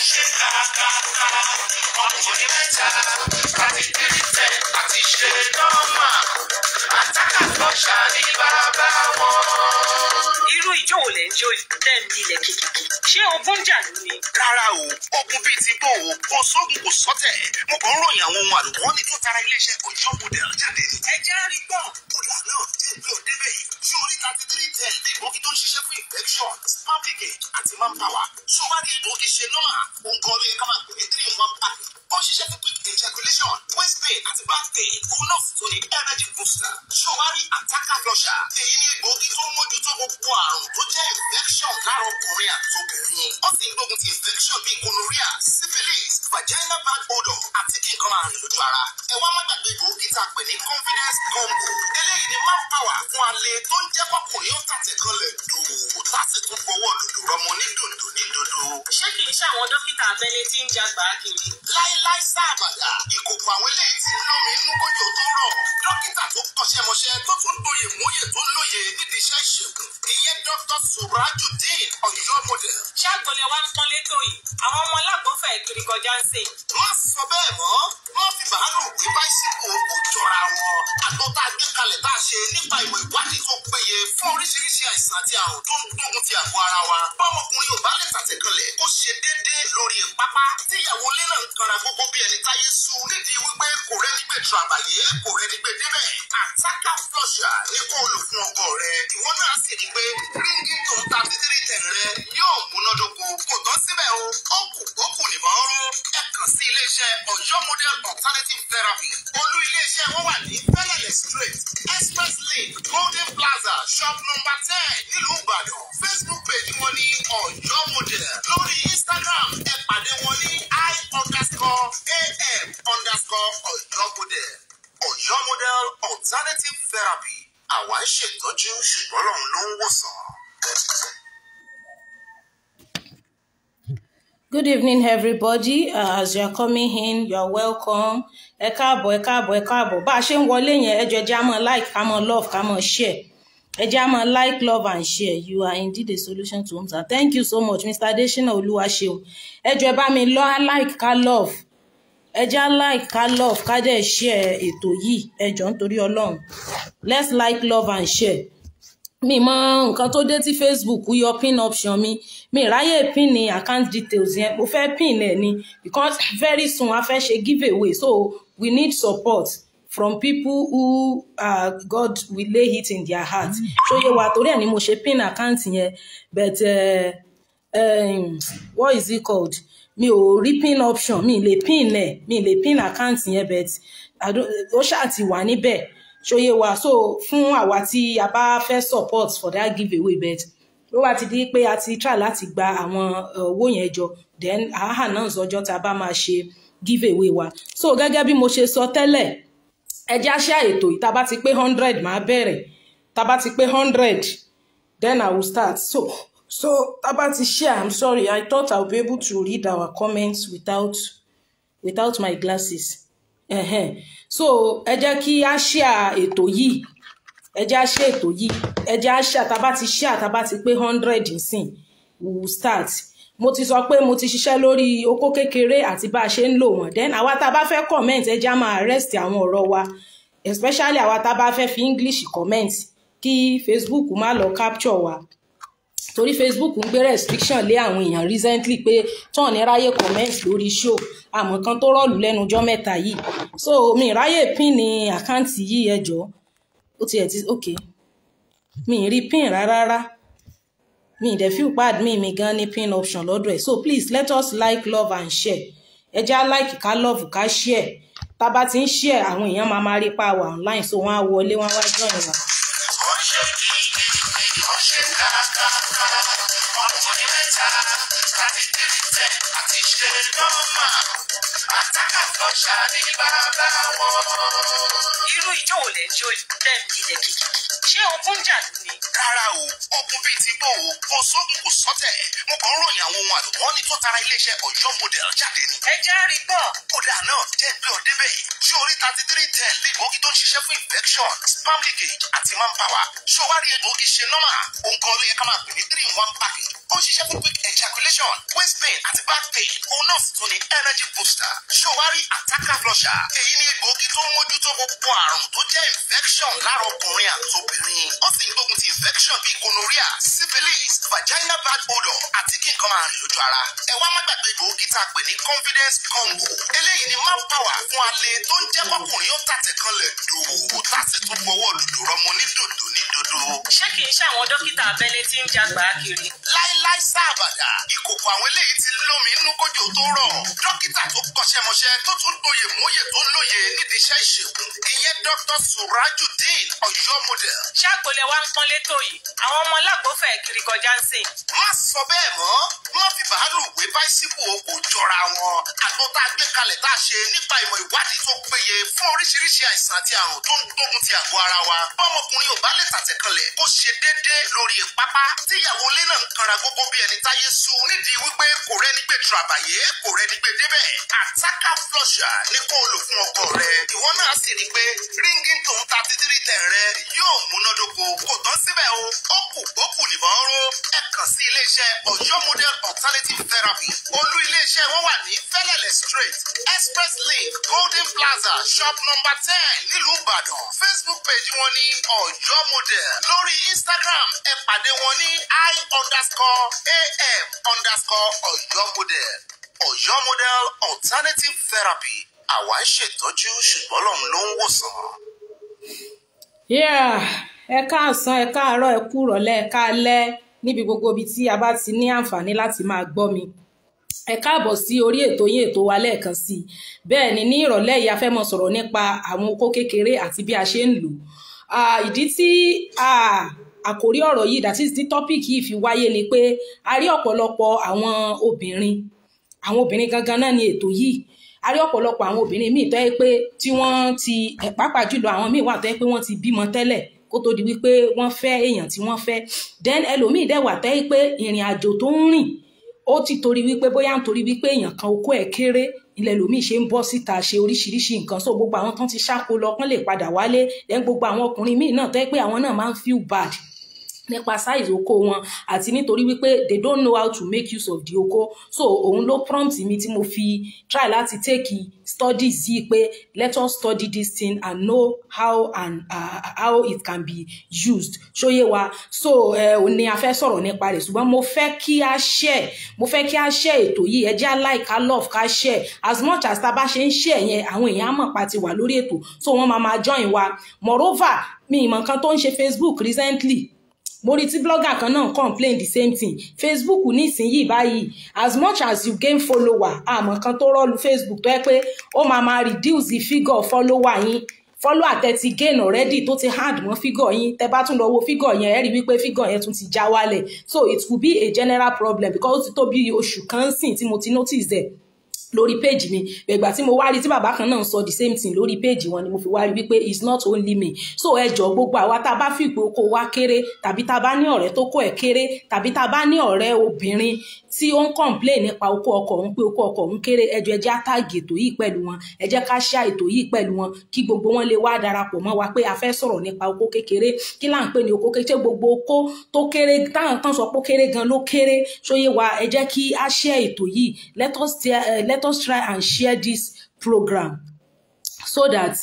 ṣe kàkà ọkùnrin mẹ́ta àti tìrìtẹ̀ àti ṣe nọ́ọ̀mà àtàkàtọ̀ ṣàní bàbá wọn. irú ìjó wo lẹ ń jó lẹ́ẹ̀mí ilẹ̀ kìkìkì ṣé ogun jà ni. rárá o ogun bíi ti bò ó kò sóògùn kò sọ́tẹ̀ mo kàn ń ròyìn àwọn ohun àlùmọ́ọ́nì tó tara iléeṣẹ́ ojú model jáde. ẹ jẹ́ rí gbọ́n kódà náà jẹ́ bí ọ̀dẹ́bẹ̀ yìí ṣé orí thirty three ten ní tó ń ṣiṣẹ́ fún infection spampic àti manpower ṣó wá ní ìgbòkì ṣe náà un código de comando, que tenía un contacto ó ń ṣiṣẹ́ fún quick ejaculation waist pain àti back pain òun náà sì energy booster ṣòwárí attacker flusher èyí ni egbòogi tó ń mójútó gbogbo àrùn tó jẹ́ infection lára ọkùnrin àtòkùnrin ó sì ń gbógun ti infection bíi gonorrhea syphilis vaginal bad odor àti kí nǹkan máa rìn lójú ara ẹ wá má gbàgbé egbòogi tá a pè ní confidence combo eléyìí ni manpower fún alẹ́ tó ń jẹ́ kọkùnrin ó tàtẹ̀ kanlẹ̀ dòwò láti tún fọwọ́ dòdò rọmọ onídòdò nídodo. ṣé kì í ṣe àwọn dókítà abẹ́lé tí ń jagbà kiri? láyé láéláé sáàbàdà ìkòkò àwọn eléyìí ti ná mi inú kójú tó rọ̀ dókítà tó kọ́ṣẹ́mọṣẹ́ tó tún lóye móye tó lóye nídìí iṣẹ́ ìṣègùn ìyẹn dr surajudeen ọ̀yọ́ model. ṣé àgbọ̀lẹ̀ wa ń tán létò yìí àwọn ọmọ alágbófẹ̀ kiri kọjá ń sè. má sọ bẹ́ẹ̀ mọ́ wọ́n fi bàálù gbé báísíkò kò jọra wọn àgbo gbé kalẹ̀ tá a ṣe nípa ìmọ̀ ìwádìí tó péye fún oríṣiríṣi àìsàn àti àrùn tó ń gbógun ti àgọ́ ara wa bọ́mọkùnrin ò bá lè tàtẹ̀kọlẹ̀ kó ṣe déédéé lórí pápá tíyàwó ilé náà ń kanra gbogbo bí ẹni táyé sú nídìí wípé kò rẹ́ni gbé tìràbàyé kò rẹ́ni gbé débẹ̀ àtàkà flusher ní kó o lò fún ọkọ rẹ ìwọ náà sì ni pé ringington thirty three ten rẹ yóò múnádóko kò tán síbẹ̀ o ó kù ó kù nìbọn rú ẹ kàn sí iléeṣẹ́ ọ̀yọ́ model alternative therapy olú iléeṣẹ́ wọn wà ní fẹ́lẹ̀lẹ̀ street express lane golden plaza shop number ten nílùú ìbàdàn facebook page wọn ní ọ̀yọ́ model lórí instagram ẹ pàdé wọn ní i underscore underscore AM underscore Ọ̀yọ́ model Ọ̀yọ́ model alternative therapy àwa ń ṣètọ́jú ṣùgbọ́n lòun ló ń wòsàn. Good evening, everybody. Uh, as you are coming in, you are welcome. Ẹ káàbọ̀, ẹ káàbọ̀, ẹ káàbọ̀. Bá a ṣe ń wọlé yẹn, ẹ jọ̀ọ́ jẹ́ a like, ká love, ká máa share. Ejama, like, love, and share. You are indeed a solution to homes. And thank you so much, Mr. Adesina Oluwaseun. Ẹ jọ̀ọ́ ẹ bá mi lọ, like, ká love. Ẹ jẹ́ like, ká love, ká dẹ̀ share ètò yìí. Ẹ jọ̀ọ́ nítorí Ọlọ́run. Let's like, love, and share. Mi mọ nǹkan tó dé tí Facebook yọ pin option mi. Mi ráyè pin ni account details yẹn. Mo fẹ́ pin ẹ̀ ni because very soon a fẹ́ ṣe giveaway. So we need support from people who uh, God will lay it in their heart ṣó mm. yẹ wa torí ẹ̀ ni mo ṣe pin account yẹn but uh, um, what is it called mi ò rí pin option mi lè pin ẹ̀ mi lè pin account yẹn but ó ṣáà ti wà níbẹ̀ ṣó yẹ wa so fún àwa tí a bá fẹ́ support for that giveaway bet ló wá ti di pé a ti try láti gba àwọn uh, owó yẹn jọ then àhà náà sọjọ́ tá a bá máa ṣe giveaway wa so gẹ́gẹ́ bí mo ṣe sọ tẹ́lẹ̀ ẹ jẹ́ àṣà ètò yìí tá a ti pé hundred máa bẹ̀rẹ̀ tá ti pé hundred then i will start so so tá ti share i'm sorry i thought I'll be able to read our comments without without my glasses uh-huh. so ẹ jẹ́ kí a share ètò yìí ẹ jẹ́ àṣà ètò yìí ẹ jẹ́ àṣà tá ti share tá a bá ti pé hundred nsìn we will start mo ti sọ pé mo ti ṣiṣẹ́ lórí okó kékeré àti bá a ṣe ń lò wọ́n then àwa tá a bá fẹ́ comment ẹ máa arrest àwọn ọ̀rọ̀ wa especially àwa tá a bá fẹ́ fi English comment kí Facebook má lọ capture wa torí Facebook ń gbé restriction lé àwọn èèyàn recently pé tán ní ráyè comment lórí show àmọ́ kan tó rọ̀lù lẹ́nu mẹ́ta yìí so mi ráyè pin ní àkáǹtì yìí ẹjọ́ ó ti ẹ̀ ti ok mi rí pin rárá rárá mi dẹ̀ feel pad mi mi gan ní pin option lọ́dọ̀ ẹ̀ so please let us like love and share ẹ já like ká love ká share tá bá ti ń share àwọn èèyàn máa máa rí pa wà online so wọ́n á wọlé wọ́n á wá join wa. irú ìjọ ò lè jó lẹ́ẹ̀mí ilẹ̀ ṣé ogun jà ni. rárá o ogun bíi ti gbọ́ o kò sóògùn kò sọ́tẹ̀ mo kàn ń ròyìn àwọn ohun àlùmọ́ọ́nì tó tara iléeṣẹ́ ọ̀yọ́ model jáde ni. ẹ já rí gbọ́. kódà náà jẹ́ ìgbé ọ̀ débẹ̀ ṣé orí thirty three ten lè gbógi tó ń ṣiṣẹ́ fún infection spam leakage àti manpower ṣé o wá rí egbògi ṣe normal òǹkọ́ ló yẹ ká máa pè ní three in one package ó ṣiṣẹ́ fún quick ejaculation waist pain àti back pain òun náà sì tún ní energy booster ṣòwárí attacker flusher èyí ni egbòogi tó ń mójútó gbogbo àrùn tó jẹ́ infection lára ọkùnrin àtobìnrin ó sì ń gbógun ti infection bíi gonorrhea syphilis vaginal bad odor àti kí nǹkan máa rìn lójú ara ẹ wá má gbàgbé egbòogi tá a pè ní confidence combo eléyìí ni man power fún alẹ́ tó ń jẹ́ kọkùnrin ó tàtẹ̀ kanlẹ̀ dùwù tá a sì tún fọwọ́ lùdò rọmọ ní dòdò ní dodo. ṣé kìí ṣe àwọn dókítà abẹ́lé tí ń jagbà kiri? láì láéláé sáàbàdà ìkòkò àwọn eléyìí ti lómi inú kójò tó rọ̀ dókítà tó kọ́ṣẹ́mọṣẹ́ tó tún lóye mòóyè tó lóye nídìí iṣẹ́ ìṣègùn ìyẹn dr surajudeen ọ̀yọ́ model. ṣàgbọ̀lẹ̀ wa ń pọ́n létò yìí àwọn ọmọ lágbófẹ̀ kiri kọjá ń sìn. má sọ bẹ́ẹ̀ mọ́ má fi bàálù gbé báísíkù kò jọra wọn àgbo tá a gbé kalẹ̀ tá a ṣe nípa ìmọ̀ ìwádìí tó péye fún oríṣiríṣi àìsàn àti àrùn tó ń gbógun ti àgọ́ ara wa bọ́mọkùnrin ò bá lè tàtẹ̀ kanlẹ̀ kó ṣe déédéé lórí pápá tíyàwó ilé náà ń kanra gógó bí ẹni táyé sú nídìí wípé kò rẹ́ni gbé tùràbàyé kò rẹ́ni gbé débẹ̀ àtàkà flusher ni kó o lò fún ọkọ rẹ ìwọ náà sì rí pé ringing tone thirty three ten rẹ yóò múnádóko kò tán síbẹ̀ o ó kù ó kù nìbọn ró ẹ kàn sí iléeṣẹ́ ọ̀yọ́ model alternative therapy olú iléeṣẹ́ wọn wà ní fẹ́lẹ́lẹ̀ street express link golden plaza shop number ten nílùú ìbàdàn facebook page wọn ní ọ̀yọ́ model lórí instagram ẹ pàdé wọn ní i underscore am underscore ọ̀yọ́ model ọ̀yọ́ model alternative therapy àwa ń ṣètọ́jú ṣùgbọ́n lòun ló ń wòsàn. ẹ káàsán ẹ káàárọ̀ ẹ kúrọ̀lẹ́ ẹ káalẹ́ níbi gbogbo ibi tí a bá ti ní àǹfààní láti máa gbọ́ mi ẹ káàbọ̀ sí orí ètò yín ètò wa lẹ́ẹ̀kan sí i bẹ́ẹ̀ ni ní ìrọ̀lẹ́ yìí a fẹ́ mọ sọ̀rọ̀ nípa àwọn okó kékeré àti bí a ṣe ń lò ìdí tí àkórí ọ̀rọ̀ yìí that is the topic yìí fi wáyé ni pé a rí ọ̀pọ̀lọpọ̀ àwọn obìnrin àwọn obìnrin gangan náà ni ètò yìí a rí ọ̀pọ̀lọpọ̀ àwọn obìnrin míì tó yẹ pé tí wọ́n ti pàápàá jùlọ àwọn míì wà tó yẹ pé wọ́n ti bímọ tẹ́lẹ̀ kó tó di wípé wọ́n fẹ́ èèyàn tí wọ́n fẹ́ then ẹlòmíì dẹ̀ wà tẹ́ pé ìrìn àjò tó ń rìn ó ti torí wípé bóyá nítorí wípé èèyàn kan okó ẹ̀ kéré ilẹ̀ lòmíì ṣe ń bọ́ síta ṣe oríṣiríṣi nǹkan so gbogbo àwọn tán ti ṣáko kán lè padà wálé then gbogbo àwọn ọkùnrin míì náà tẹ́ pé àwọn náà máa ń feel bad nípa size oko wọn àti nítorí wípé they don't know how to make use of the oko so òun ló prompt mi tí mo fi try láti take studies yìí pé let us study this thing and know how and uh, how it can be used ṣóyé wa so òun uh, ni a fẹ́ sọ̀rọ̀ nípa rẹ̀ ṣùgbọ́n mo fẹ́ kí a share mo fẹ́ kí a share ètò yìí ẹ jẹ́ a like a love ká share as much as tá bá ṣe ń share yẹn àwọn èèyàn á mọ̀ pa ti wà lórí ètò so wọ́n máa máa join wa moreover mi ìmọ̀ nǹkan tó ń ṣe Facebook recently mo rí tí blogger kan náà complain the same thing facebook nísìnyí báyìí as much as you gain follower àmọ́ kan tó rọ́ọ̀lù facebook tó yẹ pé ó máa máa reduce the figure follower yín follow àtẹ̀tí gain already tó ti hard mọ́ figure yín tẹ bá tún lọ wo figure yẹn ẹ rí wípé figure yẹn tún ti já wálẹ̀ so it will be a general problem because ó ti tó bí oṣù kan sìn tí mo ti notice there lórí péjì mi bẹ̀gbà tí mo wá rí tí bàbá kan náà sọ the same thing lórí page wọn ni mo fi wá rí wípé it's not only me so ẹjọ gbogbo àwa tá a bá fìpè oko wa kéré tàbí tá a bá ní ọ̀rẹ́ tó kó ẹ̀ kéré tàbí tá a bá ní ọ̀rẹ́ obìnrin tí ó ń complain nípa oko ọkọ òun pé oko ọkọ òun kéré ẹjọ ẹjẹ àtàgì ètò yìí pẹ̀lú wọn ẹ jẹ́ ká ṣá ètò yìí pẹ̀lú wọn kí gbogbo wọn lè wá darapọ̀ mọ́ wa pé a fẹ́ sọ̀rọ̀ nípa oko kékeré kí là ń pè ní oko kékeré gbogbo oko tó kéré táwọn kan sọ pé ó kéré gan ló kéré ṣóyè wa ẹ kí a ṣe ètò yìí let eh, let us try and share this program so that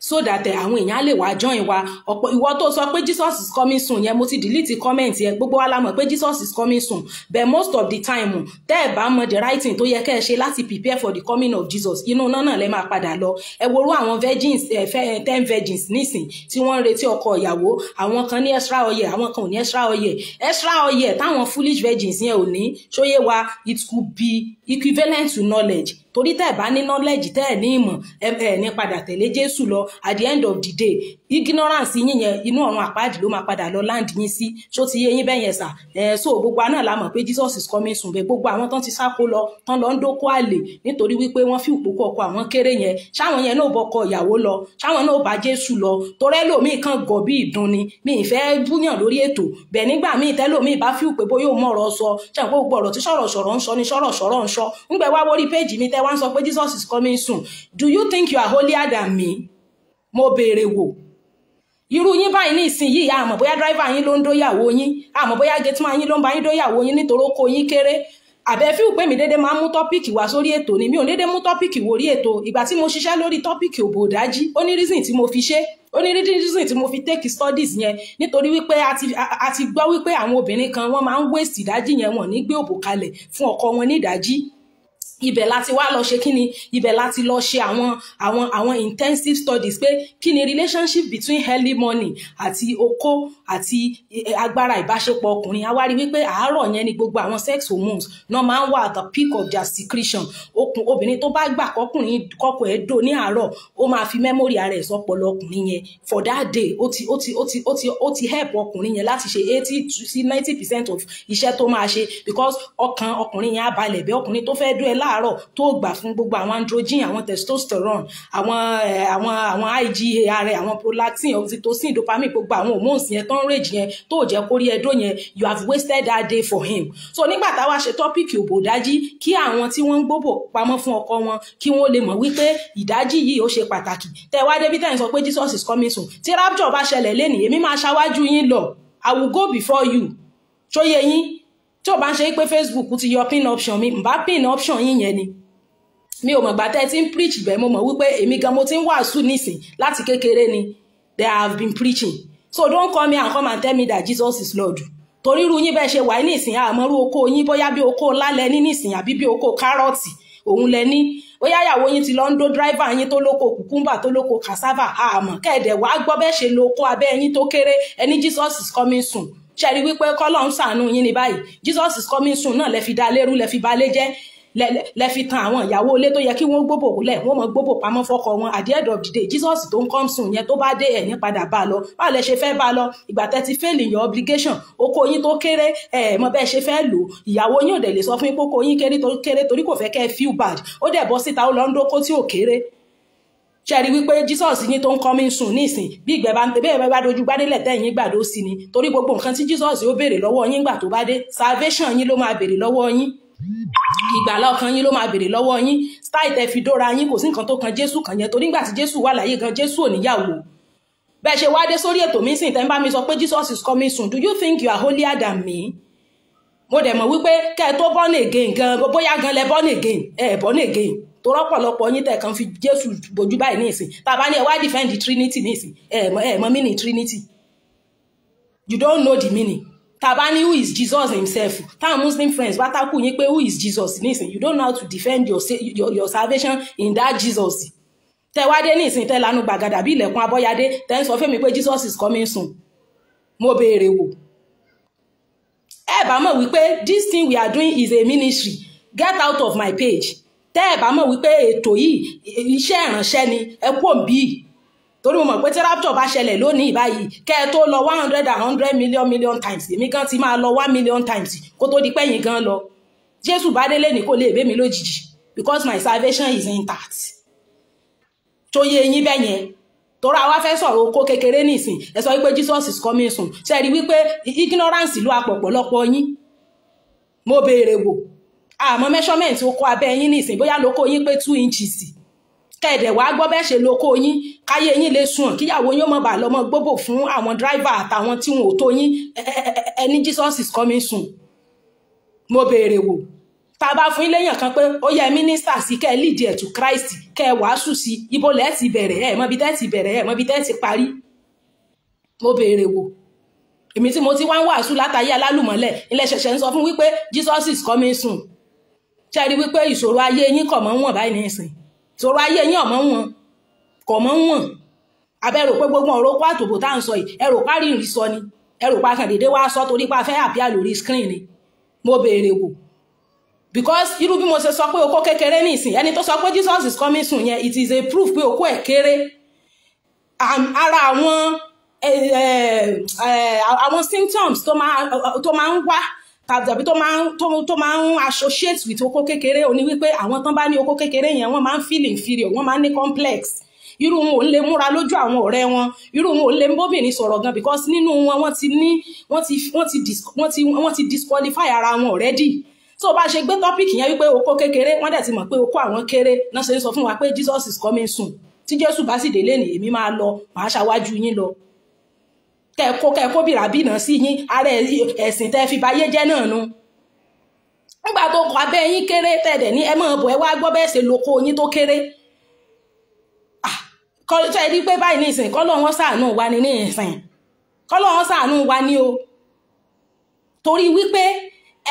so that eh, àwọn èèyàn á lè wá join wa ọ̀pọ̀ ìwọ tó sọ pé jesus is coming soon yẹn mo ti delete comment yẹn gbogbo wa la mọ̀ pé jesus is coming soon but most of the time tẹ́ ẹ̀ bá mọ the right thing tó yẹ kẹ́ ẹ ṣe láti prepare for the coming of jesus inú náà náà lẹ máa padà lọ ẹ worú àwọn virgins eh, ẹ eh, ten virgins nísìn tí wọ́n ń retí ọkọ ìyàwó àwọn kan ní extra oil àwọn kan ò ní extra oil extra oil táwọn foolish virgins yẹn ò ní ṣóyé wa it could be equivalent to knowledge torí tẹ́ ẹ̀ bá ní knowledge tẹ́ ẹ̀ ní ìmọ̀ ẹ̀ ní padà tẹ̀lé Jésù lọ at the end of the day ignorance yín yẹn inú ọ̀run àpáàdì ló máa padà lọ land yín sí ṣó ti yé yín bẹ́ẹ̀ yẹn sà so gbogbo àná la mọ̀ pé Jesus is coming soon bẹ́ẹ̀ gbogbo àwọn tán ti sáko lọ tán lọ ń dóko àlè nítorí wípé wọ́n fi òpópó ọkọ àwọn kéré yẹn ṣáwọn yẹn náà bọkọ ìyàwó lọ ṣáwọn náà bá Jésù lọ torẹ́ lòmíì kan gọ̀ bí ìdun ni mi ì fẹ́ búyàn lórí ètò bẹ́ẹ̀ nígbà míì tẹ́lòmíì bá fi òpè bóyá òun ọ̀rọ̀ sọ ṣàǹkó gbogbo ọ̀rọ̀ tí sọ̀rọ̀ sọ̀rọ̀ ń sọ ni sọ̀rọ̀ sọ̀rọ̀ ń sọ ńgbẹ wá wórí péjì mi tẹ́ wá ń sọ pé Jesus is coming soon do you think you are holier than me mo béèrè wò irú yín báyìí ní ìsinyìí àmọ́ bóyá dráìvà yín ló ń dóyàwó yín àmọ́ bóyá gẹtìmá yín ló ń bá yín dóyàwó yín nítorí ó kó yín kéré àbẹ́fí pé mi dédé máa ń mú tọ́pìkì wá sórí ètò ni mi ò dédé mú tọ́pìkì wórí ètò ìgbà tí mo ṣiṣẹ́ lórí tọ́pìkì òbò dájí ó ní reason tí mo fi ṣe ó ní reason tí mo fi take studies yẹn nítorí wípé a ti gbọ́ wípé àwọn obìnrin kan wọ́n máa ń waste ìdájí yẹn wọ́n ní gbé òbò kalẹ̀ fún ọkọ wọn ní ìdájí ibẹ̀ láti wá lọ ṣe kí ni ibẹ̀ láti lọ ṣe àwọn àwọn àwọn intensive studies pé kí relationship between early morning àti okó àti eh, agbára ìbáṣepọ̀ ọkùnrin a wá rí wípé àárọ̀ yẹn ni gbogbo àwọn sex hormones náà máa ń wà the peak of their secretion okùn obìnrin tó bá gbà kọkùnrin kọkọ ẹ̀ dò ní àárọ̀ ó máa fi memory ara ẹ̀ sọpọlọ ọkùnrin yẹn for that day ó ti ó ti ó ti ó ti ó ti help ọkùnrin yẹn láti ṣe eighty to ninety percent of iṣẹ́ tó máa ṣe because ọkàn ọkùnrin yẹn á balẹ̀ bẹ́ẹ̀ ọkùnrin tó fẹ́ dún ẹ lá láàárọ̀ tó gbà fún gbogbo àwọn androgen àwọn testosterone àwọn àwọn àwọn IGA ara àwọn prolactin oxytocin dopamine gbogbo àwọn hormones yẹn tó ń rage yẹn tó jẹ́ kórí ẹdó yẹn you have wasted that day for him so nígbà táwa ṣe tọ́pìkì òbò dájí kí àwọn tí wọ́n ń gbóbò pamọ́ fún ọkọ wọn kí wọ́n lè mọ̀ wípé ìdájí yìí ó ṣe pàtàkì tẹ wá débi tẹ́ ń sọ pé Jesus is coming soon tí rapture bá ṣẹlẹ̀ lẹ́nìí èmi máa ṣáwájú yín lọ I will go before you ṣóyẹ yín tí ò bá ń ṣe pé Facebook ti yọ pin option mi mbá pin option yín yẹn ni mi ò mọ̀gbà tẹ́ ẹ ń preach bẹ́ẹ̀ mo mọ̀ wípé èmi gan mo ti ń wàásù nísìn láti kékeré ni they have been preaching so don't call me and come and tell me that Jesus is Lord torí irú yín bẹ́ẹ̀ ṣe wà nísìn àmọ́rú oko yín bóyá bí oko ńlá lẹ ní nísìn àbí bí oko kárọ̀tì òun lẹ ní bóyá ìyàwó yín ti lọ driver dó dráìvà yín tó lóko kùkúmbà tó lóko cassava àmọ́ kẹ́ẹ̀dẹ̀ wàá gbọ́ bẹ́ẹ̀ ṣe lo oko abẹ́ yín tó kéré ẹni Jesus is coming soon ṣẹ́rí wípé kọ́lọ̀ ń yín ní báyìí Jesus is coming soon náà lẹ́ fi dá lérú lẹ́ fi balẹ̀ jẹ́ lẹ́ fi tan àwọn ìyàwó ilé tó yẹ kí wọ́n gbóbò lẹ̀ wọ́n mọ gbóbò pamọ́ fọ́kọ wọn at the end of the day Jesus tó ń come soon yẹn tó bá dé ẹ̀ ní padà bá a lọ báwo lẹ ṣe fẹ́ bá a lọ ìgbà tẹ́ ti fail your obligation oko yín tó kéré ẹ̀ mọ bẹ́ẹ̀ ṣe fẹ́ lò ìyàwó yín ò dẹ̀ lè sọ fún yín pé oko yín kéré torí kò fẹ́ kẹ́ feel bad ó dẹ̀ bọ́ síta ó lọ ń dóko tí ò kéré ṣẹ́ẹ̀rí wípé Jesus yín tó ń kọ́ mi ń sùn nísìn bí ìgbẹ́ bá ń tẹ bẹ́ẹ̀ bá dojú gbádélẹ̀ tẹ̀yìn gbàdó sí ni torí gbogbo nǹkan tí Jesus yóò béèrè lọ́wọ́ yín gbà tó bá dé salvation yín ló máa béèrè lọ́wọ́ yín ìgbàlá ọkàn yín ló máa béèrè lọ́wọ́ yín style tẹ fi dóra yín kò sí nǹkan tó kan Jésù kan yẹn torí nígbà tí Jésù wà láyé gan Jésù ò níyàwó bẹ́ẹ̀ ṣe wá dé sórí ètò mi sìn tẹ́ ń bá mi sọ pé Jesus is coming soon do you think you are holier than me mo dẹ̀ mọ̀ wípé kẹ́ ẹ tó born again gan bóyá gan lẹ born again ẹ born again tó rọ́pọ̀lọpọ̀ yín tẹ̀ kan fi jésù bójú báyìí ní ìsìn tàbá ní ẹ wá defend trinity ní ìsìn ẹ mọ ẹ mọ meaning trinity you don't know the meaning tàbá ní who is jesus himself táwọn muslim friends wá tákù yín pé who is jesus ní you don't know how to defend your, your, your salvation in that jesus tẹ wá dé ní ìsìn tẹ lanu gbàgàdà bí ilẹ̀kùn abọ́yadé tẹ ń sọ fẹ́mi pé jesus is coming soon mo béèrè wò ẹ bá mọ̀ wípé this thing we are doing is a ministry get out of my page tẹ́ ẹ̀ bá mọ̀ wípé ètò yìí iṣẹ́ ìránṣẹ́ ni ẹ kú òǹbí torí mo mọ̀ pé tí rapture bá ṣẹlẹ̀ lónìí báyìí kẹ́ ẹ tó lọ one hundred and hundred million million times èmi gan ti máa lọ one million times kó tó di pẹ́yìn gan lọ jésù bá délé ní kò lè bẹ́ mi lójijì because my salvation is intact tó yé eyín bẹ́ẹ̀ yẹn tọ́ra wa fẹ́ sọ̀rọ̀ okó kékeré nìsín ẹ sọ wípé jesus is coming soon ṣe rí wípé ignorance ló apọ̀pọ̀lọpọ̀ yín mo béèrè wò àmọ́ measurement oko abẹ́ yín nìsín bóyá lóko yín pé two inches kẹ̀dẹ̀ wá gbọ́ bẹ́ẹ̀ ṣe lóko yín káyé yín lè sùn kíyàwó yín ó mọ̀ bà lọ́mọ gbogbo fún àwọn driver àtàwọn tí wọn ò tó yín ẹni Jesus is coming soon mo béèrè wò tá a bá fún iléyàn kan pé ó yẹ mínísítà sí kẹ́ ẹ lead ẹ̀ to Christ kẹ́ ẹ wàásù sí ibo lẹ́ẹ̀ ti bẹ̀rẹ̀ ẹ̀ mọ́bi tẹ́ẹ̀ ti bẹ̀rẹ̀ ẹ̀ mọ́bi tẹ́ẹ̀ ti parí mo béèrè wò èmi tí mo ti wá ń wàásù látàyé alálùmọ́lẹ̀ ilẹ̀ ṣẹ̀ṣẹ̀ ń sọ fún wípé Jesus is coming soon ṣẹ́rí wípé ìṣòro ayé yín kọ̀ mọ́ wọn báyìí nìsín ìṣòro ayé yín ọ̀mọ́ wọn kọ̀ mọ́ wọn abẹ́rò pé gbogbo ọ̀rọ̀ kó àtòbò tá à ń sọ yìí ẹ̀rọ parí ìrìn sọ ni ẹ̀rọ pa kàdédé wá sọ torí pa fẹ́ àbíà lórí screen ni mo béèrè wò because irú bí mo ṣe sọ pé okó kékeré nìsín ẹni tó sọ pé Jesus is coming soon yẹn it is a proof pé okó ẹ̀ kéré ara àwọn eh, eh, eh, àwọn symptoms tó máa ń wá tàbí tó máa ń tó máa ń associate with oko kékeré òní wípé àwọn tán bá ní oko kékeré yẹn wọ́n máa ń feel inferior wọ́n máa ń ní complex irú wọn ò lè múra lójú àwọn ọ̀rẹ́ wọn irú wọn ò lè bóbìnrin sọ̀rọ̀ gan because nínú wọn wọ́n ti ní wọ́n ti wọ́n ti wọ́n ti wọ́n ti disqualify ara wọn already So, bá ṣe gbé tọ́pìkì yẹn wípé oko kékeré wọ́n dẹ̀ ti mọ̀ pé oko àwọn kéré náà ṣe ń sọ fún wa pé Jesus is coming soon tí Jésù bá sì délé nìyí mi máa lọ màá ṣáwájú yín lọ kẹ́ẹ̀kọ́ kẹ́ẹ̀kọ́ bìràbìnà sí yín ara ẹ̀sìn tẹ́ fi báyé jẹ́ náà nu nígbà tó kọ abẹ́ yín kéré tẹ̀dẹ̀ ní ẹ máa bọ̀ ẹ wá gbọ́ bẹ́ẹ̀ ṣe lóko yín tó kéré kọlọ́tọ́ ẹni pé báyìí ní ìsìn kọ́lọ́ wọn ṣàánú wa ni ní ìsìn kọ́lọ́ wọn ṣàánú wa ni o torí wípé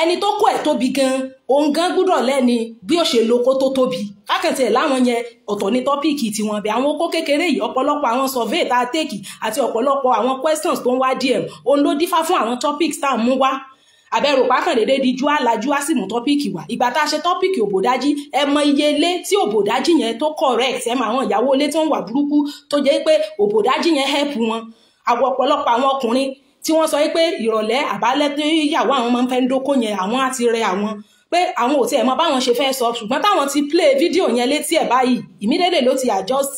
ẹni tó kó ẹ̀ tóbi gan òun gan gbúdọ̀ lẹ́ni bí ó ṣe lóko tó tóbi kákẹ́tì ẹ̀ láwọn yẹn ọ̀tọ̀ ní tọ́píìkì tiwọn bẹ̀ àwọn kó kékeré yìí ọ̀pọ̀lọpọ̀ àwọn survey tá a tèkì àti ọ̀pọ̀lọpọ̀ àwọn questions tó ń wá dm òun ló dífá fún àwọn topics tá a mú wá àbẹ̀rù pákàndédé di ju àlàjú á sì mú tọ́píìkì wá ìgbà tá a ṣe tọ́píìkì òbòdájí ẹ mọ iye ilé tí òbòdájí yẹn tó correct ẹ mọ àwọn ìyàwó ilé tó ń wà burúkú tó jẹ́ pé òbòdájí yẹn help wọn àwọn ọ̀pọ̀lọpọ̀ àwọn ọkùnrin tí wọ́n sọ pé ìrọ̀lẹ́ àbálẹ́ tó yàwó àwọn máa ń fẹ́ ń dóko yẹn àwọn á ti rẹ àwọn pé àwọn ò tiẹ̀ mọ báwọn ṣe fẹ́ sọ ṣùgbọ́n táwọn ti play fídíò yẹn létí ẹ̀ báyìí immediately ló ti adjust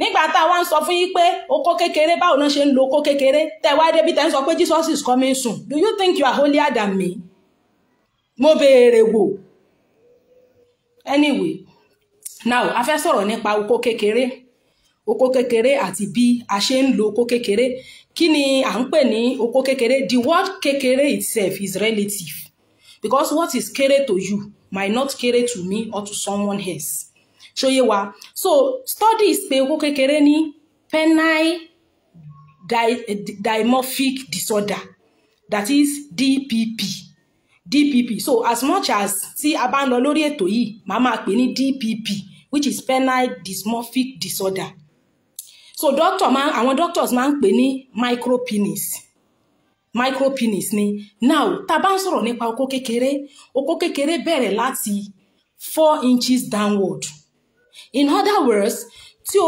nígbà tá a wá ń sọ fún yín pé okó kékeré báwo náà ṣe ń lo okó kékeré tẹ wá débi tẹ ń sọ pé Jesus is coming soon do you think you are holier than me mo béèrè wò anyway now a fẹ́ sọ̀rọ̀ nípa okó kékeré okó kékeré àti bí a ṣe ń lo okó kékeré kí ni à ń pè ní okó kékeré the word kékeré itself is relative because what is kéré to you might not kéré to me or to someone else ṣóyé wa so studies pé owó kékeré ni penile dimorphic disorder that is DPP DPP so as much as tí a bá ń lọ lórí ètò yìí màá máa pè ní DPP which is penile dimorphic disorder so doctor máa àwọn doctors máa ń pè ní micropenis micro penis ni now tá a bá ń sọ̀rọ̀ nípa okó kékeré okó kékeré bẹ̀rẹ̀ four inches downward in other words tí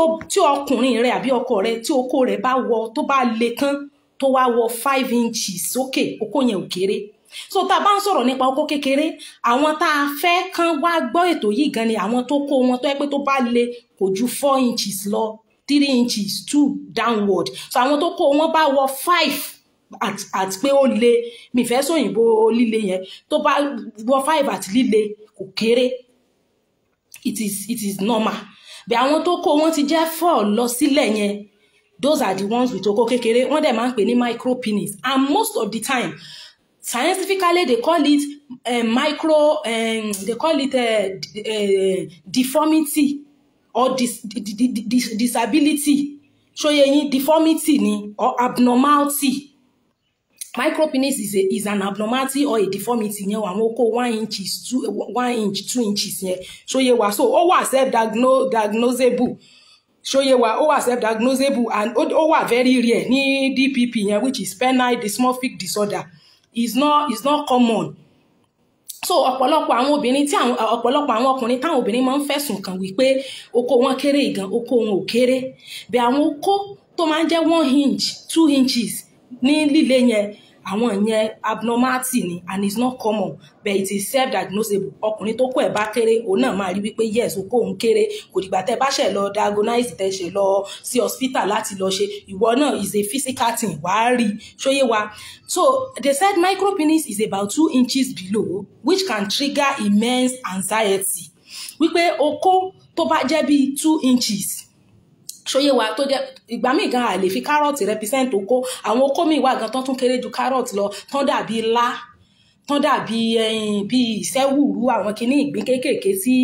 ọkùnrin rẹ àbí ọkọ rẹ tí okó rẹ bá wọ tó bá le kán tó wá wọ five inches okay oko yẹn ò kéré so tá a bá ń sọ̀rọ̀ nípa okó kékeré àwọn tá a fẹ́ kán wá gbọ́ ètò yìí gan ni àwọn tó kó wọn tó yẹ pé tó le kò ju four inches lọ three inches two downward so àwọn tó kó wọn bá wọ five àti pé ó le mi fẹ́ sóyìnbó líle yẹn tó bá wọ five àti líle kò kéré it is it is normal bẹ àwọn tó kó wọn ti jẹ́ four lọ sílẹ̀ yẹn those are the ones with okó kékeré wọ́n dẹ̀ máa ń pè ní micro penis and most of the time scientifically they call it uh, micro um, they call it uh, uh, deformity or dis dis dis disability ṣóyẹyìn deformity ni or abnormality micropenis is, a, is an abnormality or a deformity yẹn wà àwọn okó one inches two one inch two inches so ṣóyè wá so Oh wà self diagnose diagnosable ṣóyè wá ó wà self diagnosable and oh wà very rare ní DPP yẹn which is penile dysmorphic disorder is not is not common so ọ̀pọ̀lọpọ̀ àwọn obìnrin tí àwọn ọ̀pọ̀lọpọ̀ àwọn ọkùnrin táwọn obìnrin máa ń fẹ̀sùn kàn wípé okó wọn kéré ìgan okó wọn ò kéré bẹ́ẹ̀ àwọn okó tó máa ń jẹ́ one inch two inches ní líle yẹn àwọn ìyẹn abnormality ni and it's not common but it is self diagnosable ọkùnrin tó kó ẹ̀ bá kéré òun náà máa rí wípé yes o kó òun kéré kò dìgbà tẹ́ bá ṣe lọ diagnose tẹ́ ṣe lọ sí hospital láti lọ ṣe ìwọ náà is a physical thing wàá rí ṣóyé wa so they said micropenis is about two inches below which can trigger immense anxiety wípé okó tó bá jẹ́ bíi two inches ṣóyè wa tó jẹ́ ìgbà míì gan àlè fi kárọ̀tì represent oko àwọn oko míì wà gan tán tún kéré ju kárọ̀tì lọ tán dàbí lá tán dàbí bí ìṣẹ́wùrú àwọn kinní ìgbín kéékèèké tí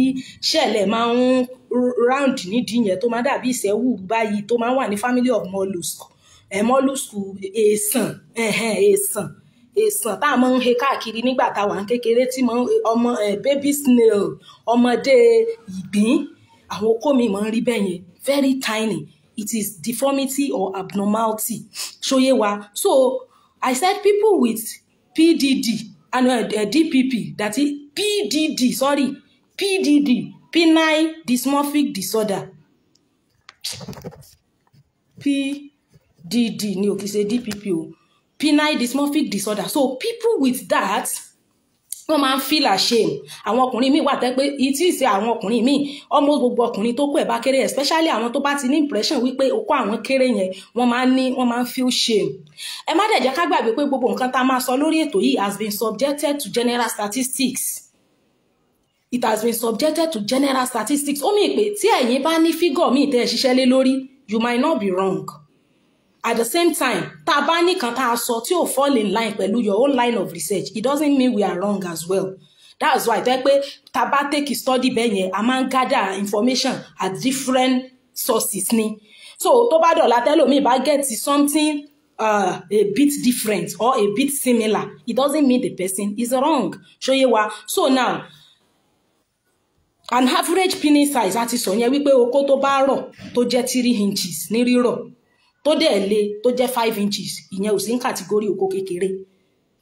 ṣẹ̀lẹ̀ máa ń round nídìí yẹn tó máa dàbí ìṣẹ́wùrú báyìí tó máa ń wà ní family of mollusk mollusk èèsàn èèsàn èsàn tá a máa ń he káàkiri nígbà táwa ń kékeré tí ọmọ baby snail ọmọdé ìgbín àwọn okó mi máa ń rí bẹ́yẹn very tiny it is deformity or abnormality ṣóyé wa so I said people with PDD and uh, uh DPP that is PDD sorry PDD penile dysmorphic disorder PDD ni o kì í DPP o penile dysmorphic disorder so people with that wọ́n máa ń feel ashamed àwọn ọkùnrin míì wà tẹ́ pé ìtí ìṣe àwọn ọkùnrin míì ọmọ gbogbo ọkùnrin tó kó ẹ̀ bá kéré especially àwọn tó bá ti ní impression wípé okó àwọn kéré yẹn wọ́n máa ń ní wọ́n máa ń feel shame. ẹ má dẹ̀ jẹ́ ká gbàgbé pé gbogbo nǹkan tá a máa sọ lórí ètò yìí has been subjected to general statistics it has been subjected to general statistics ó mì pé tí ẹ̀yin bá ní fígọ̀ míì tẹ́ ẹ ṣiṣẹ́ lé lórí you might not be wrong at the same time tá a bá nìkan tá a sọ tí fall in line pẹ̀lú your own line of research it doesn't mean we are wrong as well that's why tó yẹ pé a take study bẹ́ẹ̀ yẹn a máa gather information at different sources ni so tó bá dọ̀la tẹ́lòmíì bá get something uh, a bit different or a bit similar it doesn't mean the person is wrong Show you what. so now an average penis size àti sọ yẹn wípé okó to bá rọ̀ tó jẹ́ three inches ní rírọ̀ tó dẹ̀ le tó jẹ́ five inches ìyẹn ò sí ní kàtígórì oko kékeré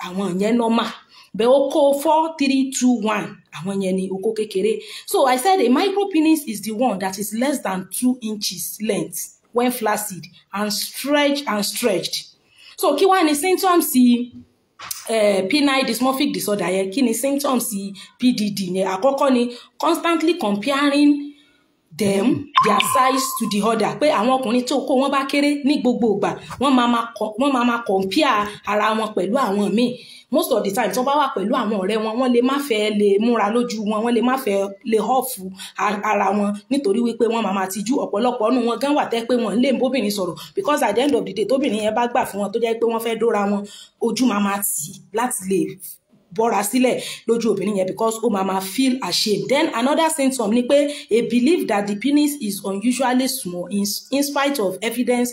àwọn ìyẹn normal bẹ́ẹ̀ oko four three two one àwọn yẹn ni oko kékeré so I said a micro penis is the one that is less than two inches length when flaccid and stretched and stretched so kí wá ní symptoms si eh, penile dysmorphic disorder yẹn kí ni symptoms si PDD yẹn àkọ́kọ́ ni constantly comparing them mm. their size to the other pé àwọn ọkùnrin tó kó wọn bá kéré ní gbogbo ìgbà wọn máa ma kọ wọn máa ma compare ara wọn pẹ̀lú àwọn míì most of the time tó bá wà pẹ̀lú àwọn ọ̀rẹ́ wọn wọ́n lè má fẹ́ lè múra lójú wọn wọ́n lè má fẹ́ lè họ́ọ̀fù ara wọn nítorí wípé wọ́n máa ma tijú ọ̀pọ̀lọpọ̀ ọ̀nù wọn gan wà tẹ́ pé wọ́n lè bóbìnrin sọ̀rọ̀ because at the end of the day tóbìnrin yẹn bá gbà fún wọn tó jẹ́ pé wọ́n fẹ́ dóra wọn ojú máa ma tì láti lè bọ́ra sílẹ̀ lójú obìnrin yẹn because ó máa máa feel ashamed then another symptom ni pé a belief that the penis is unusually small in, in spite of evidence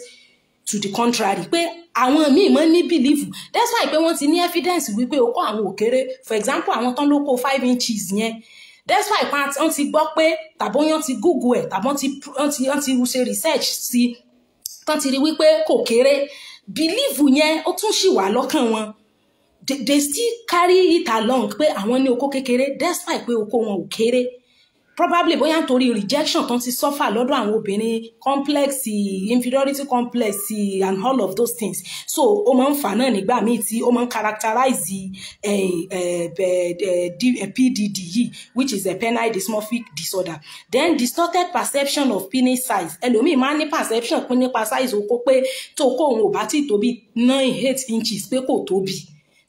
to the contrary pé àwọn míì mọ ní bìlífù that's why pé wọ́n ti ní evidence wípé okó àwọn ò for example àwọn tán ló kó five inches yẹn that's why part wọ́n ti gbọ́ pé tàbí wọ́n ti google ẹ̀ tàbí wọ́n ti ṣe research sí tán ti rí wípé kò kéré bìlífù yẹn ó tún ṣì wà lọ́kàn wọn they, still carry it along pé àwọn ní oko kékeré despite pé oko wọn ò kéré probably bóyá nítorí rejection tó ti suffer lọ́dọ̀ àwọn obìnrin complex inferiority complex and all of those things so ó máa ń fà náà nígbà míì tí ó máa ń characterize eh, eh, eh, eh PDD yìí which is a penile dysmorphic disorder then distorted perception of penis size ẹlòmíì máa ń ní perception pé nípa size okó pé tó kó òun ò bá tí tóbi nine eight inches pé kò tóbi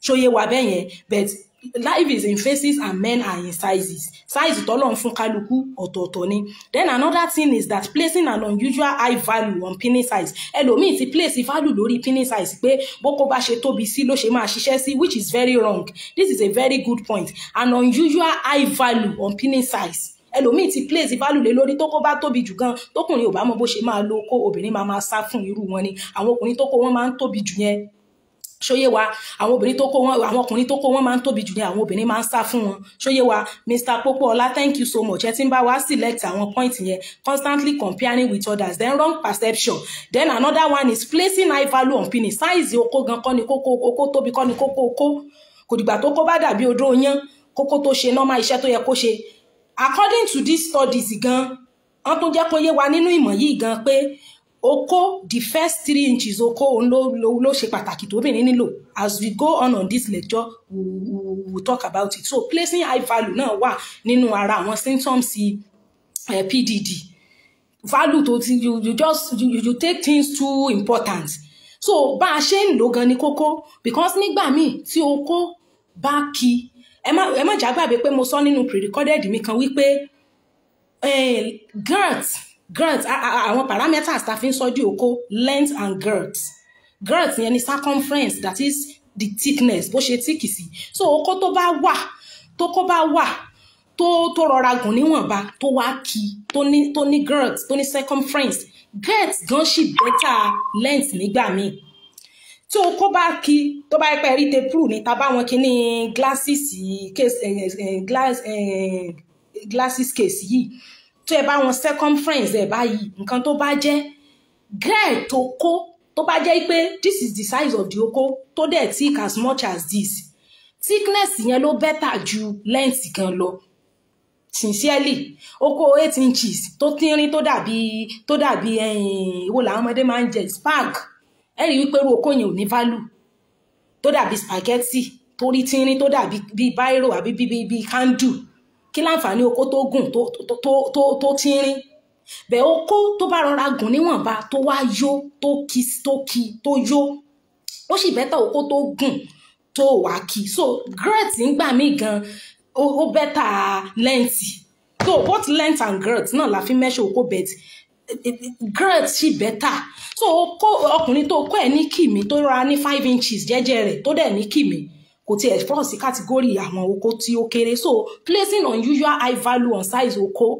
ṣòye wà bẹ́ẹ̀ yẹn but life is in faces and men are in sizes size tọ́lọ́run fún kálukú ọ̀tọ̀ọ̀tọ̀ ni then another thing is that placing an unusual high value on penis size ẹlòmíì ti place value lórí penis size pé bókó bá ṣe tóbi sí ló ṣe máa ṣiṣẹ́ sí which is very wrong this is a very good point an unusual high value on penis size ẹlòmíì ti place value lé lórí tó kó bá tóbi jù gan tókùnrin ò bá mọ bó ṣe máa lo kó obìnrin máa máa sá fún irú wọn ni àwọn ọkùnrin tó wọn máa ń tóbi jù yẹn ṣóyé wa àwọn obìnrin tó kó wọn àwọn ọkùnrin tó kó wọn máa ń tóbi jù ní àwọn obìnrin máa ń sá fún wọn ṣóyé wa mr popoola thank you so much ẹ ti ń bá wa select àwọn point yẹn constantly comparing with others then wrong perception then another one is placing high value on penis size okó gan kọ́ ni kókó okó tóbi kọ́ ni kókó okó kò dìgbà tó kó bá dàbí odó yán kókó tó ṣe normal iṣẹ́ tó yẹ kó ṣe according to these studies gan wọ́n tún jẹ́ kó yé wa nínú ìmọ̀ yìí gan pé Oko the first three inches oko òun ló ló ló ṣe pàtàkì tóbìnrin nílò as we go on on this lecture we we we talk about it so placing high value náà wà nínú ara àwọn symptoms uh, eh, PDD value tó ti you you just you, you take things too important so bá a ṣe ń lò gan ni kókó because nígbà míì tí okó bá ki ẹ má ẹ má jágbàgbé pé mo sọ nínú pre-recorded mi kan wípé eh, gert girth àwọn parameters ta fi ń sọ́jú Oko length and girth girth yẹn ni circumference that is the thickness bó ṣe tíìkì sí so oko tó bá wà tó kó bá wà tó tó rọra gùn níwọ̀nba tó wá kí tó ní tó ní girth tó ní circumference girth gan ṣì bẹ́tà length nígbà míì tí oko kó bá kí tó bá pẹ́ rí tepru ní ta báwọn kíní glasses case eh, eh, eh, glass, eh, glasses case yìí tó ẹ bá wọn circumference ẹ báyìí nǹkan tó bá jẹ́ Great, Oko, kó tó bá jẹ́ pé this is the size of the oko tó dẹ̀ thick as much as this thickness yẹn ló better ju length gan lọ sincerely oko eight inches tó tínrín tó dàbí tó dàbí ìwo eh, làwọn ọmọdé máa ń jẹ spark ẹ rí wípé oko yẹn ò ní value tó dàbí spaghetti tó rí tínrín tó dàbí bíi bírò àbí bíi bíi candle kí láǹfààní okó tó gùn tó tó tó tó tínrín bẹ́ẹ̀ okó tó bá rọra gùn níwọ̀nba tó wá yó tó ki tó ki tó yó ó sì bẹ́tà okó tó gùn tó wá ki so gret ńgbà mí gan ó bẹ́tà lẹ́ǹtì so both length and gret náà la fi measure okó bẹ́ẹ̀ tì great sì bẹ́tà so ọkùnrin tó kọ́ ẹ̀ ní kìmí tó rọra ní five inches jẹ́jẹ́ rẹ̀ tó dẹ̀ ní kìmí kò tiẹ̀ fọ́ sí kàtígórì àwọn oko tí ó kéré so placing unusual high value on size oko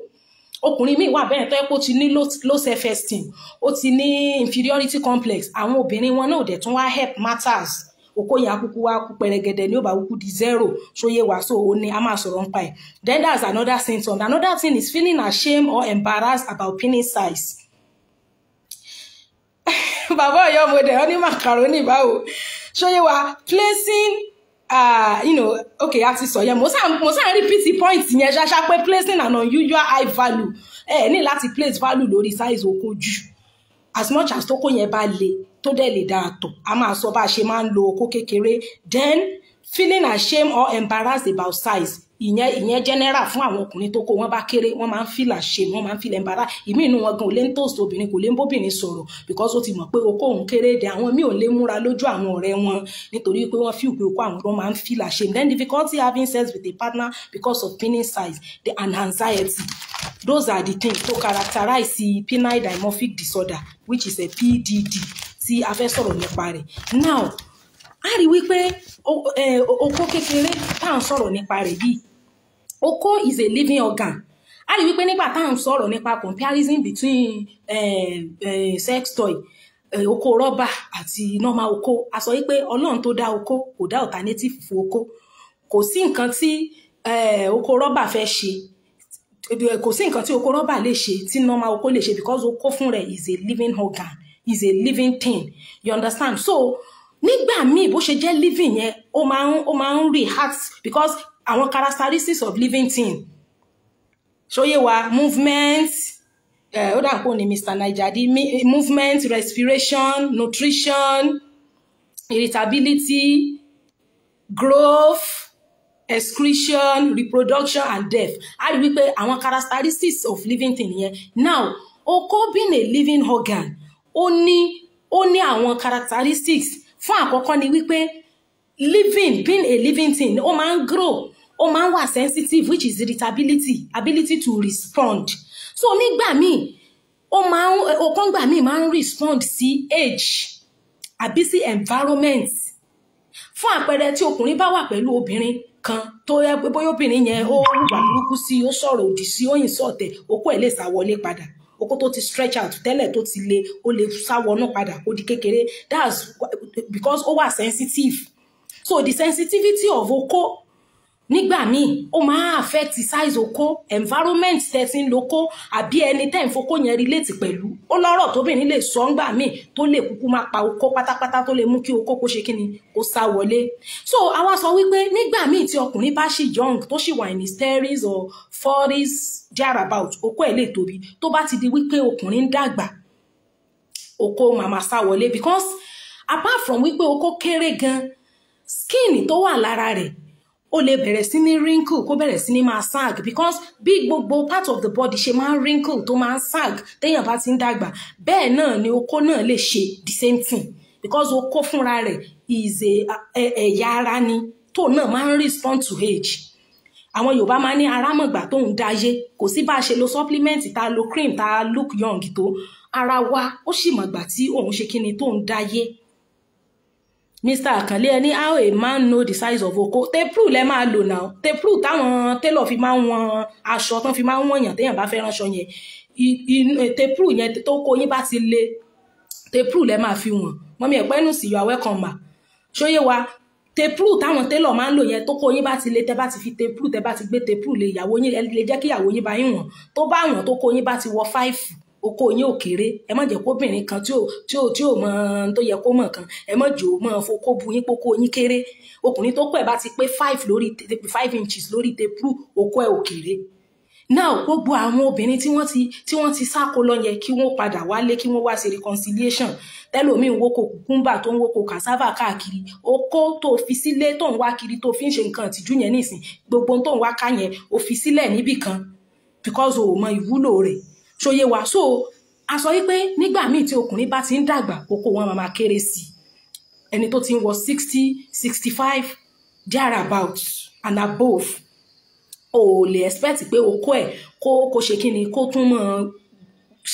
ọkùnrin míì wa bẹ́ẹ̀ tó yẹ kó ti ní low self esteem ó ti ní inferiority complex àwọn obìnrin wọn náà dẹ̀ tún wá help matters oko yẹn akuku wa kú pẹrẹgẹdẹ ní ó kúkú di zero ṣóyè wá so òun ni a máa sọ̀rọ̀ nípa ẹ̀ then that's another symptom another thing is feeling ashamed or embarrassed about penis size bàbá ọyọ mo dẹ̀ ọ́ ní màkàrónì báwo ṣóyè wá placing uh, you know okay a ti sọ yẹn mo sàn mo sàn repeat point yẹn ṣáṣá pé placing an unusual high value ẹ ní láti place value lórí size oko jù as much as tókó yẹn bá le tó dẹ̀ lè dáa tó a máa sọ bá a ṣe máa ń lo oko kékeré then feeling ashamed or embarrassed about size ìyẹn ìyẹn general fún àwọn ọkùnrin tó kó wọn bá kéré wọn máa ń fìlà ṣe wọn máa ń filẹ̀ ńbara ìmí inú wọn gan ò lè ń tòsí obìnrin kò lè ń bóbìnrin sọ̀rọ̀ because ó ti mọ̀ pé okó òun kéré dé àwọn míì ò lè múra lójú àwọn ọ̀rẹ́ wọn nítorí pé wọ́n fi òpè okó àwọn ọ̀rọ̀ máa ń fìlà ṣe then difficulty having sex with a partner because of penis size the, and anxiety those are the things to characterize the penile dimorphic disorder which is a PDD tí a fẹ́ sọ̀rọ̀ nípa rẹ̀ now a rí wípé eh, okó kékeré tá à ń sọ̀rọ̀ nípa rẹ̀ yìí oko is a living organ a rí wípé nígbà táwọn sọ̀rọ̀ nípa comparison between uh, uh, sex toy uh, oko rọ́bà àti normal oko a sọ wípé ọlọ́run tó dá oko kò dá alternative fún oko kò sí nǹkan tí oko rọ́bà fẹ́ ṣe kò sí nǹkan tí oko rọ́bà lè ṣe tí normal oko lè ṣe because oko fún rẹ̀ is a living organ is a living thing you understand so nígbà míì bó ṣe jẹ́ living yẹn ó máa ń ó máa ń react because àwọn characteristics of living thing ṣóyè wa movement eh, ó dà pọ̀ ní Mr. Naijadi movement respiration nutrition irritability growth excretion reproduction and death a rí wípé àwọn characteristics of living thing yẹn now oko being a living organ ó ní ó ní àwọn characteristics fún àkọ́kọ́ ni wípé living being a living thing ó máa ń grow ó máa ń wà sensitive which is irritability ability to respond so nígbà míì ó máa ń ọkàn gbà míì máa ń respond sí age àbí sí environment fún àpẹẹrẹ tí ọkùnrin bá wà pẹ̀lú obìnrin kan tó yẹ pé bóyá obìnrin yẹn ó wà burúkú sí ó sọ̀rọ̀ òdì sí ó yìn sọ̀tẹ̀ okó ẹ̀ lè sá wọlé padà okó tó ti stretch out tẹ́lẹ̀ tó ti le ó lè sá wọnú padà ó di kékeré that's because ó wà sensitive so the sensitivity of okó nígbà míì ó máa affect size oko environment tẹ̀sí ń loko àbí ẹni tẹ́ ń fokó yẹn relate pẹ̀lú ó lọ́rọ̀ tóbìnrin lè sọ ńgbà míì tó lè kúkú máa pa oko pátápátá tó lè mú kí oko kó ṣe kíni kó sá wọlé so àwa sọ wípé nígbà míì tí ọkùnrin bá ṣì young tó ṣì wà ní thirties or forties thereabout oko ẹ̀ lè tóbi tó bá ti di wípé ọkùnrin ń dàgbà oko màmá sá wọlé because apart from wípé oko kéré gan skin tó wà lára rẹ̀ ó lè bẹ̀rẹ̀ sí ní wrinkle kó bẹ̀rẹ̀ sí ní máa sag because bí gbogbo part of the body ṣe máa ń wrinkle tó máa ń sag téèyàn bá ti ń dàgbà bẹ́ẹ̀ náà ni okó náà lè ṣe the same thing because okó fúnra rẹ̀ is a ẹ̀yà ara ni tó náà máa ń respond to age àwọn yorùbá máa ní arámọ̀gbà tó ń dáyé kò sí bá a ṣe lo supplement ta lo cream ta look young tó ara wa ó sì mọ̀gbà tí òun ṣe kíni tó ń dáyé mr akànlé ẹni how a man know the size of oko tepru lẹ máa lò náà tepru táwọn tailor fi máa ń wọn aṣọ tán fi máa ń wọ̀nyàn téèyàn bá fẹ́ ránṣọ yẹn e, tepru yẹn tó kó yín bá ti le tepru lẹ máa fi wọ̀n mọ́mí ẹ̀pẹ́ nù sí you are welcome ma ṣóyè wa tepru táwọn tailor máa ń lò yẹn tó kó yín bá ti le tẹ bá ti fi tepru tẹ bá ti gbé tepru lé ìyàwó yín lè jẹ́ kí ìyàwó yín bá yín wọ̀n tó bá wọ̀n tó kó yín bá ti wọ fáìfù oko yín ò kéré ẹ má jẹ́ kó obìnrin kan tí ò tí ò tí ò mọ tó yẹ kó mọ̀ kan ẹ má jò mọ́ fokó bu yín poko yín kéré ọkùnrin tó kọ́ ẹ̀ bá ti pé five lórí five inches lórí tepru oko ẹ̀ ò kéré now gbogbo àwọn obìnrin tí wọ́n ti tí wọ́n ti sáko lọ yẹn kí wọ́n padà wálé kí wọ́n wá ṣe reconciliation tẹ́lòmíín wo ko kùkúmbà tó ń wo ko cassava káàkiri okó tó fi sílé tó ń wá kiri tó fi ń ṣe nǹkan àtijú yẹn nísìn gbogbo tó ń wá ká yẹn ò fi sílẹ̀ níbì kan because o ò mọ ìwúlò rẹ̀ ṣòye wá so a sọ wípé nígbà míì tí ọkùnrin bá ti ń dàgbà kókó wọn máa máa kéré sí i ẹni tó ti ń wọ sixty sixty five there about and above o ò lè expect pé okó ẹ̀ kó kó ṣe kí ni kó tún mọ̀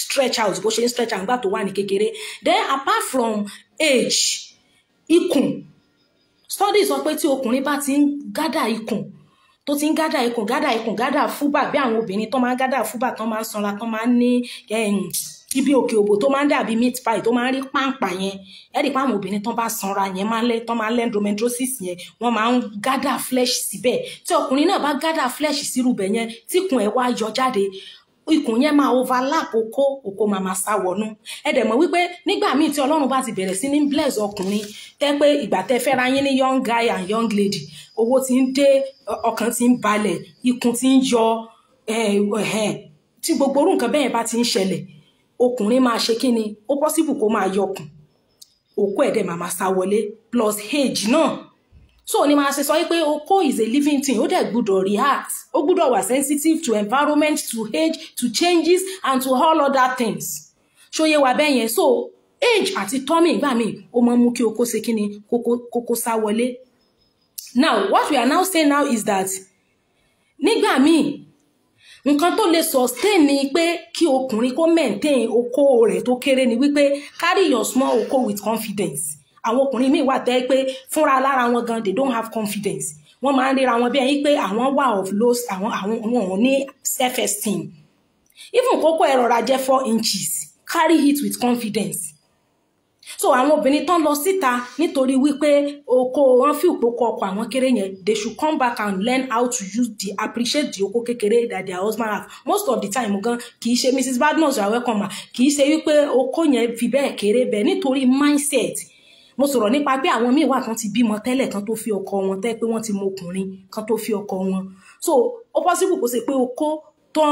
stretch out bó ṣe ń stretch out nígbà tó wà ní kékeré then apart from age ikùn Studies sọ pé tí ọkùnrin bá ti ń gádà ikùn tó ti ń gádà ikùn gádà ikùn gádà fúbà bí àwọn obìnrin tó máa ń gádà fúbà tó máa ń sanra tó máa ń ní ibi òkè òbò tó máa ń dàbí meat pie tó máa ń rí pàǹpà yẹn ẹ̀rí pa àwọn obìnrin tó bá sanra yẹn máa ń lẹ́ tó máa ń lẹ́ endometriosis yẹn wọ́n máa ń gádà flesh síbẹ̀ tí ọkùnrin náà bá gádà flesh sírubẹ̀ yẹn tíkùn ẹ̀ wá yọ jáde ikùn yẹn máa overlap Oko oko mama sa sá wọnú ẹ dẹ̀ mọ̀ wípé nígbà míì tí ọlọ́run bá ti bẹ̀rẹ̀ sí ní bless ọkùnrin tẹ́ pé ìgbà tẹ́ fẹ́ra yín ní young guy and young lady Owo ti ń dé ọkàn ti ń balẹ̀ ikùn ti ń yọ tí gbogbo orú nǹkan bẹ́ẹ̀ bá ti ń ṣẹlẹ̀ ọkùnrin máa ṣe kí ni possible kó máa yọkùn okó ẹ̀ dẹ̀ máa máa sá plus age náà. No so ni máa ṣe sọ pé oko is a living thing ó dẹ̀ gbúdọ̀ react ó gbúdọ̀ wà sensitive to environment to age to changes and to all other things ṣóyé wa bẹ́ẹ̀ yẹn so age àti tummy ìgbà míì ó máa ń mú kí oko ṣe kí ni kókó sá wọlé now what we are now saying now is that nígbà míì nǹkan tó lè sustain ni pé kí ọkùnrin kó maintain okó rẹ̀ tó kéré ni wípé carry your small okó with confidence àwọn ọkùnrin míì wà tẹ́ pé fúnra lára wọn gan they don't have confidence wọ́n máa ń ríra wọn bí ẹni pé àwọn wà of low àwọn àwọn àwọn ò ní self esteem even kókó ẹ rọra jẹ́ four inches carry it with confidence so àwọn obìnrin tán lọ síta nítorí wípé oko wọn fi òpókọ ọkọ àwọn kéré yẹn they should come back and learn how to use the appreciate the oko kékeré that their husband have most of the time gan kì í ṣe mrs badmus rawekoma kì í ṣe wípé oko yẹn fi bẹ́ẹ̀ kéré bẹ́ẹ̀ nítorí mindset mo sọ̀rọ̀ nípa pé àwọn míì wà kan ti bímọ tẹ́lẹ̀ kan tó fi ọkọ wọn tẹ́ pé wọ́n ti mọ ọkùnrin kan tó fi ọkọ wọn so ó possible kó ṣe pé okó tó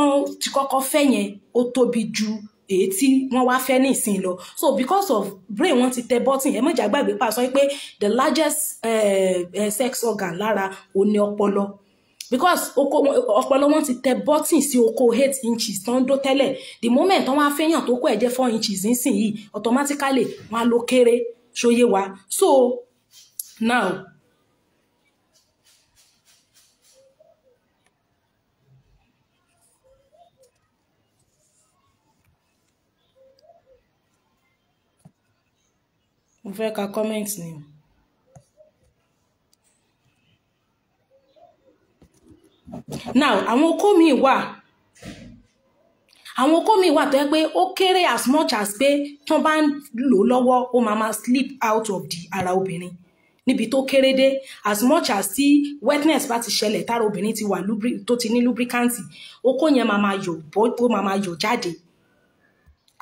ti kọ́kọ́ fẹ́ yẹn ó tóbi ju èyí tí wọ́n wá fẹ́ ní ìsìn lọ so because of brain wọ́n ti tẹ bọ́tìn ẹ mọ̀jà gbàgbé pa sọ pé the largest uh, uh, sex organ lára òun ni ọpọlọ because oko ọpọlọ wọn ti tẹ bọ́tìn sí oko eight inches tó ń dó tẹ́lẹ̀ the moment wọn wá fẹ́yàn tó kó ẹ̀jẹ̀ four inches nísìnyí automatically wọn á lo kéré ṣóyé wa so now mo fẹ́ ka comment ni o. now àwọn okó mi wà àwọn okó mi wà tó yẹ pé ó kéré as much as pé tán bá ń lò lọ́wọ́ ó máa máa slip out of the ara obìnrin níbi tó kéré dé as much as tí wetness bá ti ṣẹlẹ̀ tára obìnrin ti wà tó ti ní lubricant okó yẹn máa máa yọ ó máa máa yọ jáde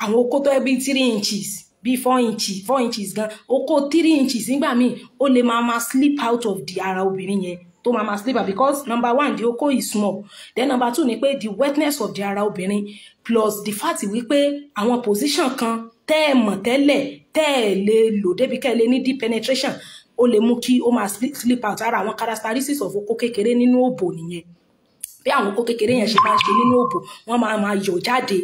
àwọn okó tó yẹ bí three inches bí four inches four inches gan okó three inches nígbà míì ó lè máa máa slip out of the ara obìnrin yẹn tó máa ma sliver because number one the oko is small then number two ni pé the wetness of the ara obìnrin plus the fact wípé àwọn position kan tẹ́ ẹ mọ̀ tẹ́lẹ̀ tẹ́ ẹ lè lò débi kẹ́ ẹ lè deep penetration ó lè mú kí ó máa slip out ara àwọn characteristics of oko kékeré nínú òbò nìyẹn bí àwọn oko kékeré yẹn ṣe máa ń ṣe nínú òbò wọ́n máa máa yọ̀ jáde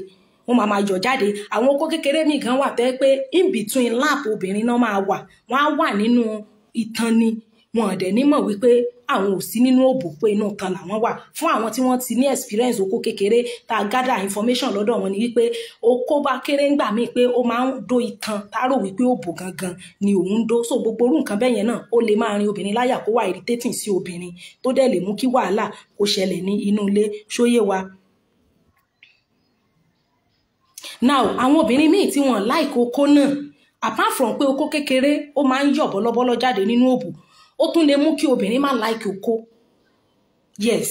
wọ́n máa máa yọ̀ jáde àwọn oko kékeré míì gan wà tẹ́ pé in between lap obìnrin náà máa wà wọ́n á wà nínú ni wọn ò dẹ̀ ní mọ̀ wípé àwọn ò sí nínú òbò pé inú kan làwọn wà fún àwọn tí wọ́n ti ní experience oko kékeré tá a gather information lọ́dọ̀ wọn ni wípé oko bá kéré ńgbà míì pé ó máa ń do itan tárò wípé òbò gangan ni òun ń do so gbogbo orú nǹkan bẹ́yẹn náà ó lè máa rin obìnrin láyà kó wà irritating sí obìnrin tó dẹ̀ lè mú kí wàhálà kó ṣẹlẹ̀ ní inú ilé ṣóyé wa now àwọn obìnrin míì tí wọn láìkó kó náà apart from pé oko kékeré ó máa ń yọ̀ bọ́lọ́bọ́lọ́ jáde nínú òbò ó tún lè mú kí obìnrin má like okó yes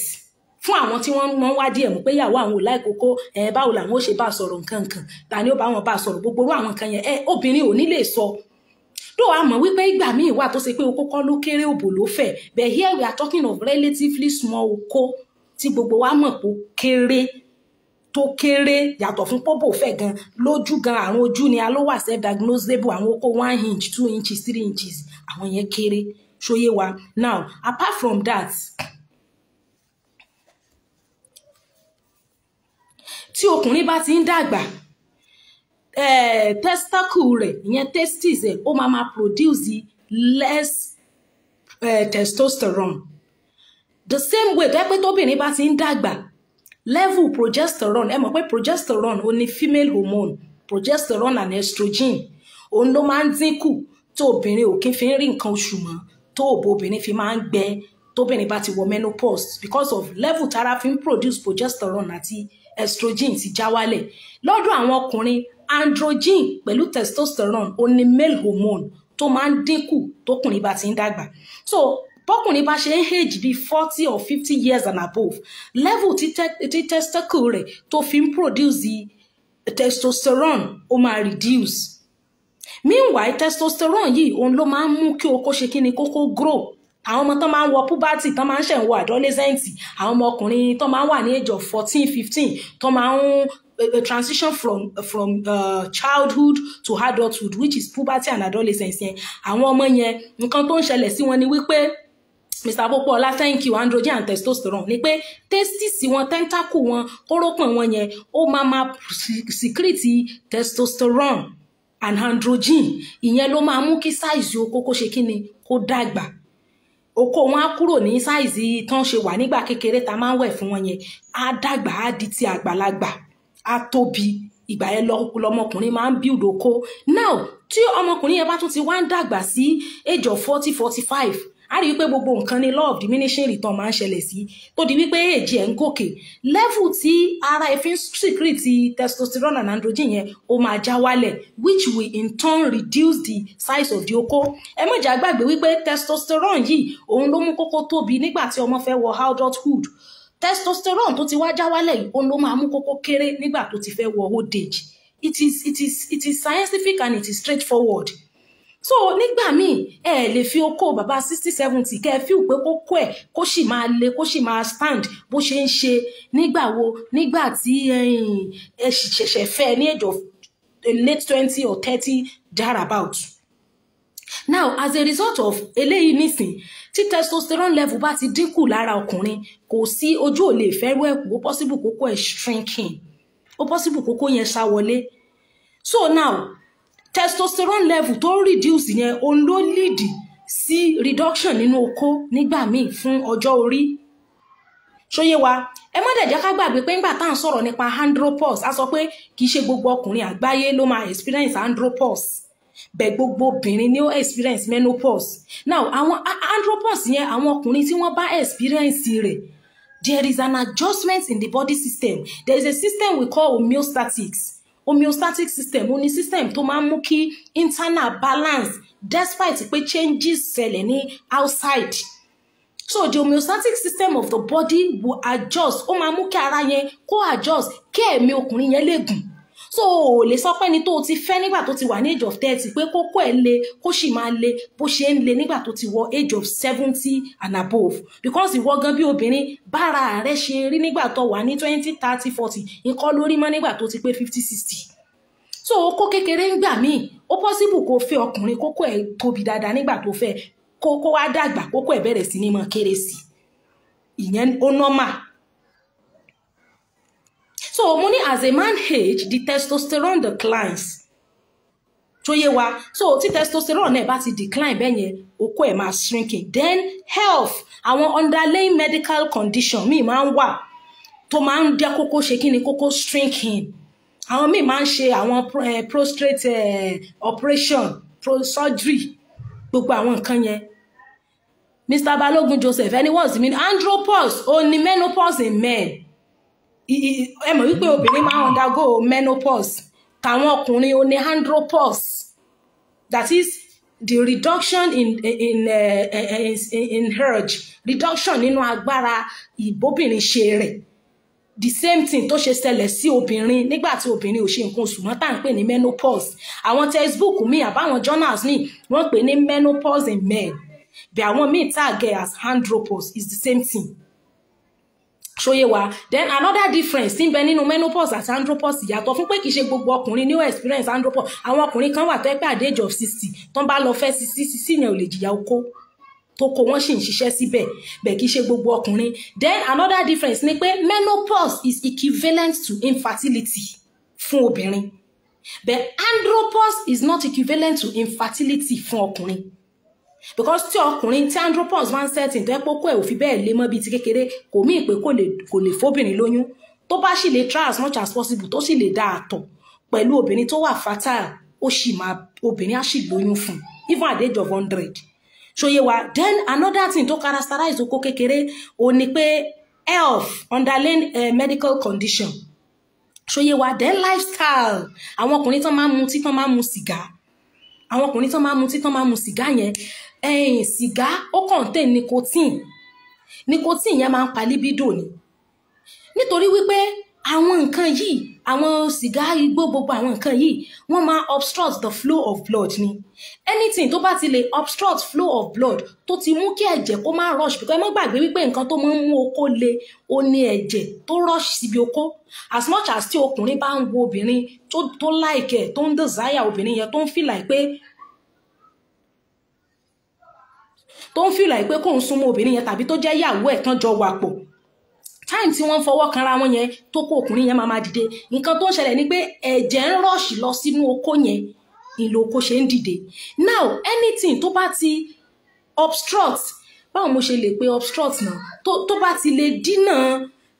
fún àwọn tí wọ́n wọ́n wá díẹ̀ mú pé ìyàwó àwọn ò like okó ẹ báwo làwọn ó ṣe bá sọ̀rọ̀ nǹkan nǹkan ta ni ó bá wọn bá sọ̀rọ̀ gbogbo orú àwọn nǹkan yẹn ẹ obìnrin ò ní lè sọ tó a mọ̀ wípé ìgbà míì wà tó ṣe pé okó kọ́ ló kéré òbò ló fẹ̀ but here we are talking of relatively small okó tí gbogbo wa mọ̀ pé kéré tó kéré yàtọ̀ fún pọ́bò fẹ̀ gan lójú gan àrùn ojú ni a diagnosable àwọn okó one inch two inches three inches àwọn yẹn kéré ṣóyé wa now apart from that tí ọkùnrin bá ti ń dàgbà eh, testicle rẹ̀ ìyẹn testis ẹ̀ ó máa máa produce less eh, testosterone the same way tó yẹ pé tóbìnrin bá ti ń dàgbà level progesterone ẹ mọ̀ pé progesterone ó ní female hormone progesterone and estrogen òun ló máa ń dínkù tó obìnrin ò kí fi ń rí nǹkan oṣù mọ́ tó òbò obìnrin fi máa ń gbẹ tóbìnrin bá ti wọ menopause because of level tára fi ń produce progesterone àti estrogen ti já wálẹ̀ lọ́dọ̀ àwọn ọkùnrin androgen pẹ̀lú testosterone ó ní male hormone tó máa ń dínkù tókùnrin bá ti ń dàgbà so bọ́kùnrin bá ṣe ń age bíi forty or fifty years and above level ti testicle rẹ̀ tó fi ń produce the testosterone ó máa reduce meanwhile testosterone yìí òun ló máa ń mú kí okó ṣe kí ni kókó grow àwọn ọmọ tán máa ń wọ puberty tán máa ń ṣẹ̀ ń wọ adolescent àwọn ọmọkùnrin tán máa ń wà ní age of fourteen fifteen tán máa ń eh, eh, transition from from uh, childhood to adulthood which is puberty and adolescence yẹn àwọn ọmọ yẹn nǹkan tó ń ṣẹlẹ̀ sí wọn ni wípé mr popola thank you androgen and testosterone ni pé testis wọn tentacle wọn kórópọ̀n wọn yẹn ó máa máa secrete testosterone anhandrogen ìyẹn ló máa mú kí sáìzì Oko kó ṣe kí ni kó dàgbà okó wọn á kúrò ní sáìzì tán ṣe wà nígbà kékeré tá a máa ń wẹ̀ fún wọn yẹn á dàgbà á di ti àgbàlagbà á tóbi ìgbà yẹn lọmọkùnrin máa ń build okó now tí ọmọkùnrin yẹn bá tún ti wá ń dàgbà sí age of forty forty five a rí wípé gbogbo nǹkan ni law of diminishing return máa ń ṣẹlẹ̀ sí tó di wípé èjì ẹ̀ ń gòkè level tí ara ẹ̀fín secret testosterone and androgen yẹn ó máa já wálẹ̀ which will in turn reduce the size of the okó ẹ má jà gbàgbé wípé testosterone yìí òun ló mú kókó tóbi nígbà tí ọmọ fẹ́ wọ adulthood testosterone tó ti wá já wálẹ̀ yìí òun ló máa mú kókó kéré nígbà tó ti fẹ́ wọ old age it is it is it is scientific and it is straightforward so nígbà míì ẹ eh, lè fi oko bàbá sixty seventy kẹ ẹ fíwù pé kókó ẹ kó sì máa le kó sì máa stand bó ṣe ń ṣe nígbà wo nígbà tí eh, ẹ ṣẹ̀ṣẹ̀ fẹ́ ní age of late twenty or thirty thereabout now as a result of eléyìí nísìn tí testosterone level bá ti dínkù lára ọkùnrin kò sí ojú ò lè fẹ́rú ẹ̀kú ó possible kókó ẹ̀ shrinking ó possible kókó yẹn sá wọlé so now testosterone level tó reduce yẹn òun ló lead sí reduction nínú okó nígbà míì fún ọjọ́ orí ṣóyé wa ẹ má dẹ̀ jẹ́ ká gbàgbé pé ńgbà tá à ń sọ̀rọ̀ nípa andropause a sọ pé kì í ṣe gbogbo ọkùnrin àgbáyé ló máa experience andropause bẹ́ẹ̀ gbogbo obìnrin ni ó experience menopause now àwọn andropause yẹn àwọn ọkùnrin tí wọ́n bá experience rẹ̀ there is an adjustment in the body system there is a system we call homeostasis homeostatic system o ní system to máa ń mú internal balance despite pé changes ṣẹlẹ̀ ní outside so the homeostatic system of the body will adjust O máa mú kí ara yẹn kó adjust kí ẹ̀mí ọkùnrin yẹn lè so o lè sọ pé ẹni tó o ti fẹ́ nígbà tó ti wà ní age of thirty pé kókó ẹ̀ le kó sì máa le bó ṣe ń le nígbà tó ti wọ age of seventy and above because ìwọ gan bí obìnrin bára rẹ ṣe rí nígbà tó wà ní twenty thirty forty nǹkan lórí mọ́ nígbà tó ti pé fifty sixty so okó kékeré ń gbà míì ó possible kó fẹ́ ọkùnrin kókó ẹ̀ tóbi dáadáa nígbà tó fẹ́ kókó wá dàgbà kókó ẹ̀ bẹ̀rẹ̀ sí ní mọ́ kéré sí ìyẹn ó normal so mo as a man age the testosterone declines tó yé wa so tí testosterone náà bá ti decline bẹ́ẹ̀ yẹn okó ẹ̀ máa shrinking then health àwọn underlying medical condition míì máa ń wà tó máa ń dá kókó ṣe kí ni kókó shrinking àwọn míì máa ń ṣe àwọn eh, prostate eh, operation pro surgery gbogbo àwọn nǹkan yẹn Mr. Balogun Joseph ẹni wọ́n sì mí andropause ó ní menopause in men ẹ mọ̀ wípé obìnrin máa ń undergo menopause tàwọn ọkùnrin ó ní andropause that is the reduction in in uh, eh, in, in urge reduction nínú agbára ìbóbìnrin ṣe rẹ̀ the same thing tó ṣe ṣẹlẹ̀ sí obìnrin nígbà tí obìnrin ò ṣe nǹkan oṣù mọ́ tá à ń pè ní menopause àwọn textbook míì àbáwọn journals míì wọ́n pè ní menopause in men bí àwọn míì tàgẹ̀ as andropause is the same thing ṣóyé wa then another difference tí ń bẹ nínú menopause àti andropause yàtọ̀ fún pé kì í ṣe gbogbo ọkùnrin ní ó experience andropause àwọn ọkùnrin kan wà tó ẹ pé at the age of sixty tó ń bá lọ fẹ́ sixty sixty yẹn ò lè jìyà okó tó kó wọ́n sì ń ṣiṣẹ́ síbẹ̀ bẹ́ẹ̀ kì í ṣe gbogbo ọkùnrin then another difference ni pé menopause is equivalent to infertility fún obìnrin but andropause is not equivalent to infertility fún ọkùnrin because tí ọkùnrin tí andropons máa ń sẹ́tìn tó ẹ́ pé kó ẹ̀ ò fi bẹ́ẹ̀ lé mọ́ bíi ti kékeré kò mí pé kò lè fóbìnrin lóyún tó bá sì lè try as much as possible tó sì lè dá àtọ̀ pẹ̀lú obìnrin tó wà fertile ó sì máa obìnrin á sì lóyún fún even at age of hundred ṣòye wa then another thing tó characterize okó kékeré ó ní pé health underlying uh, medical condition ṣòye wa then lifestyle àwọn ọkùnrin tán máa ń mu tí tán máa ń mu sìgá àwọn ọkùnrin tán máa ń mu tí tán máa ń mu sìgá yẹn ẹ̀yìn sìgá ó contain nicotine nicotine yẹn máa ń pa libido ni nítorí wípé àwọn nǹkan yìí àwọn sìgá igbó gbogbo àwọn nǹkan yìí wọ́n máa obstruct the flow of blood ni anything tó bá ti lè obstruct flow of blood tó ti mú kí ẹ̀jẹ̀ kó má rush because ẹ má gbàgbé wípé nǹkan tó máa ń mú okó le ó ní ẹ̀jẹ̀ tó rush síbi okó as much as tí ọkùnrin bá ń wo obìnrin tó like ẹ̀ tó ń desire obìnrin yẹn tó ń feel like pé tó ń fìlà pé kóun súnmọ́ obìnrin yẹn tàbí tó jẹ́ ìyàwó ẹ̀ tán jọ wà pọ̀ táìm tí wọ́n fọwọ́ kanra wọn yẹn tó kó ọkùnrin yẹn máa máa dìde nǹkan tó ń ṣẹlẹ̀ ni pé ẹ̀jẹ̀ ń rọ̀ṣì lọ sínú okó yẹn ìlò okó ṣe ń dìde now anything tó bá ti obstruct báwo mo ṣe lè pe obstruct náà tó bá ti lè dínà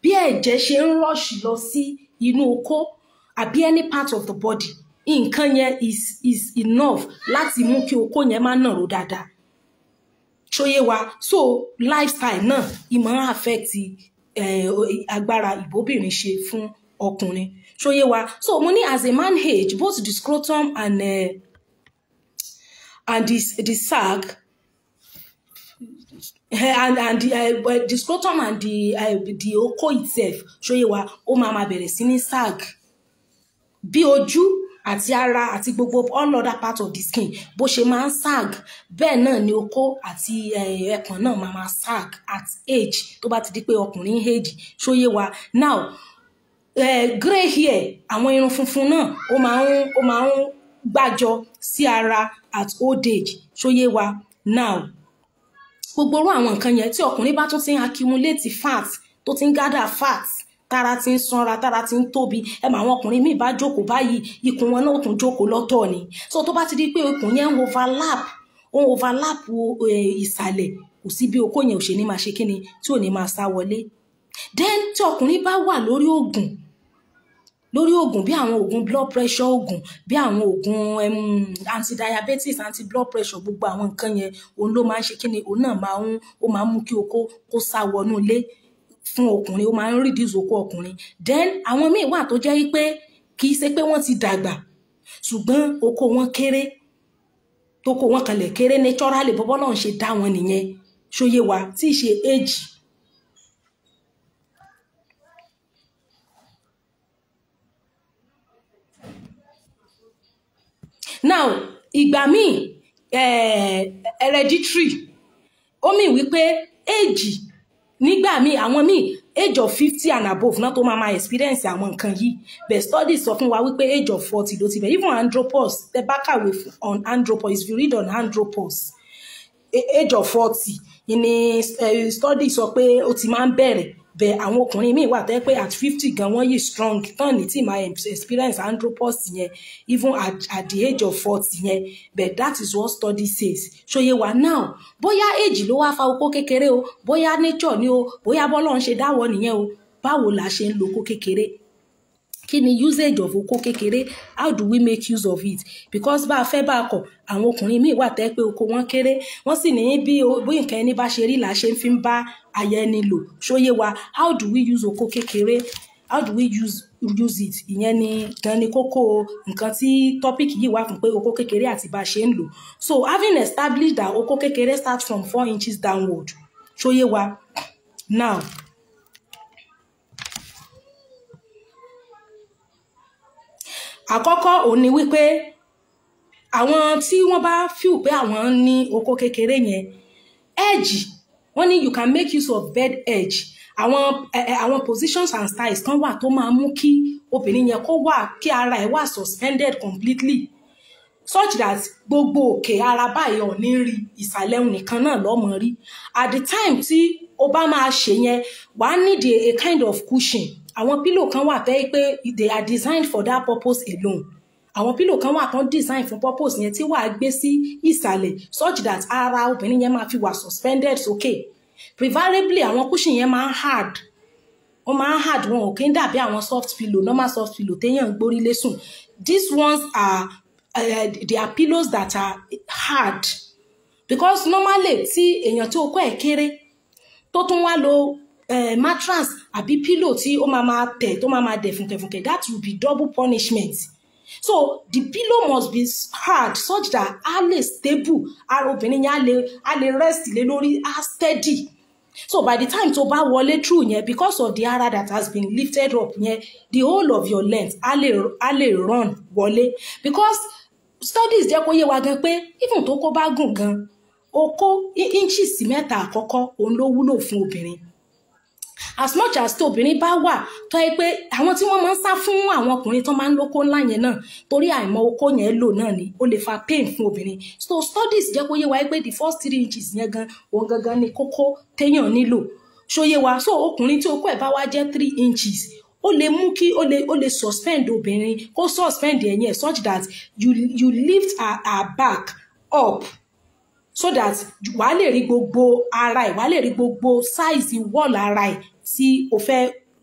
bí ẹ̀jẹ̀ ṣe ń rọ̀ṣì lọ sí inú okó àbí any part of the body nǹkan yẹn is is enough láti mú kí okó yẹn má nàró dáadáa ṣóyé wa so lifestyle náà ìmọ̀ affect eh, agbára ìbóbìnrin ṣe fún ọkùnrin ṣóyé wa so mo ní as a man age both the scrotum and uh, and the the sag eh, and and the, uh, the scrotum and the uh, the oko itself ṣóyé wa ó máa ma bẹ̀rẹ̀ sí ní sac bí ojú àti ara àti gbogbo all other part of the skin bó ṣe máa ń sag bẹ́ẹ̀ náà ni okó àti eh, ẹpọ̀n náà máa máa sag at age tó bá ti di pé ọkùnrin age ṣóyé wa now uh, grey hair àwọn irun funfun náà ó máa ń ó máa ń gbàjọ sí ara at old age ṣóyé wa now gbogbo orú àwọn nǹkan yẹn tí ọkùnrin bá tún ti ń accumulate fat tó ti ń gather fat tára ti ń sanra tára ti ń tóbi ẹ mà àwọn ọkùnrin míì bá jókòó báyìí ikùn wọn náà ó tún jókòó lọ́tọ̀ ni so tó bá ti di pé ikùn yẹn ń overlap ń overlap ìsàlẹ̀ kò sí bí okó yẹn ò ṣe ní máa ṣe kíni tí ò ní máa sá wọlé then tí ọkùnrin bá wà lórí oògùn lórí oògùn bí àwọn oògùn blood pressure oògùn bí àwọn oògùn um, antidiabetes anti blood pressure gbogbo àwọn nǹkan yẹn òun ló máa ń ṣe kíni òun náà máa ń ó máa ń mú kí okó kó sá wọnú ilé fún ọkùnrin ó máa ń reduce okó ọkùnrin then àwọn míì wà tó jẹ́ pé kì í ṣe pé wọ́n ti dàgbà ṣùgbọ́n okó wọn kéré tó kó wọn kalẹ̀ kéré naturally bọ́bọ́ náà ṣe dá wọn nìyẹn ṣòye wa tí ì ṣe age now ìgbà míì eh, hereditary ó mì wípé éèjì nígbà míì àwọn míì age of fifty and above náà tó máa máa experience àwọn nǹkan yìí but studies sọ fún wa wípé age of forty ló ti bẹ̀ even andropause tẹ bá kàwé on andropause if you read on andropause e, age of forty ni eh, study sọ pé ó ti máa ń bẹ̀rẹ̀ bẹ̀ àwọn ọkùnrin míì wà tẹ́ pé at fifty gan wọ́n yìí strong tán ní tí my experience andropause yẹn even at, at the age of forty yẹn but that is what study says ṣòye wa now bóyá age ló wá fa okó kékeré o bóyá nature ni o bóyá bọ́lọ́ ń ṣe dáwọ́ nìyẹn o báwo la ṣe ń lo okó kékeré kí ni usage of oko kékeré how do we make use of it because bá a fẹ́ bá a kọ̀ àwọn ọkùnrin míì wà tẹ́ pé oko wọn kéré wọ́n sì ní bí bí nǹkan ẹni bá ṣe rí là ṣe ń fi bá ayé ẹni lò ṣóyé wa how do we use oko kékeré how do we use use it ìyẹn ni gan ni kókó nǹkan tí topic yìí wà fún pé oko kékeré àti bá a ṣe ń lò so having established that oko kékeré starts from four inches downward ṣóyé wa now àkọ́kọ́ òun ni wípé àwọn tí wọ́n bá fíù pé àwọn ní oko kékeré yẹn edge wọ́n ní you can make use of bed edge àwọn àwọn positions and styles kan wà tó máa mú kí obìnrin yẹn kó wà kí ara ẹ̀ wà suspended completely such that gbogbo òkè ara báyìí ò ní rí ìsàlẹ̀ nìkan náà lọ́mọ rí at the time tí o bá máa ṣe yẹn wàá need a kind of cushion àwọn pílò kan wà tó pé they are designed for that purpose alone àwọn pílò kan wà tán design fún purpose yẹn tí wàá gbé sí ìsàlẹ̀ such that ara obìnrin yẹn máa fi wà suspended sókè okay. preferably àwọn cushion yẹn máa ń hard wọ́n máa ń hard wọn ò kí ń dàbí àwọn soft pillow normal soft pillow téèyàn ń gbórí lésùn these ones are uh, they are pillows that are hard because normally tí èèyàn tí okó ẹ̀ kéré tó tún wá lo uh, mattress àbí pillow tí ó máa máa tẹ̀ tó máa máa dẹ̀ fúnkẹ̀fúnkẹ̀ that will be double punishment so the pillow must be hard such that a lè stable ara obìnrin yẹn a lè rest lé lórí a steady so by the time tó bá wọlé through yẹn because of the ara that has been lifted up yẹn the whole of your length a lè a lè run wọlé because studies jẹ́ kó yé wa gan pé even tó kó bá gùn gan okó inches mẹ́ta àkọ́kọ́ òun ló wúlò fún obìnrin as much as tó obìnrin bá wà tó yẹ pé àwọn tí wọ́n máa ń sá fún àwọn ọkùnrin tó máa ń lóko ńlá yẹn náà torí àìmọ̀ okó yẹn lò náà ni ó lè fa pain fún obìnrin so studies jẹ́ kó yé wa pé the first three inches yẹn gan òun gangan ni kókó téèyàn nílò ṣóyé wa so ọkùnrin tí okó ẹ̀ bá wá jẹ́ three inches ó lè mú kí ó lè ó lè suspend obìnrin kó suspend ẹ̀yìn ẹ̀ such that you you lift her, her back up so that wàá lè rí gbogbo ara ẹ̀ wàá lè rí gbogbo size wall ara ẹ̀ tí o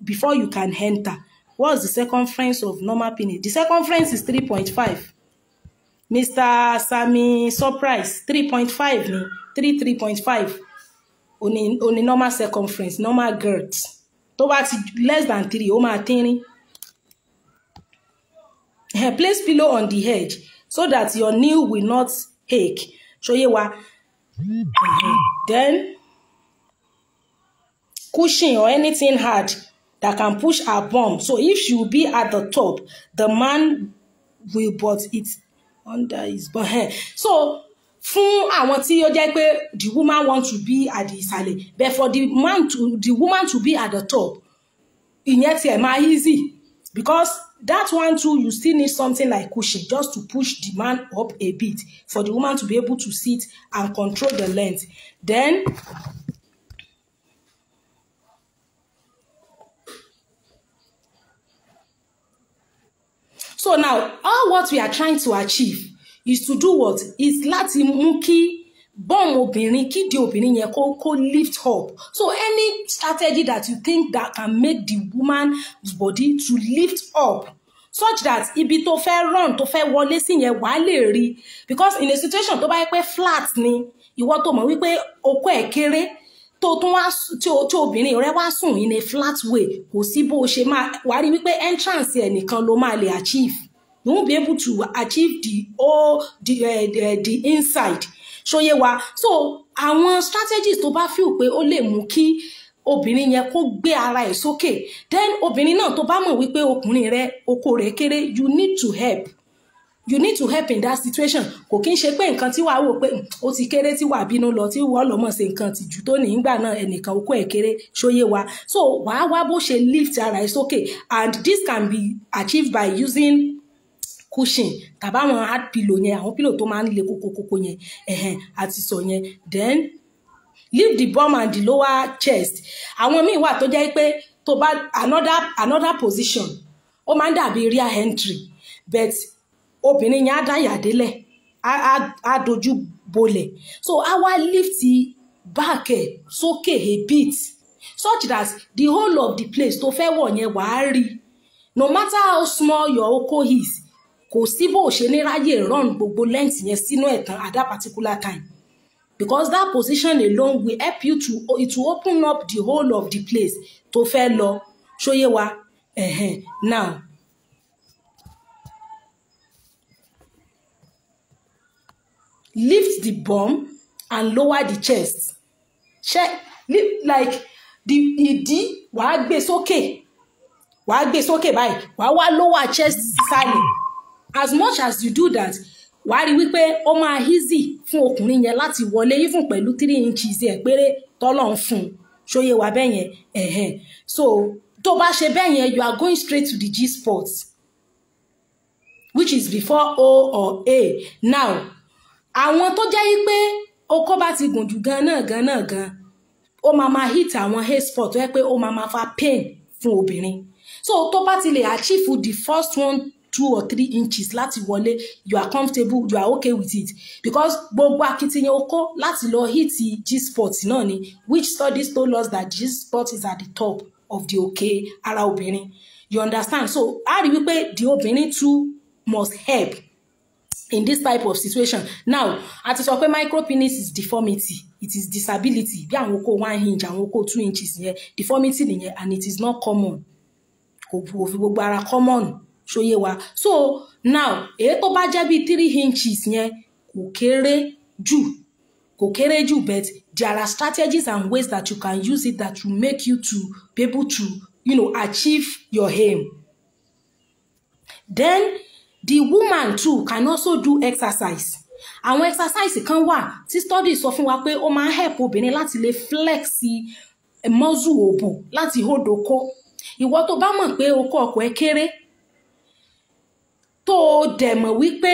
before you can enter what's the circumference of normal penis the circumference is three point five mr sami surprise three point five ni three three point five òní òní normal circumference normal girth To bá ti less than three ó máa tínrín place pillow on the edge so that your knee will not ache ṣóyé wa then cushion or anything hard that can push her bum. So if she will be at the top, the man will but it under his bum. So fún àwọn tí ó jẹ́ pé the woman want to be at the side. but for the man to the woman to be at the top ìyẹn tiẹ̀ máa easy because that one too you still need something like cushion just to push the man up a bit for the woman to be able to sit and control the length then so now all what we are trying to achieve is to do what is lati mú kí bọ́ọ̀n obìnrin kídi obìnrin yẹn kó kó lift up so any strategy that you think that can make the woman's body to lift up such that ibi tó fẹ́ run tó fẹ́ wọlé sí yẹn wàá lè rí because in a situation tó bá yẹ flat ni ìwọ tó mọ̀ wípé okó ẹ̀ kéré tó tún wá tí obìnrin rẹ wá sùn in a flat way kò sí bó o ṣe máa wá rí wípé entrance ẹ̀ nìkan ló máa lè achieve you won't be able to achieve the all the, uh, the, eh, the inside ṣóyé wa so àwọn strategies tó bá feel pé ó lè mú kí obìnrin yẹn kó gbé ara ẹ̀ sókè then obìnrin náà tó bá mọ̀ wípé ọkùnrin rẹ okó rẹ̀ kéré you need to help you need to help in that situation kò kí n ṣe pé nǹkan tí wàá wò pé hmm, ó ti kéré tí wàá bínú lọ tí wọ́n lọ́mọ̀ ṣe nǹkan tìjú tó ní ìgbà náà ẹnìkan okó ẹ̀ kéré ṣóyé wa so wàá wá bó ṣe lift ara ẹ̀ sókè and this can be achieved by using cushion tàbí àwọn hard pillow yẹn àwọn pillow tó máa ń le kókókókó yẹn ẹ̀hẹ̀n àti sọ yẹn then leave the bum and the lower chest àwọn míì wà tó jẹ́ pé to bá another another position ó máa ń dàbí rear entry but obìnrin yẹn á dáyà délẹ̀ á dojú bolẹ̀ so á wá lift back ẹ̀ sókè a bit such that the whole of the place tó fẹ́ wọ̀ yẹn wàá rí no matter how small your oko is kò sí bó ṣe ní ráyè run gbogbo length yẹn sínú ẹ̀tàn at that particular time because that position alone will help you to it will open up the whole of the place tó fẹ́ lọ ṣóyé wa now lift the bum and lower the chest Check lift like the ìdí wàá gbé sókè wàá gbé sókè báyìí wàá wá lower chest sísàlẹ̀ as much as you do that wàá rí wípé ó máa easy fún ọkùnrin yẹn láti wọlé even pẹ̀lú three inches ẹ̀ péré tọ́lọ̀ ń fún un ṣóyè wà bẹ́ẹ̀ so tó bá ṣe bẹ́ẹ̀ you are going straight to the G spot which is before O or A now àwọn tó jẹ́ yí pé Oko bá ti gùn jù gan náà gan náà gan ó máa máa hit àwọn hair spot tó yẹ pé ó máa máa fa pain fún obìnrin so tó bá ti lè achieve the first one two or three inches láti wọlé you are comfortable you are okay with it because gbogbo akitiyan oko. láti lọ hit g spot náà ni which studies told us that g spot is at the top of the okay ara obìnrin you understand so a rí wípé the obìnrin too must help in this type of situation now a ti sọ pé micropenis is deformity it is disability bí àwọn okó one inch àwọn okó two inches yẹn deformity nìyẹn and it is not common kò fi gbogbo ara common ṣòye wa so now èyí tó bá jẹ́ bí three inches yẹn kò kéré jù kò kéré jù but there are strategies and ways that you can use it that will make you to be able to you know, achieve your aim then the woman too can also do exercise àwọn exercise kan wà tí study sọ fún wa pé ó máa ń help obìnrin láti lè flex muscle òbò láti hold okó ìwọ tó bá mọ̀ pé oko ọkọ ẹ kéré tó o dẹ̀ mọ̀ wípé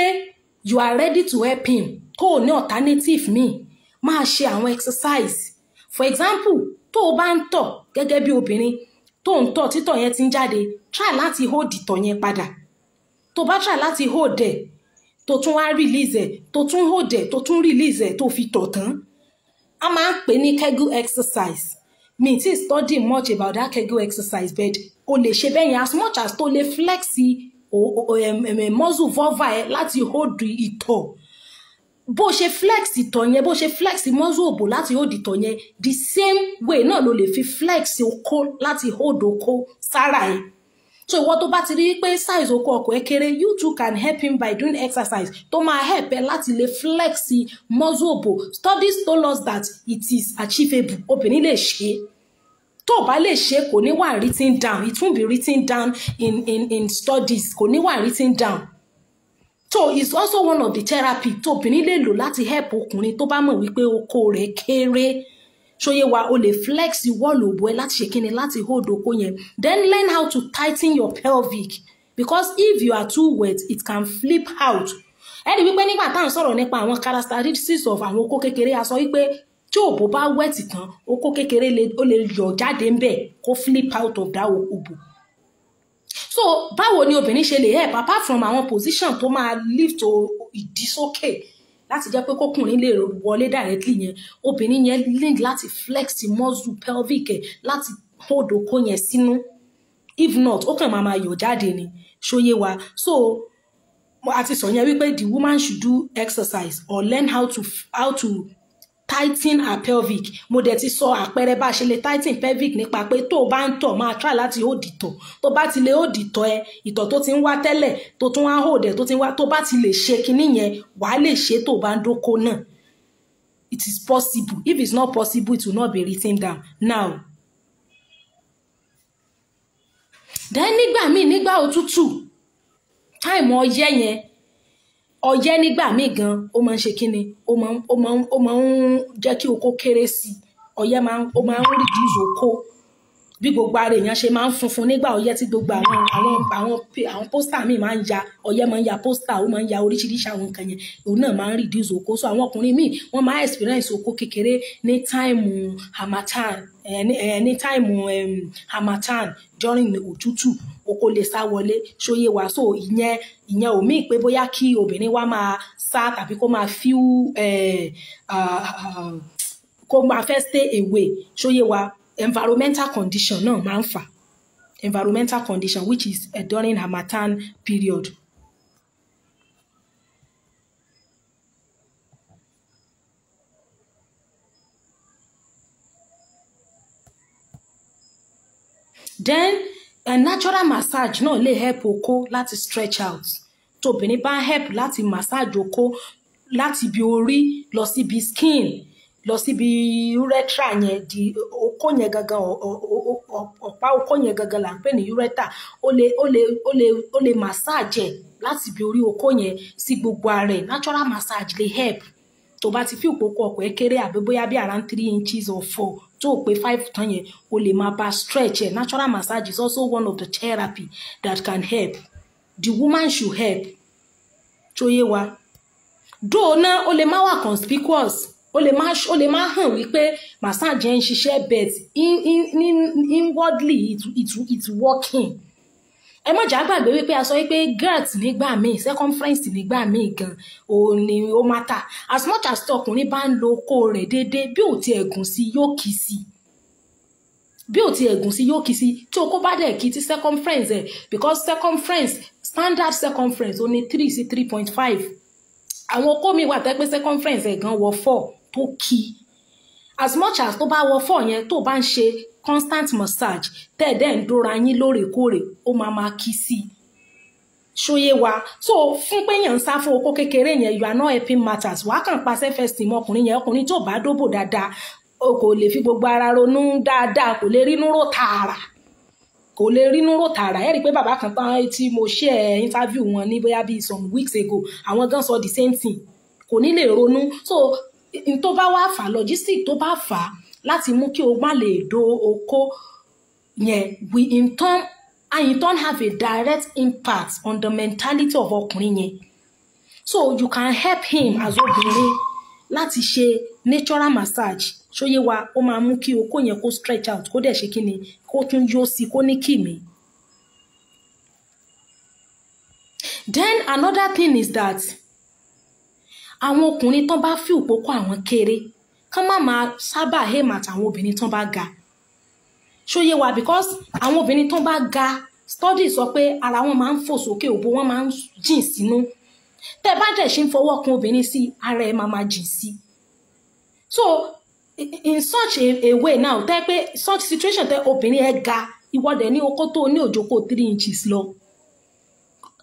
you are ready to help him tó o ní alternative míì máa ṣe àwọn exercise for example tó o bá ń tọ̀ gẹ́gẹ́ bí obìnrin tó ń tọ̀ títọ̀ yẹn ti ń jáde try láti hold ìtọ̀ yẹn padà tó bá try láti hold ẹ̀ tó tún wá release ẹ̀ tó tún hold ẹ̀ tó tún release ẹ̀ tó fi tọ̀ tán a máa ń pè ní kegel exercise mi ti study much about that kegel exercise but o lè ṣe bẹ́ẹ̀ yẹn as much as tó lè flex muscle vulva ẹ̀ láti hold ìtọ̀ bó ṣe flex ìtọ̀ yẹn bó ṣe flex muscle òbò láti hold ìtọ̀ yẹn the same way náà ló lè fi flex okó láti hold okó sára ẹ̀ so ìwọ tó bá ti rí pé size oko ọkọ̀ ẹ kéré you too can help him by doing exercise tó máa help ẹ láti lè flex muscle òbò studies told us that it is achievable obìnrin lè ṣe é tó o bá lè ṣe kò ní wà written down it won't be written down in in in studies kò ní wà written down so it's also one of the therapy tó obìnrin lè lò láti help ọkùnrin tó bá mọ̀ wípé okó rẹ̀ kéré ṣóyé wa o lè flex wọ́ọ̀lù òbò ẹ láti ṣe kíni láti hold okó yẹn then learn how to tighten your pelvic because if you are too wet it can flip out ẹni wípé nígbà tá à ń sọ̀rọ̀ nípa àwọn characteristics of àwọn okó kékeré a sọ wípé tí òbò bá wet tán okó kékeré ó lè yọ jáde ń bẹ̀ kó flip out of that òbò so báwo ni obìnrin ṣe lè help apart from àwọn position tó máa lift ìdí sókè láti jẹ́ pé kókùnrin lè wọlé directly yẹn obìnrin yẹn link láti flex muscle pelvic ẹ̀ láti hold okó yẹn sínú if not ó kàn máa máa yọ̀ jáde ni ṣóyé wa so a ti sọ yẹn wípé the woman should do exercise or learn how to how to tighten her pelvic mo dẹ̀ ti sọ àpẹẹrẹ bá a ṣe lè tighten pelvic nípa pé tó o bá ń tọ̀ máa try láti hold ìtọ̀ tó bá ti lè hold ìtọ̀ ẹ ìtọ̀ tó ti ń wá tẹ́lẹ̀ tó tún wá hold ẹ tó ti ń wá tó bá ti lè ṣe kinní yẹn wàá lè ṣe tó o bá ń dóko náà it is possible if it's not possible it will not be written down now. dẹ́ nígbà míì nígbà òtútù táìmù ọyẹ́ yẹn ọyẹ́ nígbà míì gan ó máa ń ṣe kíni ó máa ń ó máa ń ó máa ń jẹ́ kí oko kéré sí i ọyẹ́ máa ń ó máa ń reduce oko bí gbogbo ara èèyàn ṣe máa ń funfun nígbà ọyẹ́ tí gbogbo àwọn àwọn àwọn àwọn pósítà míì máa ń ya ọyẹ́ máa ń ya pósítà ó máa ń ya oríṣiríṣi àwọn nǹkan yẹn òun náà máa ń reduce oko so àwọn ọkùnrin míì wọ́n máa experience oko kékeré ní táìmù harmattan eh, ní eh, táìmù harmattan during òtútù o kò sá wọlé ṣóyè wá so ìyẹn ìyẹn ò pé bóyá kí obìnrin wa máa sá tàbí kó máa fíú kó máa fẹ́ stay away ṣóyè wá environmental condition náà máa ń fà environmental condition which is uh, during harmattan period then a natural massage náà lè help oko láti stretch out tóbìnrin bá help láti massage oko láti ibi orí lọ síbi skin lọ síbi urethra yẹn di okó yẹn gangan ọ̀pá okó yẹn gangan là ń pè ní urethra ó lè ó lè ó lè ó lè massage ẹ̀ láti ibi orí okó yẹn sí gbogbo ara natural massage lè help tó bá ti fi òpópó ọkọ̀ ẹ kéré àbí bóyá bí around three inches or four tó o pé five tán yẹn o lè máa bá stretch ẹ̀ natural massage is also one of the therapy that can help the woman should help tó yé wa dóò náà o lè má wà conspicuous o lè má o lè hàn wípé massage ẹ̀ ń ṣiṣẹ́ bet in in in inwardly it it it's working ẹ má jà gbàgbé wípé a sọ wípé gert nígbà míì circumference nígbà míì gan òun ni ó má tà as much as tọkùnrin bá ń lo okó rẹ̀ déédéé bí ò ti ẹ̀gùn sí yóò kì í sí bí ò ti ẹ̀gùn sí yóò kì sí tí okó bá dẹ̀ kì ti circumference ẹ̀ because circumference standard circumference ó ní three sí three point five àwọn okó mi wà tẹ́ pé circumference ẹ̀ gan wọ four tó kì í as much as to bá wọ fọ́ yẹn tó bá ń constant massage tẹ́ẹ̀dẹ́ ń dóra yín lóòrèkóòrè ó máa máa kí sí i ṣóyé wa so fún pé yàn ń sá fún okó kékeré you are not helping matters wàá kàn pa self-esteem ọkùnrin yẹn to tó bá dada. dáadáa kò lè fi gbogbo ara ronú dada. kò lè rínú rò tààrà kò lè rínú rò tààrà ẹ rí i pé bàbá kan tán tí mo ṣe ẹ interview wọn ní bóyá bíi some weeks ago àwọn gan sọ the same thing kò ní lè ronú so tó bá wá fà logistic tó bá fà á láti mú kí o má lè do oko yẹn we in turn and in turn have a direct impact on the mentality of ọkùnrin yẹn so you can help him as obìnrin láti ṣe natural massage ṣóyé wa ó máa mú kí okó yẹn kó stretch out kó dẹ̀ ṣe kí ni kó tún yó sí kó ní kìmí. Then another thing is that àwọn ọkùnrin tán bá fi òpó kọ́ àwọn kéré kán má máa sábà hèmà àtàwọn obìnrin tán bá ga ṣóyè wa because àwọn obìnrin tán bá ga study sọ pé ara wọn máa ń fò sókè òbó wọn máa ń jìn sínú tẹ bá dẹ̀ ṣe ń fọwọ́ kun obìnrin sí ara ẹ̀ máa máa jìn sí so in such a, a way now tẹ́ pé such situation tẹ́ obìnrin ẹ̀ ga ìwọ́dẹ̀ ní okó tó ní òjòkó three inches lọ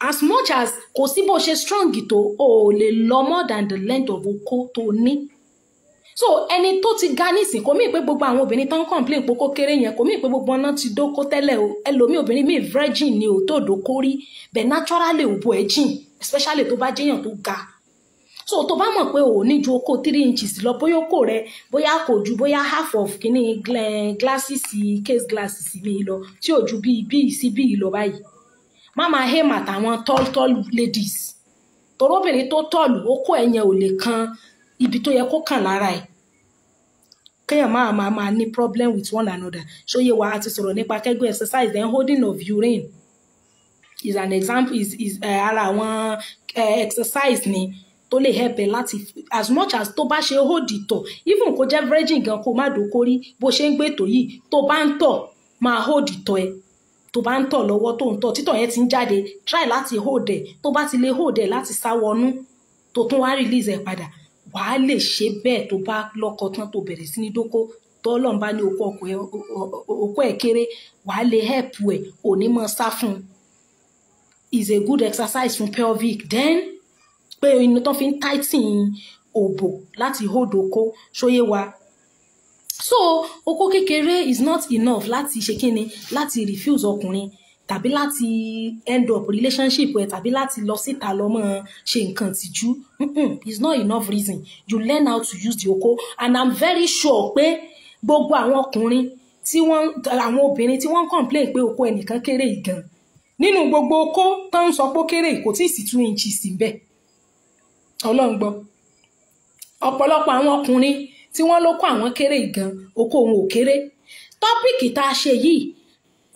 as much as kò sí bó ṣe strong tó o ò lè lọ more than the length of okó tó ní so ẹni tó ti ga nísìn kò míì pé gbogbo àwọn obìnrin tó ń complain pé kó kéré yẹn kò míì pé gbogbo ọ̀nà ti dóko tẹ́lẹ̀ o ẹlòmíì obìnrin míì virgin ni ò tó dóko rí bẹ̀ naturally òbò ẹ̀ jìn especially tó bá jẹ́yàn tó ga so tó bá mọ̀ pé ò ní ju okó three inches lọ bóyá okó rẹ bóyá kò ju bóyá half of kìíní glasses case glasses mi lọ tí ò ju bíi bíi sí bíi lọ báyìí má máa aim at tall tall ladies torobìnrin tó tọ̀lù ó kó ẹ̀yẹn ò lè kan ibi tó yẹ kó kàn lára ẹ̀ kéèyàn máa máa máa ní problem with one another ṣóyè wa àti sọ̀rọ̀ nípa kẹ́gbẹ́ exercise then holding of urine is an example is is eh, ara uh, àwọn uh, exercise ni tó lè help ẹ láti as much as tó bá ṣe hold ìtọ̀ even kó jẹ́ virgin gan kó má dókórí bó ṣe ń gbé ètò yìí tó bá ń tọ̀ máa hold ìtọ̀ ẹ tó bá ń tọ̀ lọ́wọ́ tó ń tọ̀ títọ̀ yẹn ti ń jáde try láti hold ẹ̀ tó bá ti lè hold ẹ̀ láti sá wọnú tó tún wá release ẹ̀ padà wà á lè ṣe bẹ́ẹ̀ tó bá lọ́kọ tán tó bẹ̀rẹ̀ sí ní dóko tọ́lọ̀ ń bá ní okó ẹ̀ kéré wà á lè help ẹ̀ òní mọ́ sá fún un is a good exercise fún pelvic then pé inú tán fi ń tighten òbò láti hold okó ṣóyé wa so oko kékeré is not enough Lati ṣe kíni láti refuse ọkùnrin tàbí Lati end up relationship ẹ tàbí Lati lọ síta lọ mọ ṣe nǹkan tìjú it's not enough reason you learn how to use the oko, and i'm very sure pé gbogbo àwọn ọkùnrin tí wọ́n àwọn obìnrin tí wọ́n complain pé okó ẹnìkan kéré ìgan nínú gbogbo okó tó ń sọ pé ó kéré kò tí ì sí two inches níbẹ̀ ọlọ́run gbọ́ ọ̀pọ̀lọpọ̀ àwọn ọkùnrin tí wọ́n ló kó àwọn kéré gan oko òun ò kéré tọ́pìkì tá a ṣe yìí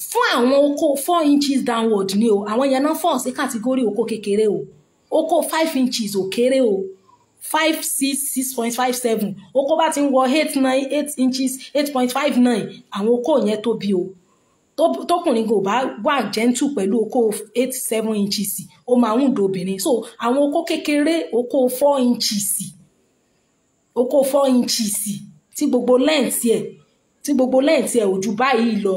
fún àwọn oko four inches downward ni o àwọn yẹn náà fọ̀n sí kàtígórì oko kékeré o oko five inches ò kéré o five six six point five seven oko bá ti ń wọ eight nine eight inches eight point five nine àwọn oko yẹn tóbi o tókùnrin kò bá wà gentle pẹ̀lú oko eight seven inches ó máa ń dobìnrin so àwọn oko kékeré oko four inches o kó four inches tí gbogbo lẹ́ǹtì ẹ̀ tí gbogbo lẹ́ǹtì ẹ̀ ò ju báyìí lọ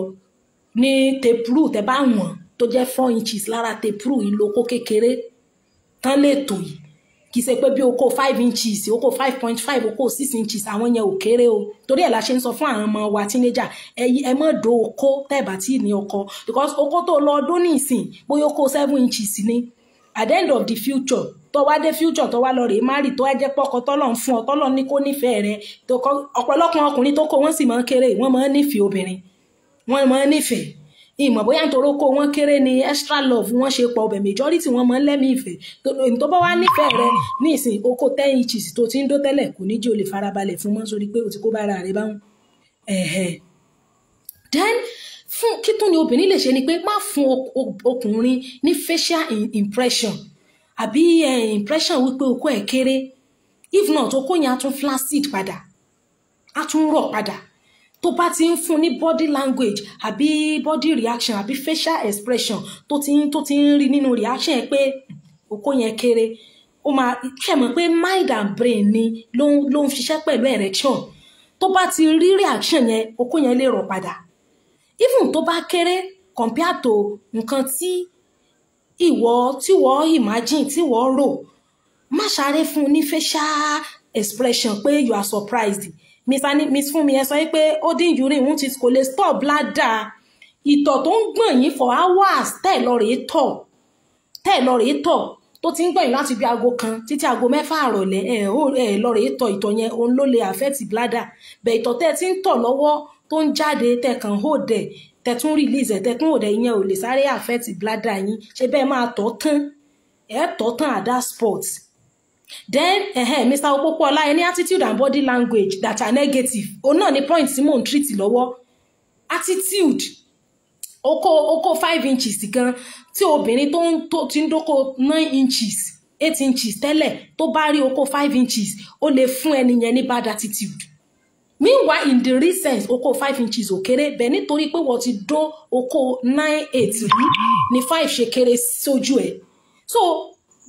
ní tepru tẹ bá wọ̀n tó jẹ́ four inches lára tepru yìí lo kó kékeré tán lè tò yìí kì í ṣe pé bí o kó five inches o five point five o kó six inches àwọn yẹn ò kéré o torí ẹ̀ la ṣe ń sọ fún àwọn ọmọ wa teenager ẹ ẹ mọ̀ do okó tẹ̀ bá tí ì ní ọkọ because okó tó lọ ọdún nìsín bóyá o kó seven inches ni at the end of the future tó wá dé future tó wá lọ rèé má rì tó wá jẹ́ pọ́kọ tọ́lọ̀ ń fún ọ tọ́lọ̀ ní kó nífẹ̀ẹ́ rẹ ọ̀pọ̀lọpọ̀ ọkùnrin tó kó wọ́n sì máa ń kéré wọ́n máa ń nífẹ̀ẹ́ obìnrin wọ́n máa ń nífẹ̀ẹ́ ìmọ̀ bóyá nítorí kó wọ́n kéré ni extra love wọ́n ṣe pọ̀ ọbẹ̀ majority wọ́n máa ń lẹ́mìí ìfẹ́ èmi tó bá wá nífẹ̀ẹ́ rẹ ní ìsìn oko ten inches tó ti ń dó tẹ́lẹ̀ kò ní jẹ́ o lè farabalẹ̀ fún mọ́ sórí pé o ti kó bára rẹ báwọn. then fún kí tún ni obìnrin lè ṣe ni pé má fún ọkùnrin ní facial impression àbí impression wípé okó ẹ̀ kéré if not okó yẹn á tún flaccid padà á tún rọ̀ padà tó bá ti ń fún ní body language àbí body reaction àbí facial expression tó ti tó ti ń rí nínú reaction ẹ̀ pé hmm, okó yẹn kéré ó máa ṣe mọ̀ pé mind and brain ni ló ń ló ń ṣiṣẹ́ pẹ̀lú erection tó bá ti rí reaction yẹn okó yẹn lè rọ̀ padà even tó bá kéré compare to nǹkan tí ìwọ tí wọ́n imagine tí wọ́n rò má ṣáré fún ní facial expression pé you are surprised miss fúnmi ẹ sọ pé ó dín urine wọn ti kò lè stop bladder ìtọ̀ tó ń gbọ̀n yín for hours tẹ́ lọ rèé tọ̀ tẹ́ lọ rèé tọ̀ tó ti ń gbọ̀n yín láti bí aago kan títí aago mẹ́fà àrọ̀lẹ́ ẹ̀ ẹ̀ lọ rèé tọ̀ ìtọ̀ yẹn òun ló lè affect bladder bẹ̀ ìtọ̀ tẹ́ ti ń tọ̀ lọ́wọ́ tó ń jáde tẹ̀kàn hold ẹ̀ tẹ̀tún release ẹ̀ tẹ̀tún hold ẹ̀ ìyẹn ò lè sáré affect bladder yín ṣé bẹ́ẹ̀ máa tọ́ tán ẹ̀ tọ́ tán at that spot then eh, Mr. Opopola any attitude and body language that are negative òun náà ni point tí mò ń treat lọ́wọ́ attitude oko oko five inches gan tí obìnrin tó ń tó ti ń dóko nine inches eight inches tẹ́lẹ̀ tó bá rí oko five inches ó lè fún ẹni yẹn ní bad attitude meanwhile in the recent, oko five inches okere, kéré bẹ́ẹ̀ nítorí pé wọ́n ti dó oko nine eight ni five ṣe kéré sójú ẹ̀ so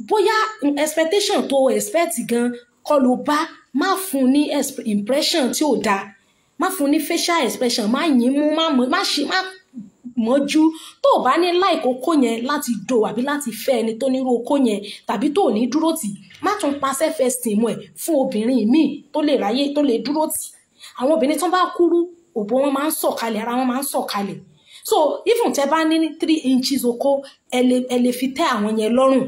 bóyá expectation tó expect gan kọ́ ló bá má fún ní impression tí ò dáa má fún ní facial expression má yín mú má ṣe má mọ́jú tó o bá ní láìkó kó yẹn láti do àbí láti fẹ́ ẹni tó nírú okó yẹn tàbí tó o ní dúró tì má tún paṣẹ́ fẹ́ sìn mọ́ ẹ̀ fún obìnrin míì tó lè ráyè tó lè dúró tì àwọn obìnrin tó bá kúrú òbò wọn máa ń sọ̀kalẹ̀ ara wọn máa ń sọ̀kalẹ̀ so even tẹ bá ní three inches oko ẹ lè fi tẹ àwọn yẹn lọ́rùn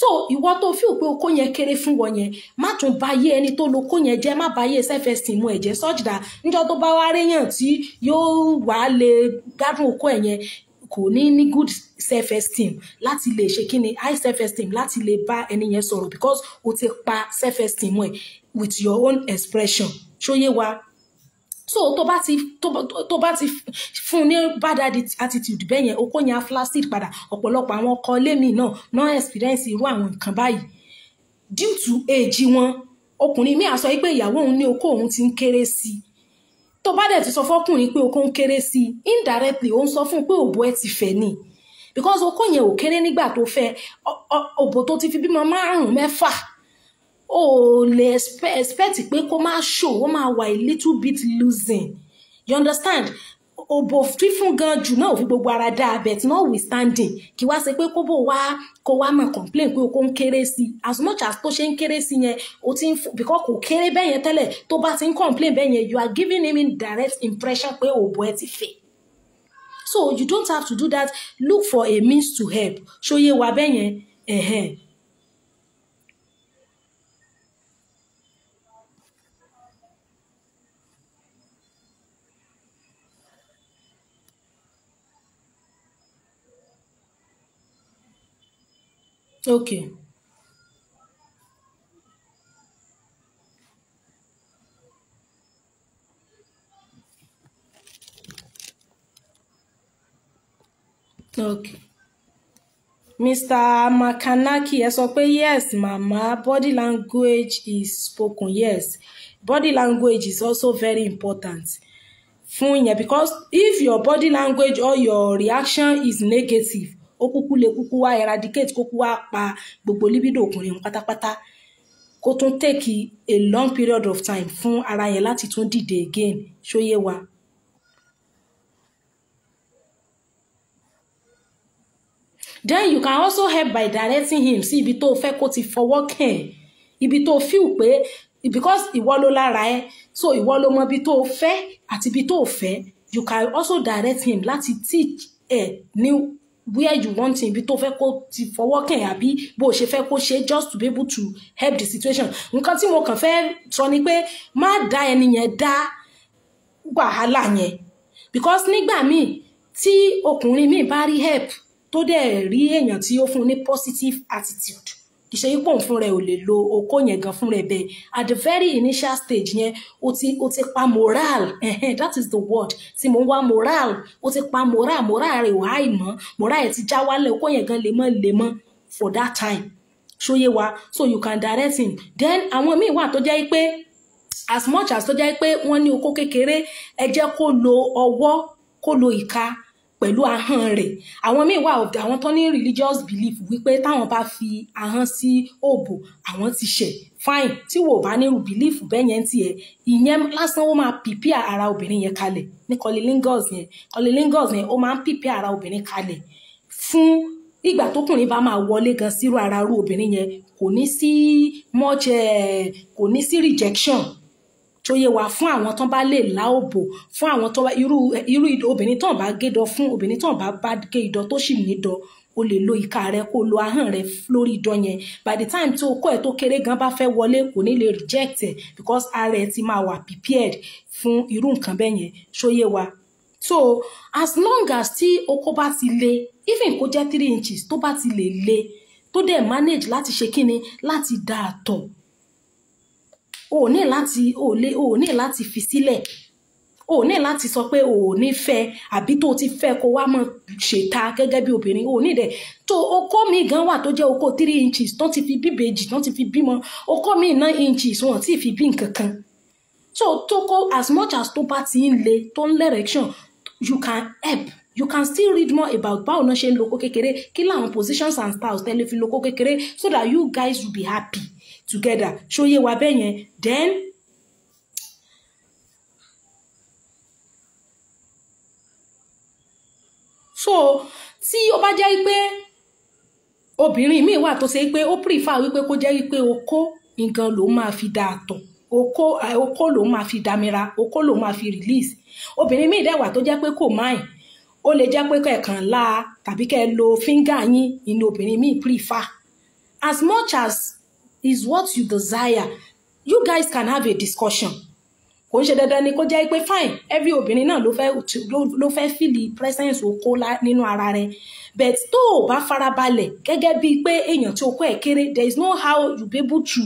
so ìwọ tó fi òpin okó yẹn kéré fún wọn yẹn má tún bá yé ẹni tó lo okó yẹn jẹ má bá yé sẹfẹsì mu ẹ̀jẹ̀ sọjìdá níjọ́ tó bá wá réyàn tí yóò wá lè gbádùn okó ẹ yẹn kò ní ní good self esteem láti lè ṣe kíni high self esteem láti lè bá ẹni yẹn sọ̀rọ̀ because o ti pa self esteem ẹ with your own expression ṣó yé wa so tó bá ti tó bá ti fún ní bad attitude bẹ́ẹ̀ yẹn okó yẹn á flaccid padà ọ̀pọ̀lọpọ̀ àwọn ọkọ lémi náà náà experience irú àwọn nǹkan báyìí due to age wọn ọkùnrin mi á sọ pé ìyàwó òun ní okó òun ti ń kéré sí i tó bá dẹ̀ ti sọ fọ́kùnrin pé okó ń kéré sí i indirectly ó ń sọ fún un pé òbó ẹ ti fẹ̀ ni because okó yẹn ò kéré nígbà tó fẹ́ òbó tó ti fi bímọ márùn-ún mẹ́fà o le lè expect pé kó máa show ó máa wà a little bit losing you understand òbò fífún gan jù náà òfin gbogbo ara dáa but notwithstanding kì wá ṣe pé kó bò wá kó wá máa complain pé okó ń kéré sí i as much as tó ṣe ń kéré sí yẹn o ti ń fún because kò kéré bẹ́ẹ̀ yẹn tẹ́lẹ̀ tó bá ti complain be yẹn you are giving him in direct impression pé òbò ẹ ti fẹ́ so you don't have to do that look for a means to help So ye wa bẹ́ẹ̀ yẹn. Okay. Okay. Mr. Makanaki ẹ sọ pé yes mama body language is spoken yes body language is also very important fún yẹn because if your body language or your reaction is negative ó kúkú lè kúkú wá eradicate kúkú wá pa gbogbo libido ọkùnrin òun pátápátá kó tún take a long period of time fún ara yẹn láti tún dìde again ṣóyé wa. then you can also help by directing him sí ibi tó o fẹ́ kó ti fọwọ́ kàn ibi tó o feel pé because ìwọ ló lára ẹ so ìwọ ló mọ ibi tó o fẹ́ àti ibi tó o fẹ́ you can also direct him láti teach ẹ new where you want him ibi to fẹ́ kó ti fọwọ́ kàn àbí bó o ṣe fẹ́ kó just to be able to help the situation nǹkan tí mo kàn fẹ́ sọ ni pé má dá ẹni yẹn dá wàhálà yẹn because nígbà míì tí ọkùnrin míì bá rí help tó dẹ̀ rí èèyàn tí ó fún ní positive attitude kì í ṣe yípo òun fún rẹ ò lè lo okó yẹn gan fún rẹ bẹ́ẹ̀ at the very initial stage yẹn o ti o ti pa moral that is the word tí mo ń wá moral o ti pa moral moral rẹ ò háì mọ́ moral ẹ̀ ti já wálẹ̀ okó yẹn gan lemọ́ lemọ́ for that time ṣóyé wa so you can direct him then àwọn míì wà tó jẹ́ pé as much as tó jẹ́ pé wọ́n ní okó kékeré ẹ jẹ́ kó lo ọwọ́ kó lo ìka pẹ̀lú ahọ́n rẹ̀ àwọn míì wà àwọn tó ní religious belief wípé táwọn bá fi ahọ́n sí òbò àwọn ti ṣẹ̀ fine tí wò bá nírú belief bẹ́ẹ̀ yẹn tiẹ̀ ìyẹn lásán ó máa pìpì ara obìnrin yẹn kalẹ̀ ní cunnilingus yẹn cunnilingus yẹn ó máa ń pìpì ara obìnrin kalẹ̀ fún ìgbà tókùnrin bá máa wọlé gan sírú ara irú obìnrin yẹn kò ní sí much eh, kò ní sí rejection tó yé wa fún àwọn tán bá lè lá òbò fún àwọn tó irú irú obìnrin tán bá gédọ fún obìnrin tán bá bá gé idọ tó sì nídọ o lè lo ìka rẹ kó lo ahọ́n rẹ lórí idọ yẹn by the time tí okó ẹ tó kéré gan bá fẹ́ wọlé kò ní lè reject ẹ because ara ẹ ti máa wà prepared fún irú nǹkan bẹ́ẹ̀ yẹn ṣó yé so as long as tí okó bá ti le even kó jẹ́ three inches tó bá ti lè le tó dẹ̀ manage láti ṣe kíni láti dá àtọ̀ o ní láti o lè o ní láti fi sílẹ̀ o ní láti sọ pé o ò ní fẹ́ àbí tó o ti fẹ́ kó wá mọ̀ ṣèta gẹ́gẹ́ bí obìnrin o ní dẹ̀ tó okó mi gan wà tó jẹ́ okó three inches tó ti fi bíbejì tó ti fi bímọ okó mi nine inches wọn ti fi bí nǹkan so tó kó as much as tó bá ti ń le tó ń l'erection you can help you can still read more about báwo náà ṣe ń lo okó kékeré kí láwọn positions and styles tẹ́lẹ̀ fi lo okó kékeré so that you guys will be happy together ṣó yé wa bẹ́ẹ̀ yẹn then so tí ó bá jẹ́ pé obìnrin míì wà tó ṣe pé ó prefer wípé kó jẹ́ wípé okó nǹkan ló máa fi da àtọ̀ okó okó ló máa fi damira okó ló máa fi release obìnrin míì dẹ̀wà tó jẹ́ pé kò máìn ó lè jẹ́ pé kẹ̀kan la tàbí kẹ́ lo finger yín inú obìnrin míì prefer as much as is what you desire you guys can have a discussion kò ń ṣe dandan ni kó jẹ́ pé fine every obìnrin náà ló fẹ́ ló fẹ́ feel presence okó nínú ara rẹ̀ but tó o bá farabalẹ̀ gẹ́gẹ́ bíi pé èèyàn tí okó ẹ̀ kéré there is no how you be able to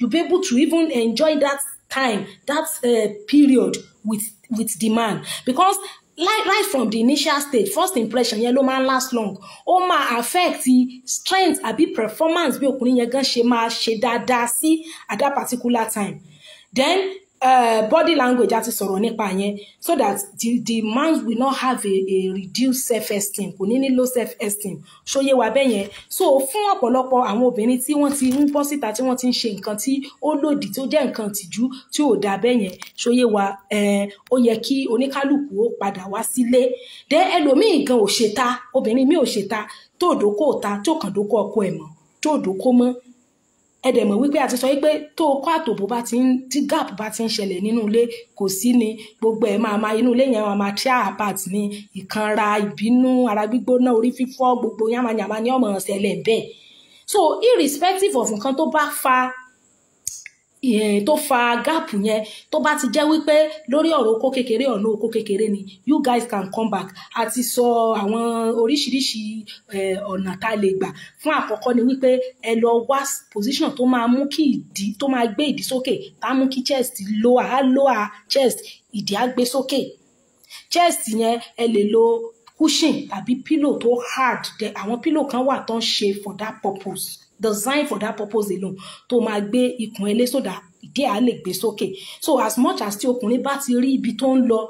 you be able to even enjoy that time that uh, period with with the man because like right from the initial stage first impression yẹn ló máa ń last long ó máa affect strength àbí performance bí ọkùnrin yẹn gan ṣe máa ṣe dáadáa sí at that particular time then Eh, body language àti sọ̀rọ̀ nípa yẹn so that the the man will not have a a reduced self esteem kò ní ní low self esteem ṣóyé wa bẹ́ẹ̀ yẹn so fún ọ̀pọ̀lọpọ̀ àwọn obìnrin tí wọ́n ti ń bọ́ síta tí wọ́n ti ń ṣe nǹkan tí ó lòdì tó jẹ́ nǹkan tìjú tí ò dáa bẹ́ẹ̀ yẹn ṣóyé wa eh, ó yẹ kí oníkálùkù ó padà wá sílé dé ẹlòmíì gan ò ṣe ta obìnrin mi ò ṣe ta tó òdòkó ta tó kàn dókó ọkọ ẹ̀ mọ́ tó òdòkó mọ́ ẹ dẹ̀ mọ̀ wípé àti sọ wípé tó o kọ́ àtòbó bá ti ń tí gap bá ti ń ṣẹlẹ̀ nínú ilé kò sí ni gbogbo ẹ̀ máa máa inú ilé yẹn máa máa tear apart ní ìkanra ìbínú ara gbígbóná orí fífọ́ gbogbo yàmàyàmà ni ọmọ ọ̀sẹ̀ lẹ̀ bẹ́ẹ̀ so irrespective of nǹkan tó bá fa Eh, tó fa gáàpù yẹn tó bá ti jẹ́ wípé lórí ọ̀rọ̀ oko kékeré ọ̀nà oko kékeré ni you guys can come back àti sọ àwọn oríṣiríṣi eh, ọ̀nà tá a lè gbà fún àkọ́kọ́ ni wípé ẹ lọ wá position tó máa mú kí ìdí tó máa gbé ìdí sókè tá a mú kí chest lower á lower chest ìdí á gbé sókè chest yẹn ẹ lè lo cushion tàbí pillow tó hard àwọn pillow kan wà tó ń ṣe for that purpose Designed for that purpose alone To máa gbé ikùn ẹlé so that ìdí àá lè gbé sókè so as much as tí ọkùnrin bá ti rí ibi tó ń lọ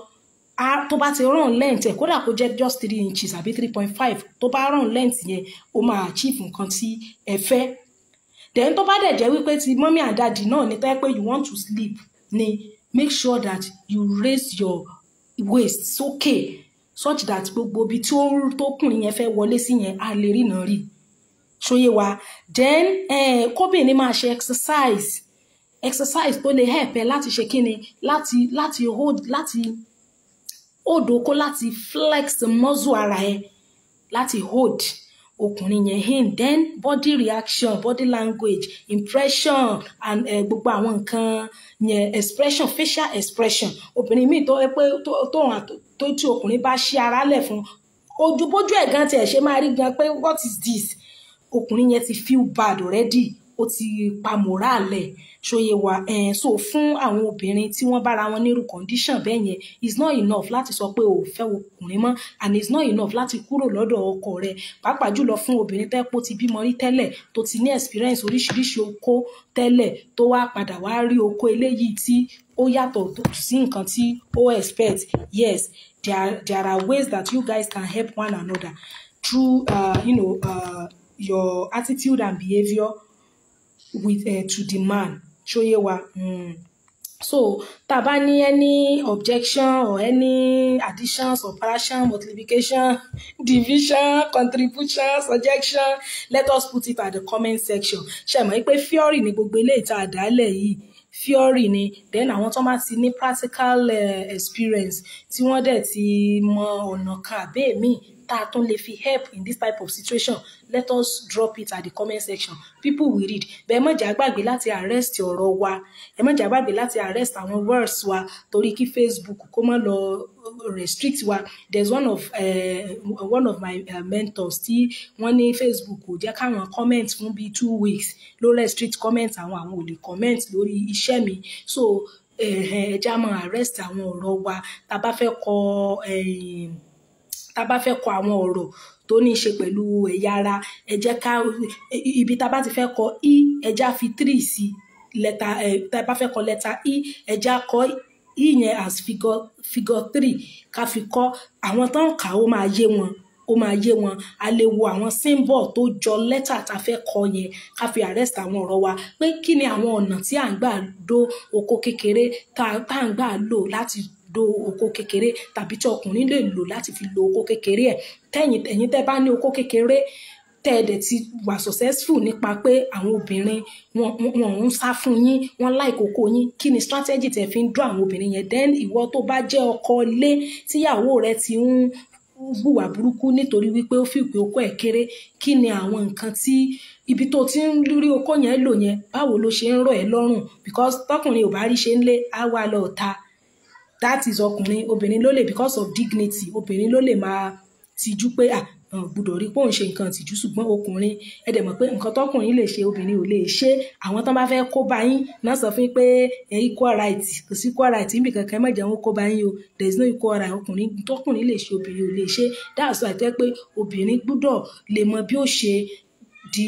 tó bá ti rán lẹ́ǹtì ẹ̀ kódà kó jẹ́ just three inches àbí three point five tó bá rán lẹ́ǹtì yẹn ó máa achieve nǹkan tí ẹ fẹ́ then tó bá dẹ̀ jẹ́ wípé ti mọ́mí and daddy náà ní tẹ́ pé you want to sleep ni make sure that you raise your waist sókè such that gbogbo ibi tó kùnrin yẹn fẹ́ wọlé sí yẹn á lè rí náà rí ṣóyé wa then eh, kóbìnrin máa ṣe exercise exercise tó lè help ẹ láti ṣe kíni láti láti hold láti hold okó láti flex muscle ara ẹ láti hold ọkùnrin yẹn him then body reaction body language impression and eh, gbogbo àwọn nǹkan yẹn expression facial expression obìnrin míì tó pé tó hàn tó tí ọkùnrin bá ṣí ara lẹ̀ fún ojúbójú ẹ̀ gan tiẹ̀ ṣe máa rí gan pé what is this ọkùnrin yẹn ti feel bad already ó ti pa morale ṣòye wa eh, so fún àwọn obìnrin tí wọ́n bára wọn nírú condition bẹ́ẹ̀ yẹn is not enough láti sọ pé o ò fẹ́ ọkùnrin mọ́ and is not enough láti kúrò lọ́dọ̀ ọkọ rẹ̀ pàápàá jùlọ fún obìnrin tẹ́ pò ti bímọ rí tẹ́lẹ̀ tó ti ní experience oríṣiríṣi okó tẹ́lẹ̀ tó wá padà wá rí okó eléyìí tí ó yàtọ̀ sí nǹkan tí ó expect yes there there are ways that you guys can help one another through uh, you know, uh, your attitude and behavior with uh, to the man ṣóyé wa mm. so tá a bá any objection or any addition subtraction multiplication division contribution suggestion let us put it at the comment section ṣe mọ̀ pé theory ni gbogbo eléyìí tá a dálẹ̀ Fury. theory ni then àwọn tó máa ti ní practical uh, experience tí wọ́n dẹ̀ ti mọ ọ̀nà kan àbẹ́ẹ̀mí tá a tún lè fi help in this type of situation let us drop it at the comment section people will read bẹ́ẹ̀ mọ̀jà gbàgbé láti arrest ọ̀rọ̀ wa ẹ mọ̀jà gbàgbé láti arrest àwọn words wa torí kí Facebook kó má lọ restrict wa there's one of uh, one of my uh, mentors tí wọ́n ní Facebook kò jẹ́ káwọn comment fún bíi two weeks ló restrict comment àwọn àwọn ò lè comment lórí iṣẹ́ mi so eh, ẹja máa arrest àwọn ọ̀rọ̀ wa tá a bá fẹ́ kọ ẹ̀yìn tá a bá fẹ́ kọ àwọn ọ̀rọ̀ tó ní í ṣe pẹ̀lú ẹ̀yà ara ẹ jẹ́ ká ibi tá a bá ti fẹ́ kọ i ẹ já fi three sí lẹ́tà ẹ tá bá fẹ́ kọ lẹ́tà i ẹ já kọ i yẹn as figure figure three ká fi kọ́ àwọn tó ń kà ó máa yé wọn ó máa yé wọn a lè wo àwọn symbol tó jọ lẹ́tà tá a fẹ́ kọ yẹn ká fi arrest àwọn ọ̀rọ̀ wa pé kí ni àwọn ọ̀nà tí à ń gbà dó oko kékeré tá à ń gbà lò láti do oko kékeré tàbí tí ọkùnrin lè lò láti fi lo oko kékeré ẹ̀ tẹ́yìn ẹ̀yin tẹ́ bá ní oko kékeré tẹ́ ẹ̀dẹ̀ ti wà successful nípa pé àwọn obìnrin wọn ń sá fún yín wọn láì kókó yín kí ni strategy tẹ́ fi ń dún àwọn obìnrin yẹn then ìwọ tó bá jẹ́ ọkọ ilé tíyàwó rẹ ti ń hùwà burúkú nítorí wípé ó fìgbé oko ẹ̀ kéré kí ni àwọn nǹkan tí ibi tó ti ń rí oko yẹn lò yẹn báwo ló ṣe ń rọ̀ ẹ́ lọ́rùn because tọkùnrin ò bá rí ṣe ń lé á wà lọ́ọ̀ta that is ọkùnrin obìnrin ló lè because of dignity obìnrin ló lè máa tijú pé à ah, gbọ́dọ̀ rí pòun ṣe nǹkan tìjú ṣùgbọ́n ọkùnrin ẹ dẹ̀ mọ̀ pé nǹkan tọkùnrin lè ṣe obìnrin ò lè ṣe àwọn tán bá fẹ́ kó bá yín náà sọ fún yín pé equal right kò sí equal right níbi kankan má jẹun kó bá yín o there is no equal right ọkùnrin tọkùnrin lè ṣe obìnrin ò lè ṣe dáàsọ àti pé obìnrin gbọ́dọ̀ lè mọ bí ó ṣe di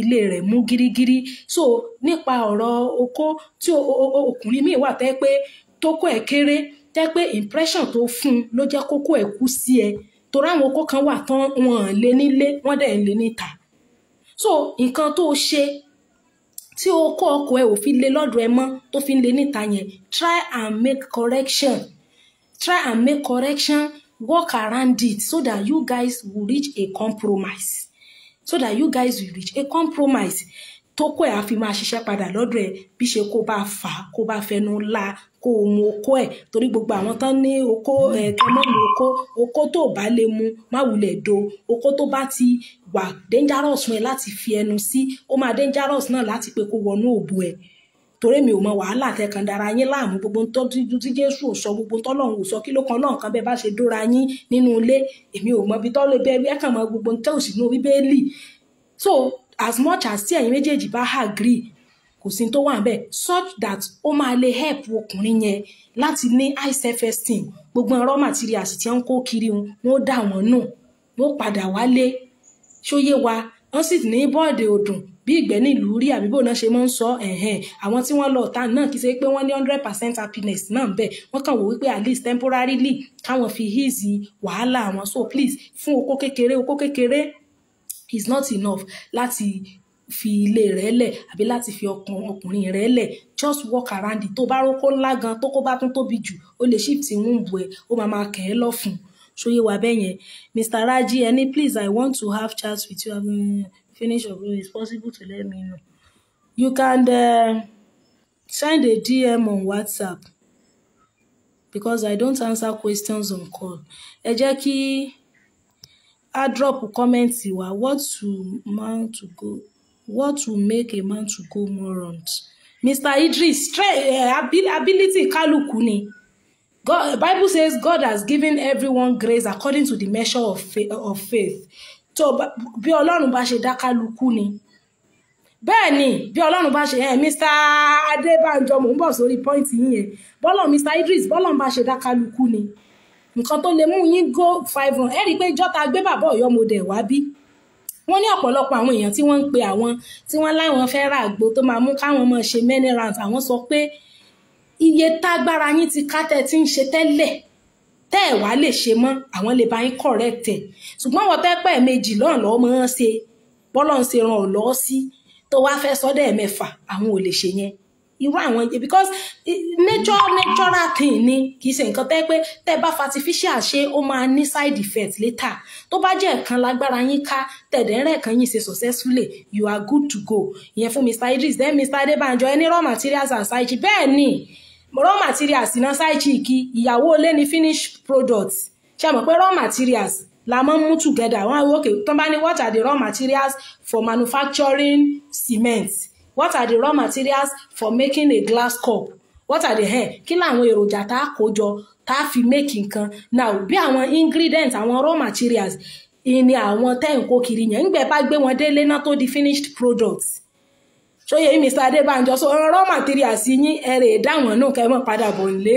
ilé rẹ̀ mú gírígírí so nípa ọ̀rọ̀ oko tí ọkùnrin míì wà tẹ́ pé tókó ẹ̀ kéré jẹ́ pé impression tó fún un ló jẹ́ kókó ẹ̀ kú sí ẹ torí àwọn okó kan wà tán wọn à lé nílé wọ́n dẹ̀ lé níta so nǹkan tó ṣe tí okó ọkọ̀ ẹ ò fi lé lọ́dọ̀ ẹ mọ́ tó fi lé níta yẹn try and make correction try and make correction work around it so that you guys will reach a compromise so that you guys will reach a compromise tó kó ẹ àfi máa ṣiṣẹ́ padà lọ́dọ̀ ẹ bí ṣe kó bá fà á kó bá fẹnu la kó o mu okó ẹ̀ torí gbogbo àwọn tán ní okó ẹ̀ kẹ́ mọ́ mu okó okó tó bá lè mu má wulẹ̀ do okó tó bá ti wà dangerous fún ẹ láti fi ẹnu sí ó máa dangerous náà láti pé kó wọnú òbu ẹ̀ torí mi ò mọ wàhálà tẹkàn dára yín láàmú gbogbo ń tọ́jú tí jésù ò sọ gbogbo ń tọ́lọ́run ò sọ kí ló kan náà kan bẹ́ẹ̀ bá ṣe dóra yín nínú ilé èmi ò mọ ibi tọ́lé bẹ́ẹ̀ bí ẹ̀kàn mọ gbogbo ń tẹ́ òsì nínú bíbélì so as much as tí ẹ̀yin méjèèjì bá agree kò sí tó wà bẹ́ẹ̀ such that ó máa lè help ọkùnrin yẹn láti ní high self esteem gbogbo ọ̀rọ̀ materials tí wọ́n kó kiri wọn wọ́n dà wọ́n nù wọ́n padà wálé ṣóyé wa wọ́n sì ní bọ́ọ̀dì òdùn bí ìgbẹ́ nílùú rí àbíbò náà ṣe máa ń sọ àwọn tí wọ́n lọ ta náà kì í ṣe pé wọ́n ní hundred percent happiness náà bẹ́ẹ̀ wọ́n kàn wò wípé at least temporarily káwọn fi easy wàhálà àwọn so please fún okó kékeré okó kékeré is not enough láti fi ilé rẹ lẹ̀ àbí láti fi ọkàn ọkùnrin rẹ lẹ̀ just walk around it tó bá rókó ńlá gan tó kó bá tún tóbi jù ó lè ṣì tí ń bu ẹ ó máa máa kẹ́ ẹ lọ́fun ṣóyè wà bẹ́ẹ̀ yẹn Mr. Raji ẹni please I want to have chat with you I'm finish up it's possible to let me know you can uh, send a DM on WhatsApp because I don't answer questions on call ẹ jẹ́ kí. I drop comment wa what to man to go What will make a man to go morons? Mr. Idris, uh, ability kálukú ni. God, Bible says God has given everyone grace according to the measure of faith. Of faith. So, bí Ọlọ́run bá ṣe dá kálukú ni. Bẹ́ẹ̀ ni, bí Ọlọ́run bá ṣe ẹ̀ eh, Mr. Adébánjọ mò ń bọ̀ sórí pọ́ìntì yín yẹn. Bọ́lọ̀ Mr. Idris bọ́lọ̀ bá ṣe dá kálukú ni. Nǹkan tó lè mú yín go five run. Ẹ rí i pé ìjọ́ta gbé bàbá Ọ̀yọ́ mo dẹ̀ wá bí wọ́n ní ọ̀pọ̀lọpọ̀ àwọn èèyàn tí wọ́n ń pe àwọn tí wọ́n láwọn fẹ́ ra àgbo tó máa mú káwọn máa ṣe mẹ́nẹ́rant àwọn sọ pé iye tágbára yín ti ká tẹ́ ti ń ṣe tẹ́lẹ̀ tẹ́ ẹ̀ wá lè ṣe mọ́ àwọn lè bá yín correct ẹ̀ ṣùgbọ́n wọ́n tẹ́ pẹ́ méjì lọ́n lọ́ mọ́ ṣe bọ́lọ́n ṣe ràn ọ́ lọ́ sí tó wá fẹ́ sọ́dẹ̀ mẹ́fà àwọn ò lè ṣe yẹn irú àwọn jẹ because eh, natural, natural thing ni kì í ṣe nǹkan tẹ́ pé tẹ́ bá artificial ṣe ó máa ní side effect later tó bá jẹ́ ẹ̀kan lágbára yín ká tẹ̀dẹ̀rẹ̀ kan yín ṣe successfully you are good to go ìyẹn fún Mr Idris then Mr Adebanjo ẹni raw materials and side chick bẹ́ẹ̀ ni raw materials iná side chick ìyàwó ilé ni finish product ṣe mọ̀ pé raw materials la mọ́ mú together wọ́n á wọ́n kè bá ní what are the raw materials for manufacturing cement what are the raw materials for making a glass cup what are the hair eh, kí làwọn èròjà tá a kó jọ tá a fi make nǹkan now bí àwọn ingredients àwọn raw materials ni àwọn tẹ́ ń kiri yẹn ńgbẹ́ bá gbé wọn délé náà tó di finished products ṣóyè yìí Mr. Adébánjọ so raw materials yín ẹ̀rẹ̀ ìdáwọ̀n náà kẹ́ mọ̀ padà bọ̀ nílé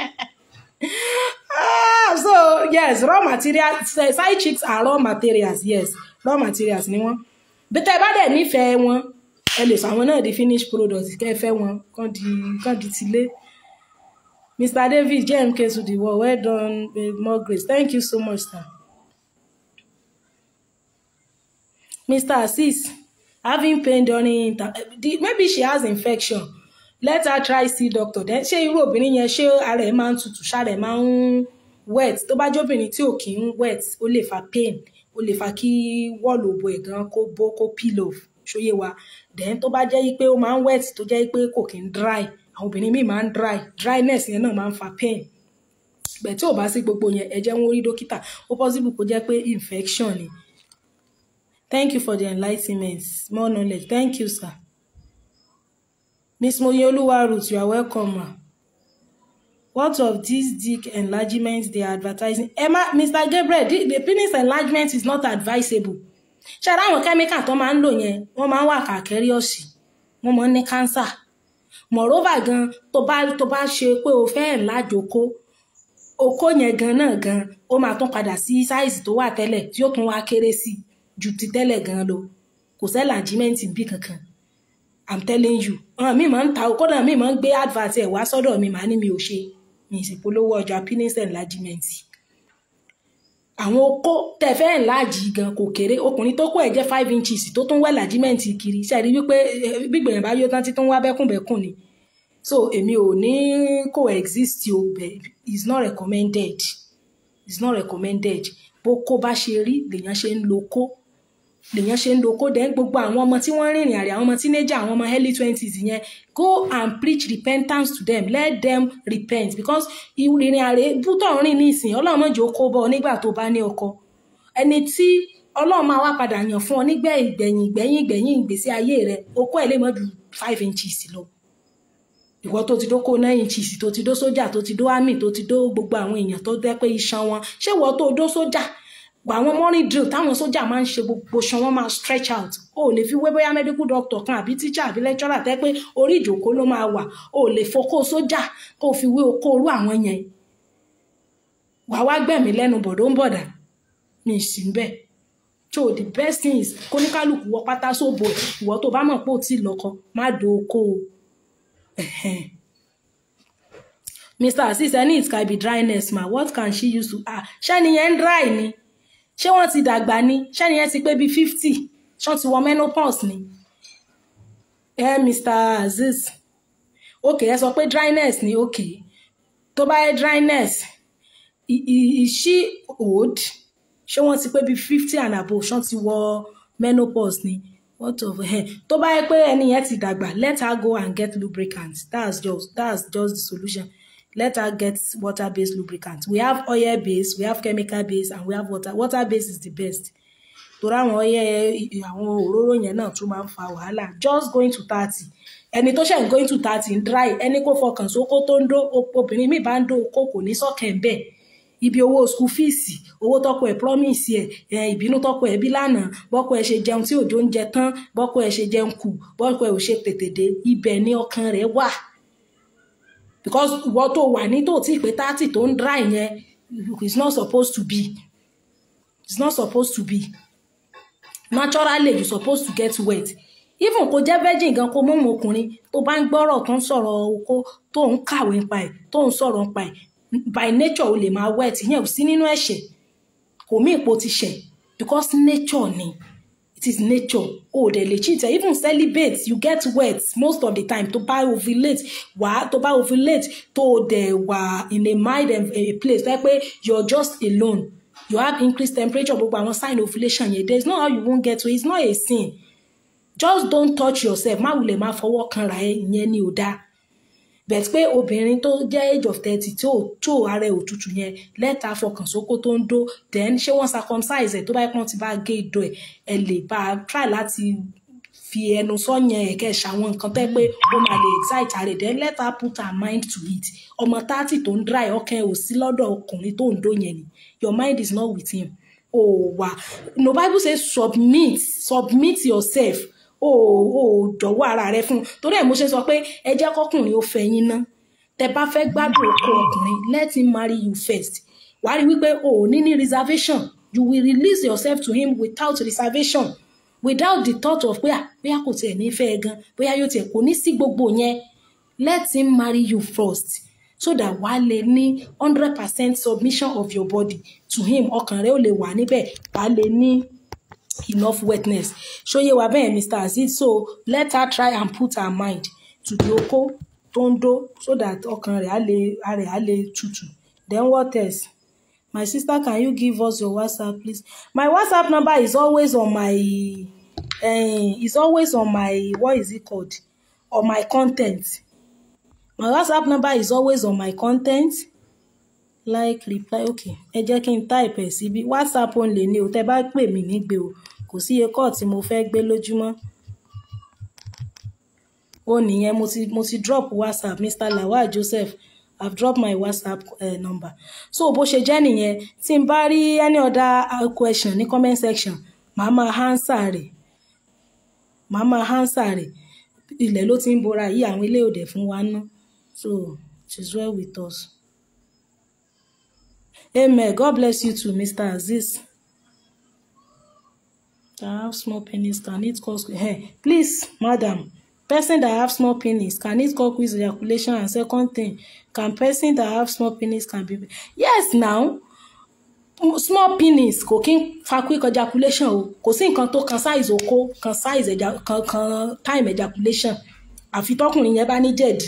ah, so yes raw materials eh, side chicks are raw materials yes raw materials ni wọ́n bí tẹ́ bá dẹ̀ nífẹ̀ẹ́ wọn ẹ lè sọ àwọn náà di finish product kẹ́ ẹ wọn kàn di kàn di tilé. Mr. David JMK to the world well done with more grace thank you so much sir. Mr. Assis having pain during inter maybe she has infection let her try see doctor then ṣé irú obìnrin yẹn ṣé ara ẹ̀ máa ń tutù ṣára ẹ̀ máa ń wet tó bá jóbìnrin tí ò kì í wet ó lè fa pain ó lè fa kí wọ́ọ̀lù òbò ẹ̀ gan kó bó kó pillow ṣóyé wa then tó bá jẹ́ yí pé ó máa ń wet tó jẹ́ yí pé kò kí ń dry àwọn obìnrin míì máa ń dry dryness yẹn náà máa ń fa pain bẹ́ẹ̀ tí ò bá sí gbogbo yẹn ẹ jẹ́ wọ́n rí dókítà ó possible kó jẹ́ pé infection ni. Thank you for the enlightenment more knowledge thank you sir. Miss Moyeoluwa Ruth you are welcome ma. What of this dick enlargement they are advertising? Emma, Mr. Gabriel, the, the penis enlargement is not advisable. Ṣé àwọn kẹ́míkà tó máa ń lò yẹn, wọ́n máa ń wà kàkẹ́rí ọ̀sì, wọ́n máa ń ní kánsà. Moreover gan, tó bá tó bá ṣe pé o fẹ́ enlarge okó, okó yẹn gan na gan, o máa tún padà sí sáìsì tó wà tẹ́lẹ̀ tí ó tún wá kéré sí ju ti gan lọ. Kò sí enlargement bí kankan. I'm telling you, ah me man, ń ta okó náà míì máa ń gbé advert ẹ̀ me sọ́dọ̀ mi màá mi ìṣèpolówó ọjà penis enlargement àwọn okó tẹ̀fẹ́ enlarge gan kò kéré ọkùnrin tó kó ẹ̀ jẹ́ five inches tó tún wá enlargement kiri ṣe àrí wípé gbígbẹ̀yìn eh, bá yóò tán títún wá bẹ́kùnbẹ́kùn ni so èmi ò ní coexist o it's not recommended it's not recommended bó kó bá ṣe rí lèèyàn ṣe ń lo kó lèèyàn ṣe ń lo kódẹ gbogbo àwọn ọmọ tí wọ́n rìnrìn àrè àwọn ọmọ teenager àwọn ọmọ early twenties yẹn go and preach repentance to them let them repent because ìrìn àrè bútọ̀ rìn ní ìsìn ọlọ́run mọ̀jọ́ kó bọ́ nígbà tó bá ní ọkọ ẹni tí ọlọ́run máa wá padà yàn fún ọ nígbà ìgbẹ̀yìn ìgbẹ̀yìn ìgbẹ̀yìn ìgbésí ayé rẹ okó ẹ̀ lè mọ́ ju five inches lọ ìwọ tó ti dó kó náà inches tó ti dó sójà tó ti dó army tó ti dó gbogbo àwọn èèyàn tó dẹ́ pé iṣan wọn ṣé ìwọ tó dó sójà àwọn morning drill táwọn sójà máa ń ṣe gbogbo ṣan wọn máa stretch out o ò lè fi wé bóyá medical doctor kan àbí teacher àbí lecturer tẹ́ pé orí ìjókòó ló máa wà o ò lè fọkó sójà kó o fi wé okó orú àwọn yẹn wàá wá gbẹ̀mí lẹ́nu bọ̀dọ̀ ń bọ̀dà mi sì ń bẹ̀ so the best thing is kóníkálùkù wọ pátá sóbo ìwọ tó bá mọ̀ pé ó ti lọ́kọ má do okó o Mr. Asis any it can be dryness ma what can she use to ah ṣẹ́ni yẹn ń dry ni ṣé wọ́n ti dàgbà ni ṣẹ́ni yẹn ti pé bíi fifty ṣọ́n ti wọ menopause ni ẹ eh, Mr. Azeez ok ẹ sọ pé dryness ni ok tó bá yẹ dryness is she old ṣé wọ́n ti pé bíi fifty and above ṣọ́n ti wọ menopause ni what of her eh, tó bá yẹ pé ẹni yẹn ti dàgbà let her go and get lubricant that's just that's just the solution let her get water-based lubricant we have oil-based we have chemical-based and we have water water-based is the best torí oil, ọyẹ àwọn òróró yẹn náà tún máa ń fa wàhálà just going to thirty ẹni tó ṣe going to thirty ń dry ẹni kó fọkàn sóko tó ń dó obìnrin mi bá ń dó okó kò ní sọ́kẹ̀ ń bẹ̀ ibi owó school fees owó tọkọ ẹ promise ẹ ìbínú tọkọ ẹ bí lánàá bọkọ ẹ ṣe jẹun tí òjò ń jẹ tán bọkọ ẹ ṣe jẹun kù bọkọ ẹ ò ṣe tètè dé ni ọkàn rẹ̀ wà. Wow because ìwọ tó wà ní tó tí pé thirty tó ń dry yẹn it's not supposed to be it's not supposed to be naturally you supposed to get wet even kò jẹ́ virgin gan kó mọ́mọ ọkùnrin tó bá ń gbọ́rọ̀ tó ń sọ̀rọ̀ oko tó ń kàwé ń pa ẹ̀ tó ń sọ̀rọ̀ pa ẹ̀ by nature o lè máa wet ìyẹn ò sí nínú ẹ̀ṣẹ̀ kò mí ipò ti ṣẹ̀ because nature ni it is nature o oh, dẹ̀ lè cheat even celibate you get wet most of the time to buy ovulate Wa to buy ovulate tó dẹ̀ wa in a mild a place like yẹ pé you are just alone you have increased temperature gbogbo àwọn sign ovulation yẹn there is no how you won't get to it it's not a sin just don't touch yourself má wulẹ̀ má fọwọ́ kan ra ni ò dáa bẹ̀t pé obìnrin tó jẹ́ age of thirty tí ò tó ara ẹ̀ òtútù yẹn lẹ́ta fọkànsókó tó ń dó then ṣé wọ́n circumcise ẹ̀ tó bá yẹ kán ti bá gé ìdó ẹ̀ ẹ̀ lè bá a try láti fi ẹnu sọ́yàn ẹ̀kẹ́ ṣàwọn nǹkan tẹ́ pé ó máa lè excite ààrẹ then let her put her mind to it ọmọ táàtì tó ń dry ọkàn ò sí lọ́dọ̀ ọkùnrin tó ń dó yẹn ni your mind is not with him. ò wà no Bible say submit submit yourself o ò jọ̀wọ́ ara rẹ fún un torí ẹ̀ mo ṣe sọ pé ẹ jẹ́ kọkùnrin ó fẹ́ yín ná tẹ bá fẹ́ gbádùn ọkọ ọkùnrin let him marry you first wàá rí wípé o ò ní ní reservation you will release yourself to him without reservation without the thought of pé ah, bóyá kò tiẹ̀ ní fẹ́ ẹ gan bóyá yóò tiẹ̀ kò ní sí gbogbo yẹn let him marry you first so that wàá lè ní hundred percent submission of your body to him ọkàn rẹ ó lè wà níbẹ̀ wàá lè ní enough wetness ṣóyè wa bẹ́ẹ̀ Mr. Azeez so let her try and put her mind to the oko tondo, so that ọkàn rẹ̀ á lè rẹ̀ á lè tutù then what else my sister can you give us your WhatsApp please my WhatsApp number is always on my uh, is always on my what is it called on my content my WhatsApp number is always on my content like reply ok ẹ jẹ́ kí n type ẹ̀ síbi whatsapp only ni o tẹ́ bá pè mí nígbè o kò sí iye kọ́ tí mo fẹ́ gbé lójúmọ́ ó nìyẹn mo ti mo ti drop whatsapp mr lawal joseph i've dropped my whatsapp uh, number so bó ṣe jẹ́ nìyẹn tí n bá rí any other ah, question ní comment section màá máa answer rẹ̀ màá máa answer rẹ̀ ilẹ̀ ló ti ń bora yìí àwọn ilé òde fún wa ná so she's well with us. Amen. God bless you too, Mr. Aziz. I have small penis can it cause hey, please, madam. Person that have small penis can it cause quick ejaculation and second thing, can person that have small penis can be yes now small penis kò kí quick ejaculation o kò sí nǹkan tó kan size oko kan size eja time ejaculation àfi tọkùnrin yẹn bá ní jẹ̀dí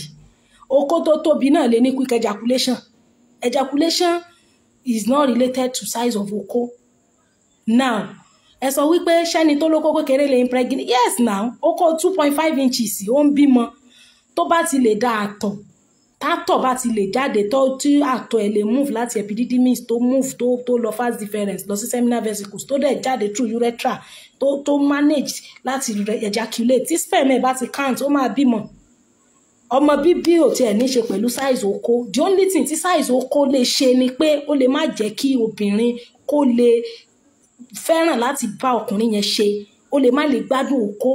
oko to tóbi náà lè quick ejaculation ejaculation is not related to size of oko now ẹ sọ wípé ṣẹ́ni tó lókó kékeré lè impregnate yes now oko two point five inches ó ń bímọ tó bá ti lè dá àtọ̀ tátọ̀ bá ti lè jáde tó tí àtọ̀ ẹ̀ lè move láti epididymis tó move tó tó lọ fast difference lọ sí seminal vesicles tó dẹ̀ jáde through urethra tó tó manage láti ejaculate tí sperm ẹ̀ bá ti count ó máa bímọ ọmọ bíbí ò tiẹ̀ ní ṣe pẹ̀lú size okó the only thing tí size okó lè ṣe ni pé ó lè má jẹ́ kí obìnrin kó lè fẹ́ràn láti bá ọkùnrin yẹn ṣe ó lè má lè gbádùn okó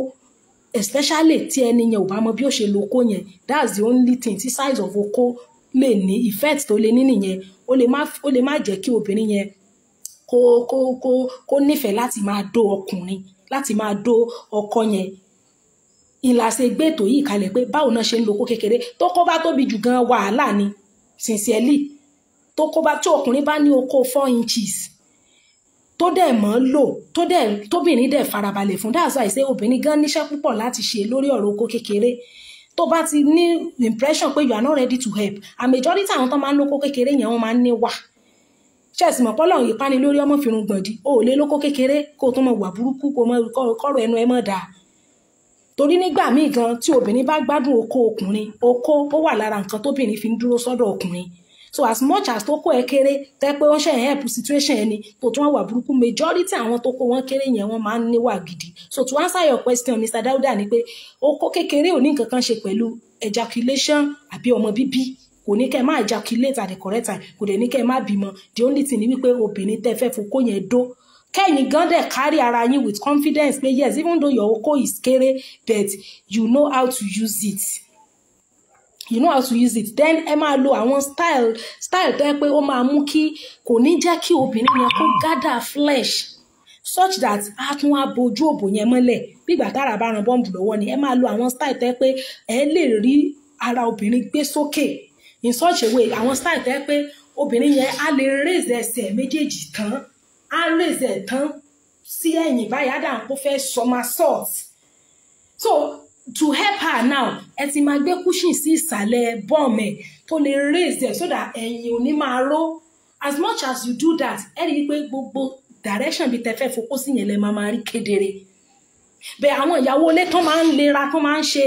especially tí ẹni yẹn ò bá mọ bí ó ṣe lo okó yẹn that's the only thing tí size of okó lè ní effect tó lè ní nìyẹn ó lè má ó lè má jẹ́ kí obìnrin yẹn kó kó kó kó nífẹ̀ẹ́ láti máa dó ọkùnrin láti máa dó ọkọ yẹn ìlàṣẹgbẹ́tò yìí kalẹ̀ pé báwo náà ṣe ń lo oko kékeré tó kọ́ bá tóbi jù gan wàhálà ni sincerely tó kọ́ bá tí ọkùnrin bá ní oko four inches tó dẹ̀ mọ́ lò tó dẹ̀ tóbìnrin dẹ̀ farabalẹ̀ fún that's why ṣé obìnrin gan níṣẹ́ púpọ̀ láti ṣe lórí ọ̀rọ̀ oko kékeré tó bá ti ní impression pé you are not ready to help A majority àwọn tó máa ń lóko kékeré yẹn wọ́n máa ń ní wà chess mọ̀ pọ́lọ́ ìpanilórí ọmọ fi rùn gbọ̀ndì o ò lè lóko kékeré kó o tó mọ̀ wà burúkú kó o mọ̀ kọ́rọ̀ ẹnu ẹ mọ̀ dáa torí nígbà míì gan tí obìnrin bá gbádùn okó ọkùnrin okó ó wà lára nǹkan tóbìnrin fi ń dúró sọ́dọ̀ ọkùnrin so as much as tó kó ẹ kéré tẹ́ pé wọ́n ṣe help situation ẹni tó tún wà burúkú majority àwọn tó kó wọn kéré yẹn wọ́n máa ń níwà gidi so to answer your question Mr. Dauda ni pé okó kékeré ò ní nǹkan kan ṣe pẹ̀lú ejaculation àbí ọmọ bíbí kò ní kẹ́ ẹ máa ejaculate at the correct time kò dẹ̀ ní kẹ́ ẹ máa bímọ the only thing ni wípé obìnrin tẹ́ fẹ́ fokó yẹn dó kẹ́yìn gan dẹ̀ carry ara yín with confidence pé yes even though your oko is kéré but you know how to use it you know how to use it then ẹ máa lo àwọn style style tó yẹ pé ó máa mú kí kò ní jẹ́ kí obìnrin yẹn kó gather flesh such that a tún wá bojú òbò yẹn mọ́lẹ̀ bígbà tára bá ran bọ́ǹbù lọ́wọ́ ni ẹ máa lo àwọn style tó yẹ pé ẹ lè rí ara obìnrin gbé sókè in such a way àwọn style tó yẹ pé obìnrin yẹn á lè raise ẹsẹ̀ méjèèjì tán á rèzẹ̀ tán sí ẹ̀yìn báyìí á dà ń kó fẹ́ sọma salt so to help her now ẹ ti máa gbé cushion sí ìsàlẹ̀ bọ́ọ̀mù ẹ̀ tó lè rèzẹ̀ so that ẹ̀yìn ò ní máa ró as much as you do that ẹ rí i pé gbogbo direction bíi tẹ́fẹ́ fokó sí yẹn lẹ máa máa rí kedere bẹ àwọn ìyàwó ilé tán máa ń lera tán máa ń ṣe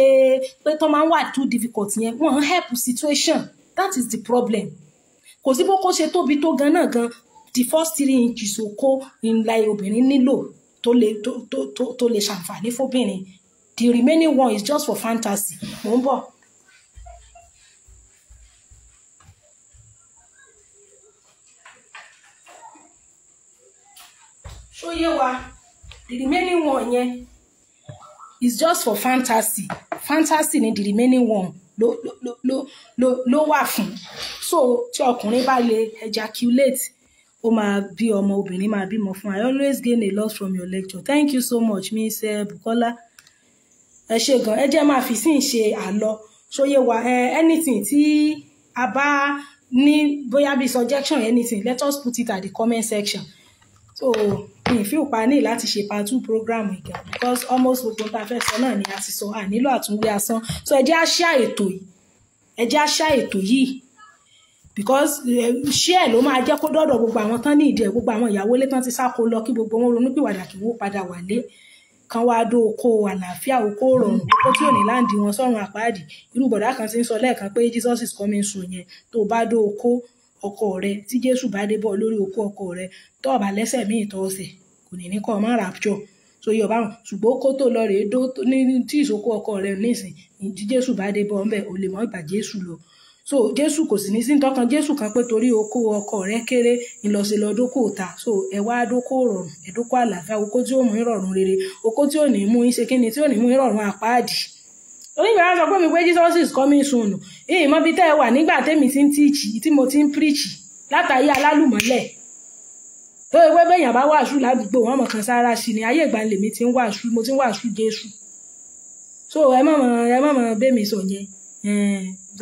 pé tán máa ń wà too difficult yẹn wọn help situation that is the problem kò sí bó kó ṣe tóbi tó gan náà gan the first three inches okó ńlá obìnrin nílò tó lè to tó to lè ṣàǹfààní fóbìnrin the remaining one is just for fantasy mò ń bọ̀. ṣó wa the remaining one yẹn is just for fantasy fantasy ni the remaining one ló ló ló ló ló wà fún so tí ọkùnrin bá lè ejaculate ó máa bí ọmọ obìnrin máa bímọ fún i always gain a lot from your lecture thank you so much miss eh, Bukola ẹ ṣe gan ẹ jẹ́ máa fi sí ìṣe àlọ ṣóyè wa eh, anything tí a bá ní bóyá bí suggestion anything let us put it at the comment section so ìfín òpa ní láti ṣe part two program ìgbà because almost gbogbo tá a fẹ́ sọ náà ni a ti sọ ànílò àtúnwé asán so ẹ jẹ́ àṣà ètò yìí ẹ jẹ́ àṣà ètò yìí because eh, share ló máa jẹ́ kó dọ́dọ̀ gbogbo àwọn tán ní ìdí ẹ̀ gbogbo àwọn ìyàwó ilé tán ti sáko lọ kí gbogbo wọn ronúpìwàdà kí wọ́n padà wálé kan wá dó oko àlàáfíà oko rọrùn hmm. oko tí ò ní láǹdì wọn sọ́run àpáàdì irú bọ̀dá kan ti ń sọ lẹ́ẹ̀kan pé Jesus is coming soon yẹn tó bá dó oko ọkọ rẹ tí Jésù bá dé bọ̀ lórí oko ọkọ rẹ tó ọ̀bà lẹ́sẹ̀ míì tó ọ̀sẹ̀ kò ní ní kọ́ ọmọ rapture so yọ̀ bá wọn ṣùgbọ́n kó tó lọ rèé dó ní tí ìsókó ọkọ rẹ nísìn tí Jésù bá dé bọ̀ ọ́nbẹ̀ ò lè mọ́ ìgbà Jésù lọ so jésù kò sì ní sí ntọ́kan jésù kan pé torí okó ọkọ rẹ kéré ńlọsílọ ta so ẹ wá dókò rọrùn ẹdókò àlàáfíà okó tí ó mú ìrọ̀rùn rere okó tí ò ní mú ìṣe kíni tí ò ní mú ìrọ̀rùn àpáàdì oníbẹ̀rẹ̀ sọ pé mi pé jesus is coming soon èyí mọ bí tẹ́ ẹ wà nígbà tẹ́mi ti ń tíìchì tí mo ti ń píríìchì látàrí alálùmọ́lẹ̀ tó ewé bẹ́yàn bá wàásù ládùúgbò wọn mọ̀ kan sára sí ni ayé ìgbàlè mi ti ń wàásù mo ti ń wàásù jésù so ẹ mọ̀ mọ̀ ẹ mọ̀ mọ̀ bẹ́mi sọ yẹn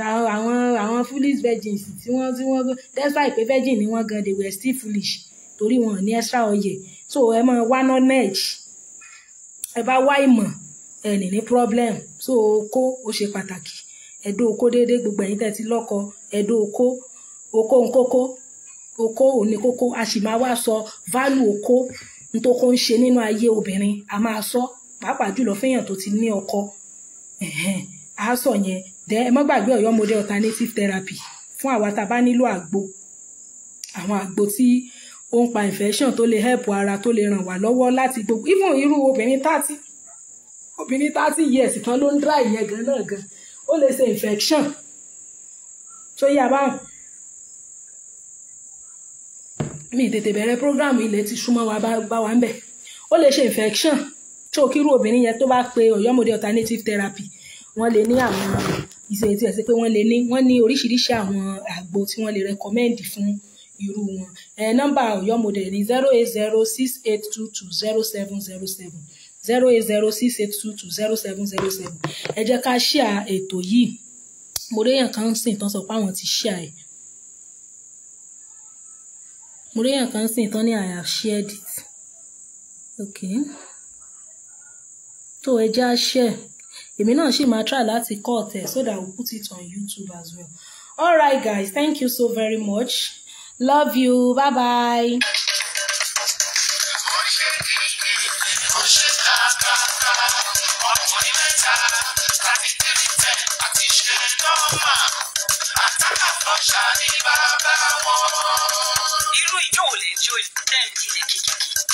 àwọn àwọn foolish virgins tí wọ́n tí wọ́n despite pé virgin ni wọ́n gan they were still foolish torí wọn ò ní extra oyè so ẹ máa wá knowledge ẹ bá wá ìmọ̀ ẹ ní ní problem so oko ó ṣe pàtàkì ẹ̀dọ́ oko déédéé gbogbo ẹ̀yin tẹ̀ ti lọ́kọ ẹ̀dọ́ oko oko nkoko, oko òní kókó a sì máa wá sọ value oko ntoko ń ṣe nínú ayé obìnrin a máa sọ pàápàá jùlọ fẹ́yàn tó ti ní ọkọ a sọ yẹn then ẹ má gbàgbé Ọ̀yọ́ alternative therapy fún àwa tá a bá nílò àgbo àwọn àgbo tí ó ń pa infection tó lè help ara tó lè ràn wá lọ́wọ́ láti gbogbo even irú obìnrin thirty obìnrin thirty years kan ló ń dry yẹn gan náà gan ó lè ṣe infection tó yá báwọn mi tètè bẹ̀rẹ̀ program ilẹ̀ ti súnmọ́ wa bá wa ń bẹ̀ ó lè ṣe infection tó kírú obìnrin yẹn tó bá pe Ọ̀yọ́mọdé alternative therapy wọ́n lè ní àwọn ìṣòro tí wọ́n ṣe pé wọ́n lè ní wọ́n ní oríṣiríṣi àwọn àgbo tí wọ́n lè rẹ́kọ́mẹ́ǹdì fún irú wọn nọ́mbà Ọ̀yọ́ model ni zero eight zero six eight two two zero seven zero seven zero eight zero six eight two two zero seven zero seven ẹ jẹ́ ká ṣíà ètò yìí mo réyàn kan sìn tán sọ pé àwọn ti ṣíà ẹ̀ mo réyàn kan sìn tán ní I have shared tó ẹ jẹ́ àṣẹ èmi náà ṣì máa try láti cut ẹ̀ so that I will put it on YouTube as well alright guys thank you so very much love you bye bye. Irú ìjọ́ ò lè jó ìtẹ́ ìdílé kíkí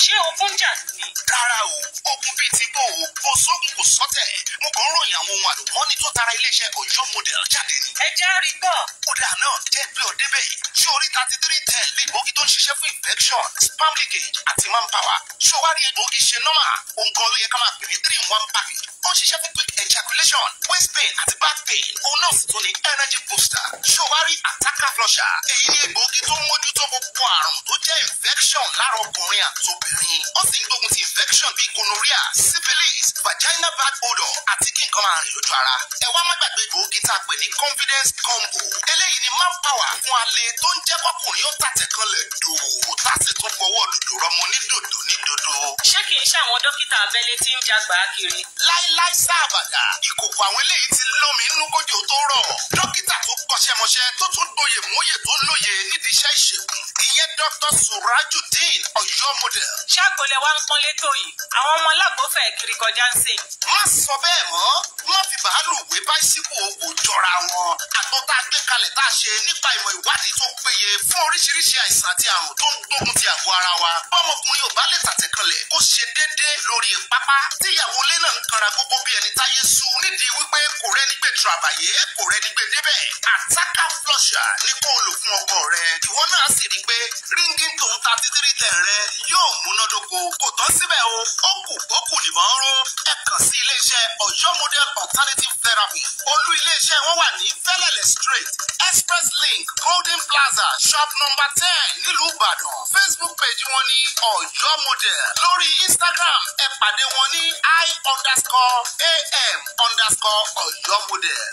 ṣé ogun jà ni. rárá o ogun bíi ti gbó o kò sógun kò sọ́tẹ̀ mo kàn ń ròyìn àwọn ohun àlùmọ́ọ́nì tó tara iléeṣẹ́ Ọ̀yọ́ model jáde ni. ẹ já rí gbọ́. kódà náà jẹ́ pé ó débẹ̀ ṣé orí thirty three ten lè gbógi tó ń ṣiṣẹ́ fún infection spam leakage àti manpower ṣé o wá rí egbògi ṣe nọ́mà òǹkọ́ ló yẹ ká máa pè ní three in one package ó ń ṣiṣẹ́ fún quick ejaculation waist pain àti back pain òun náà sì tún ní energy booster ṣòwárí attacker flusher èyí ni egbòogi tó ń mójútó gbogbo àrùn tó jẹ́ infection lára ọkùnrin àtobìnrin ó sì ń gbógun ti infection bíi gonorrhea syphilis vaginal bad odor àti kí nǹkan máa rìn lójú ara ẹ wá má gbàgbé egbòogi tá a pè ní confidence combo eléyìí ni manpower fún alẹ́ tó ń jẹ́ kọkùnrin ó tàtẹ̀ kan lẹ̀ dòwò láti tún fọwọ́ dòdò rọmọ ní dòdò ní dòdò. ṣé kì í ṣe àwọn dókítà abẹ́lé tí ń jagbà kiri. láìl láéláé sáàbàdà ìkòkò àwọn eléyìí ti lómi inú kójò tó rọ̀ dókítà tó kọ́ṣẹ́mọṣẹ́ tó tún lóye mòye tó lóye nídìí iṣẹ́ ìṣègùn ìyẹn dr surajudeen ọ̀yọ́ model. ṣàgbọ́lẹ̀ wa ń pọ́n létò yìí àwọn ọmọ alágbófẹ́ kiri kọjá ń sìn. má sọ bẹ́ẹ̀ mọ́ má fi bàálù wé báísíkò kò jọra wọn àtọ́ tá a gbé kalẹ̀ tá a ṣe nípa ìmọ̀ ìwádìí tó péye fún oríṣiríṣi àìsàn àti àrùn tó ń gbógun ti àgọ́ ara wa bọ́mọkùnrin ò bá lè tàtẹ̀kànlẹ̀ kó ṣe déédéé lórí pápá tíyàwó ilé náà ń kanra kó ògùn bí ẹni táyé sú nídìí wípé kò rẹ́ni gbé tura àbàyè kò rẹ́ni gbé débẹ̀ àtàkà flusher ní kó o lò fún ọkọ rẹ ìwọ náà sì rí i pé ringing tone thirty three ten rẹ yóò múnádóko kò tán síbẹ̀ o ó kù ó kù nìbọn ró ẹ kàn sí iléeṣẹ́ ọ̀yọ́ model alternative therapy olú iléeṣẹ́ wọn wà ní fẹ́lẹ̀lẹ̀ street express link golden plaza shop number ten nílùú ìbàdàn facebook page wọn ní ọ̀yọ́ model lórí instagram ẹ pàdé wọn ní i underscore underscore am underscore ọ̀yọ́ model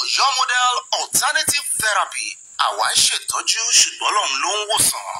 ọ̀yọ́ model alternative therapy àwa ń ṣètọ́jú ṣùgbọ́n lòun ló ń wòsàn.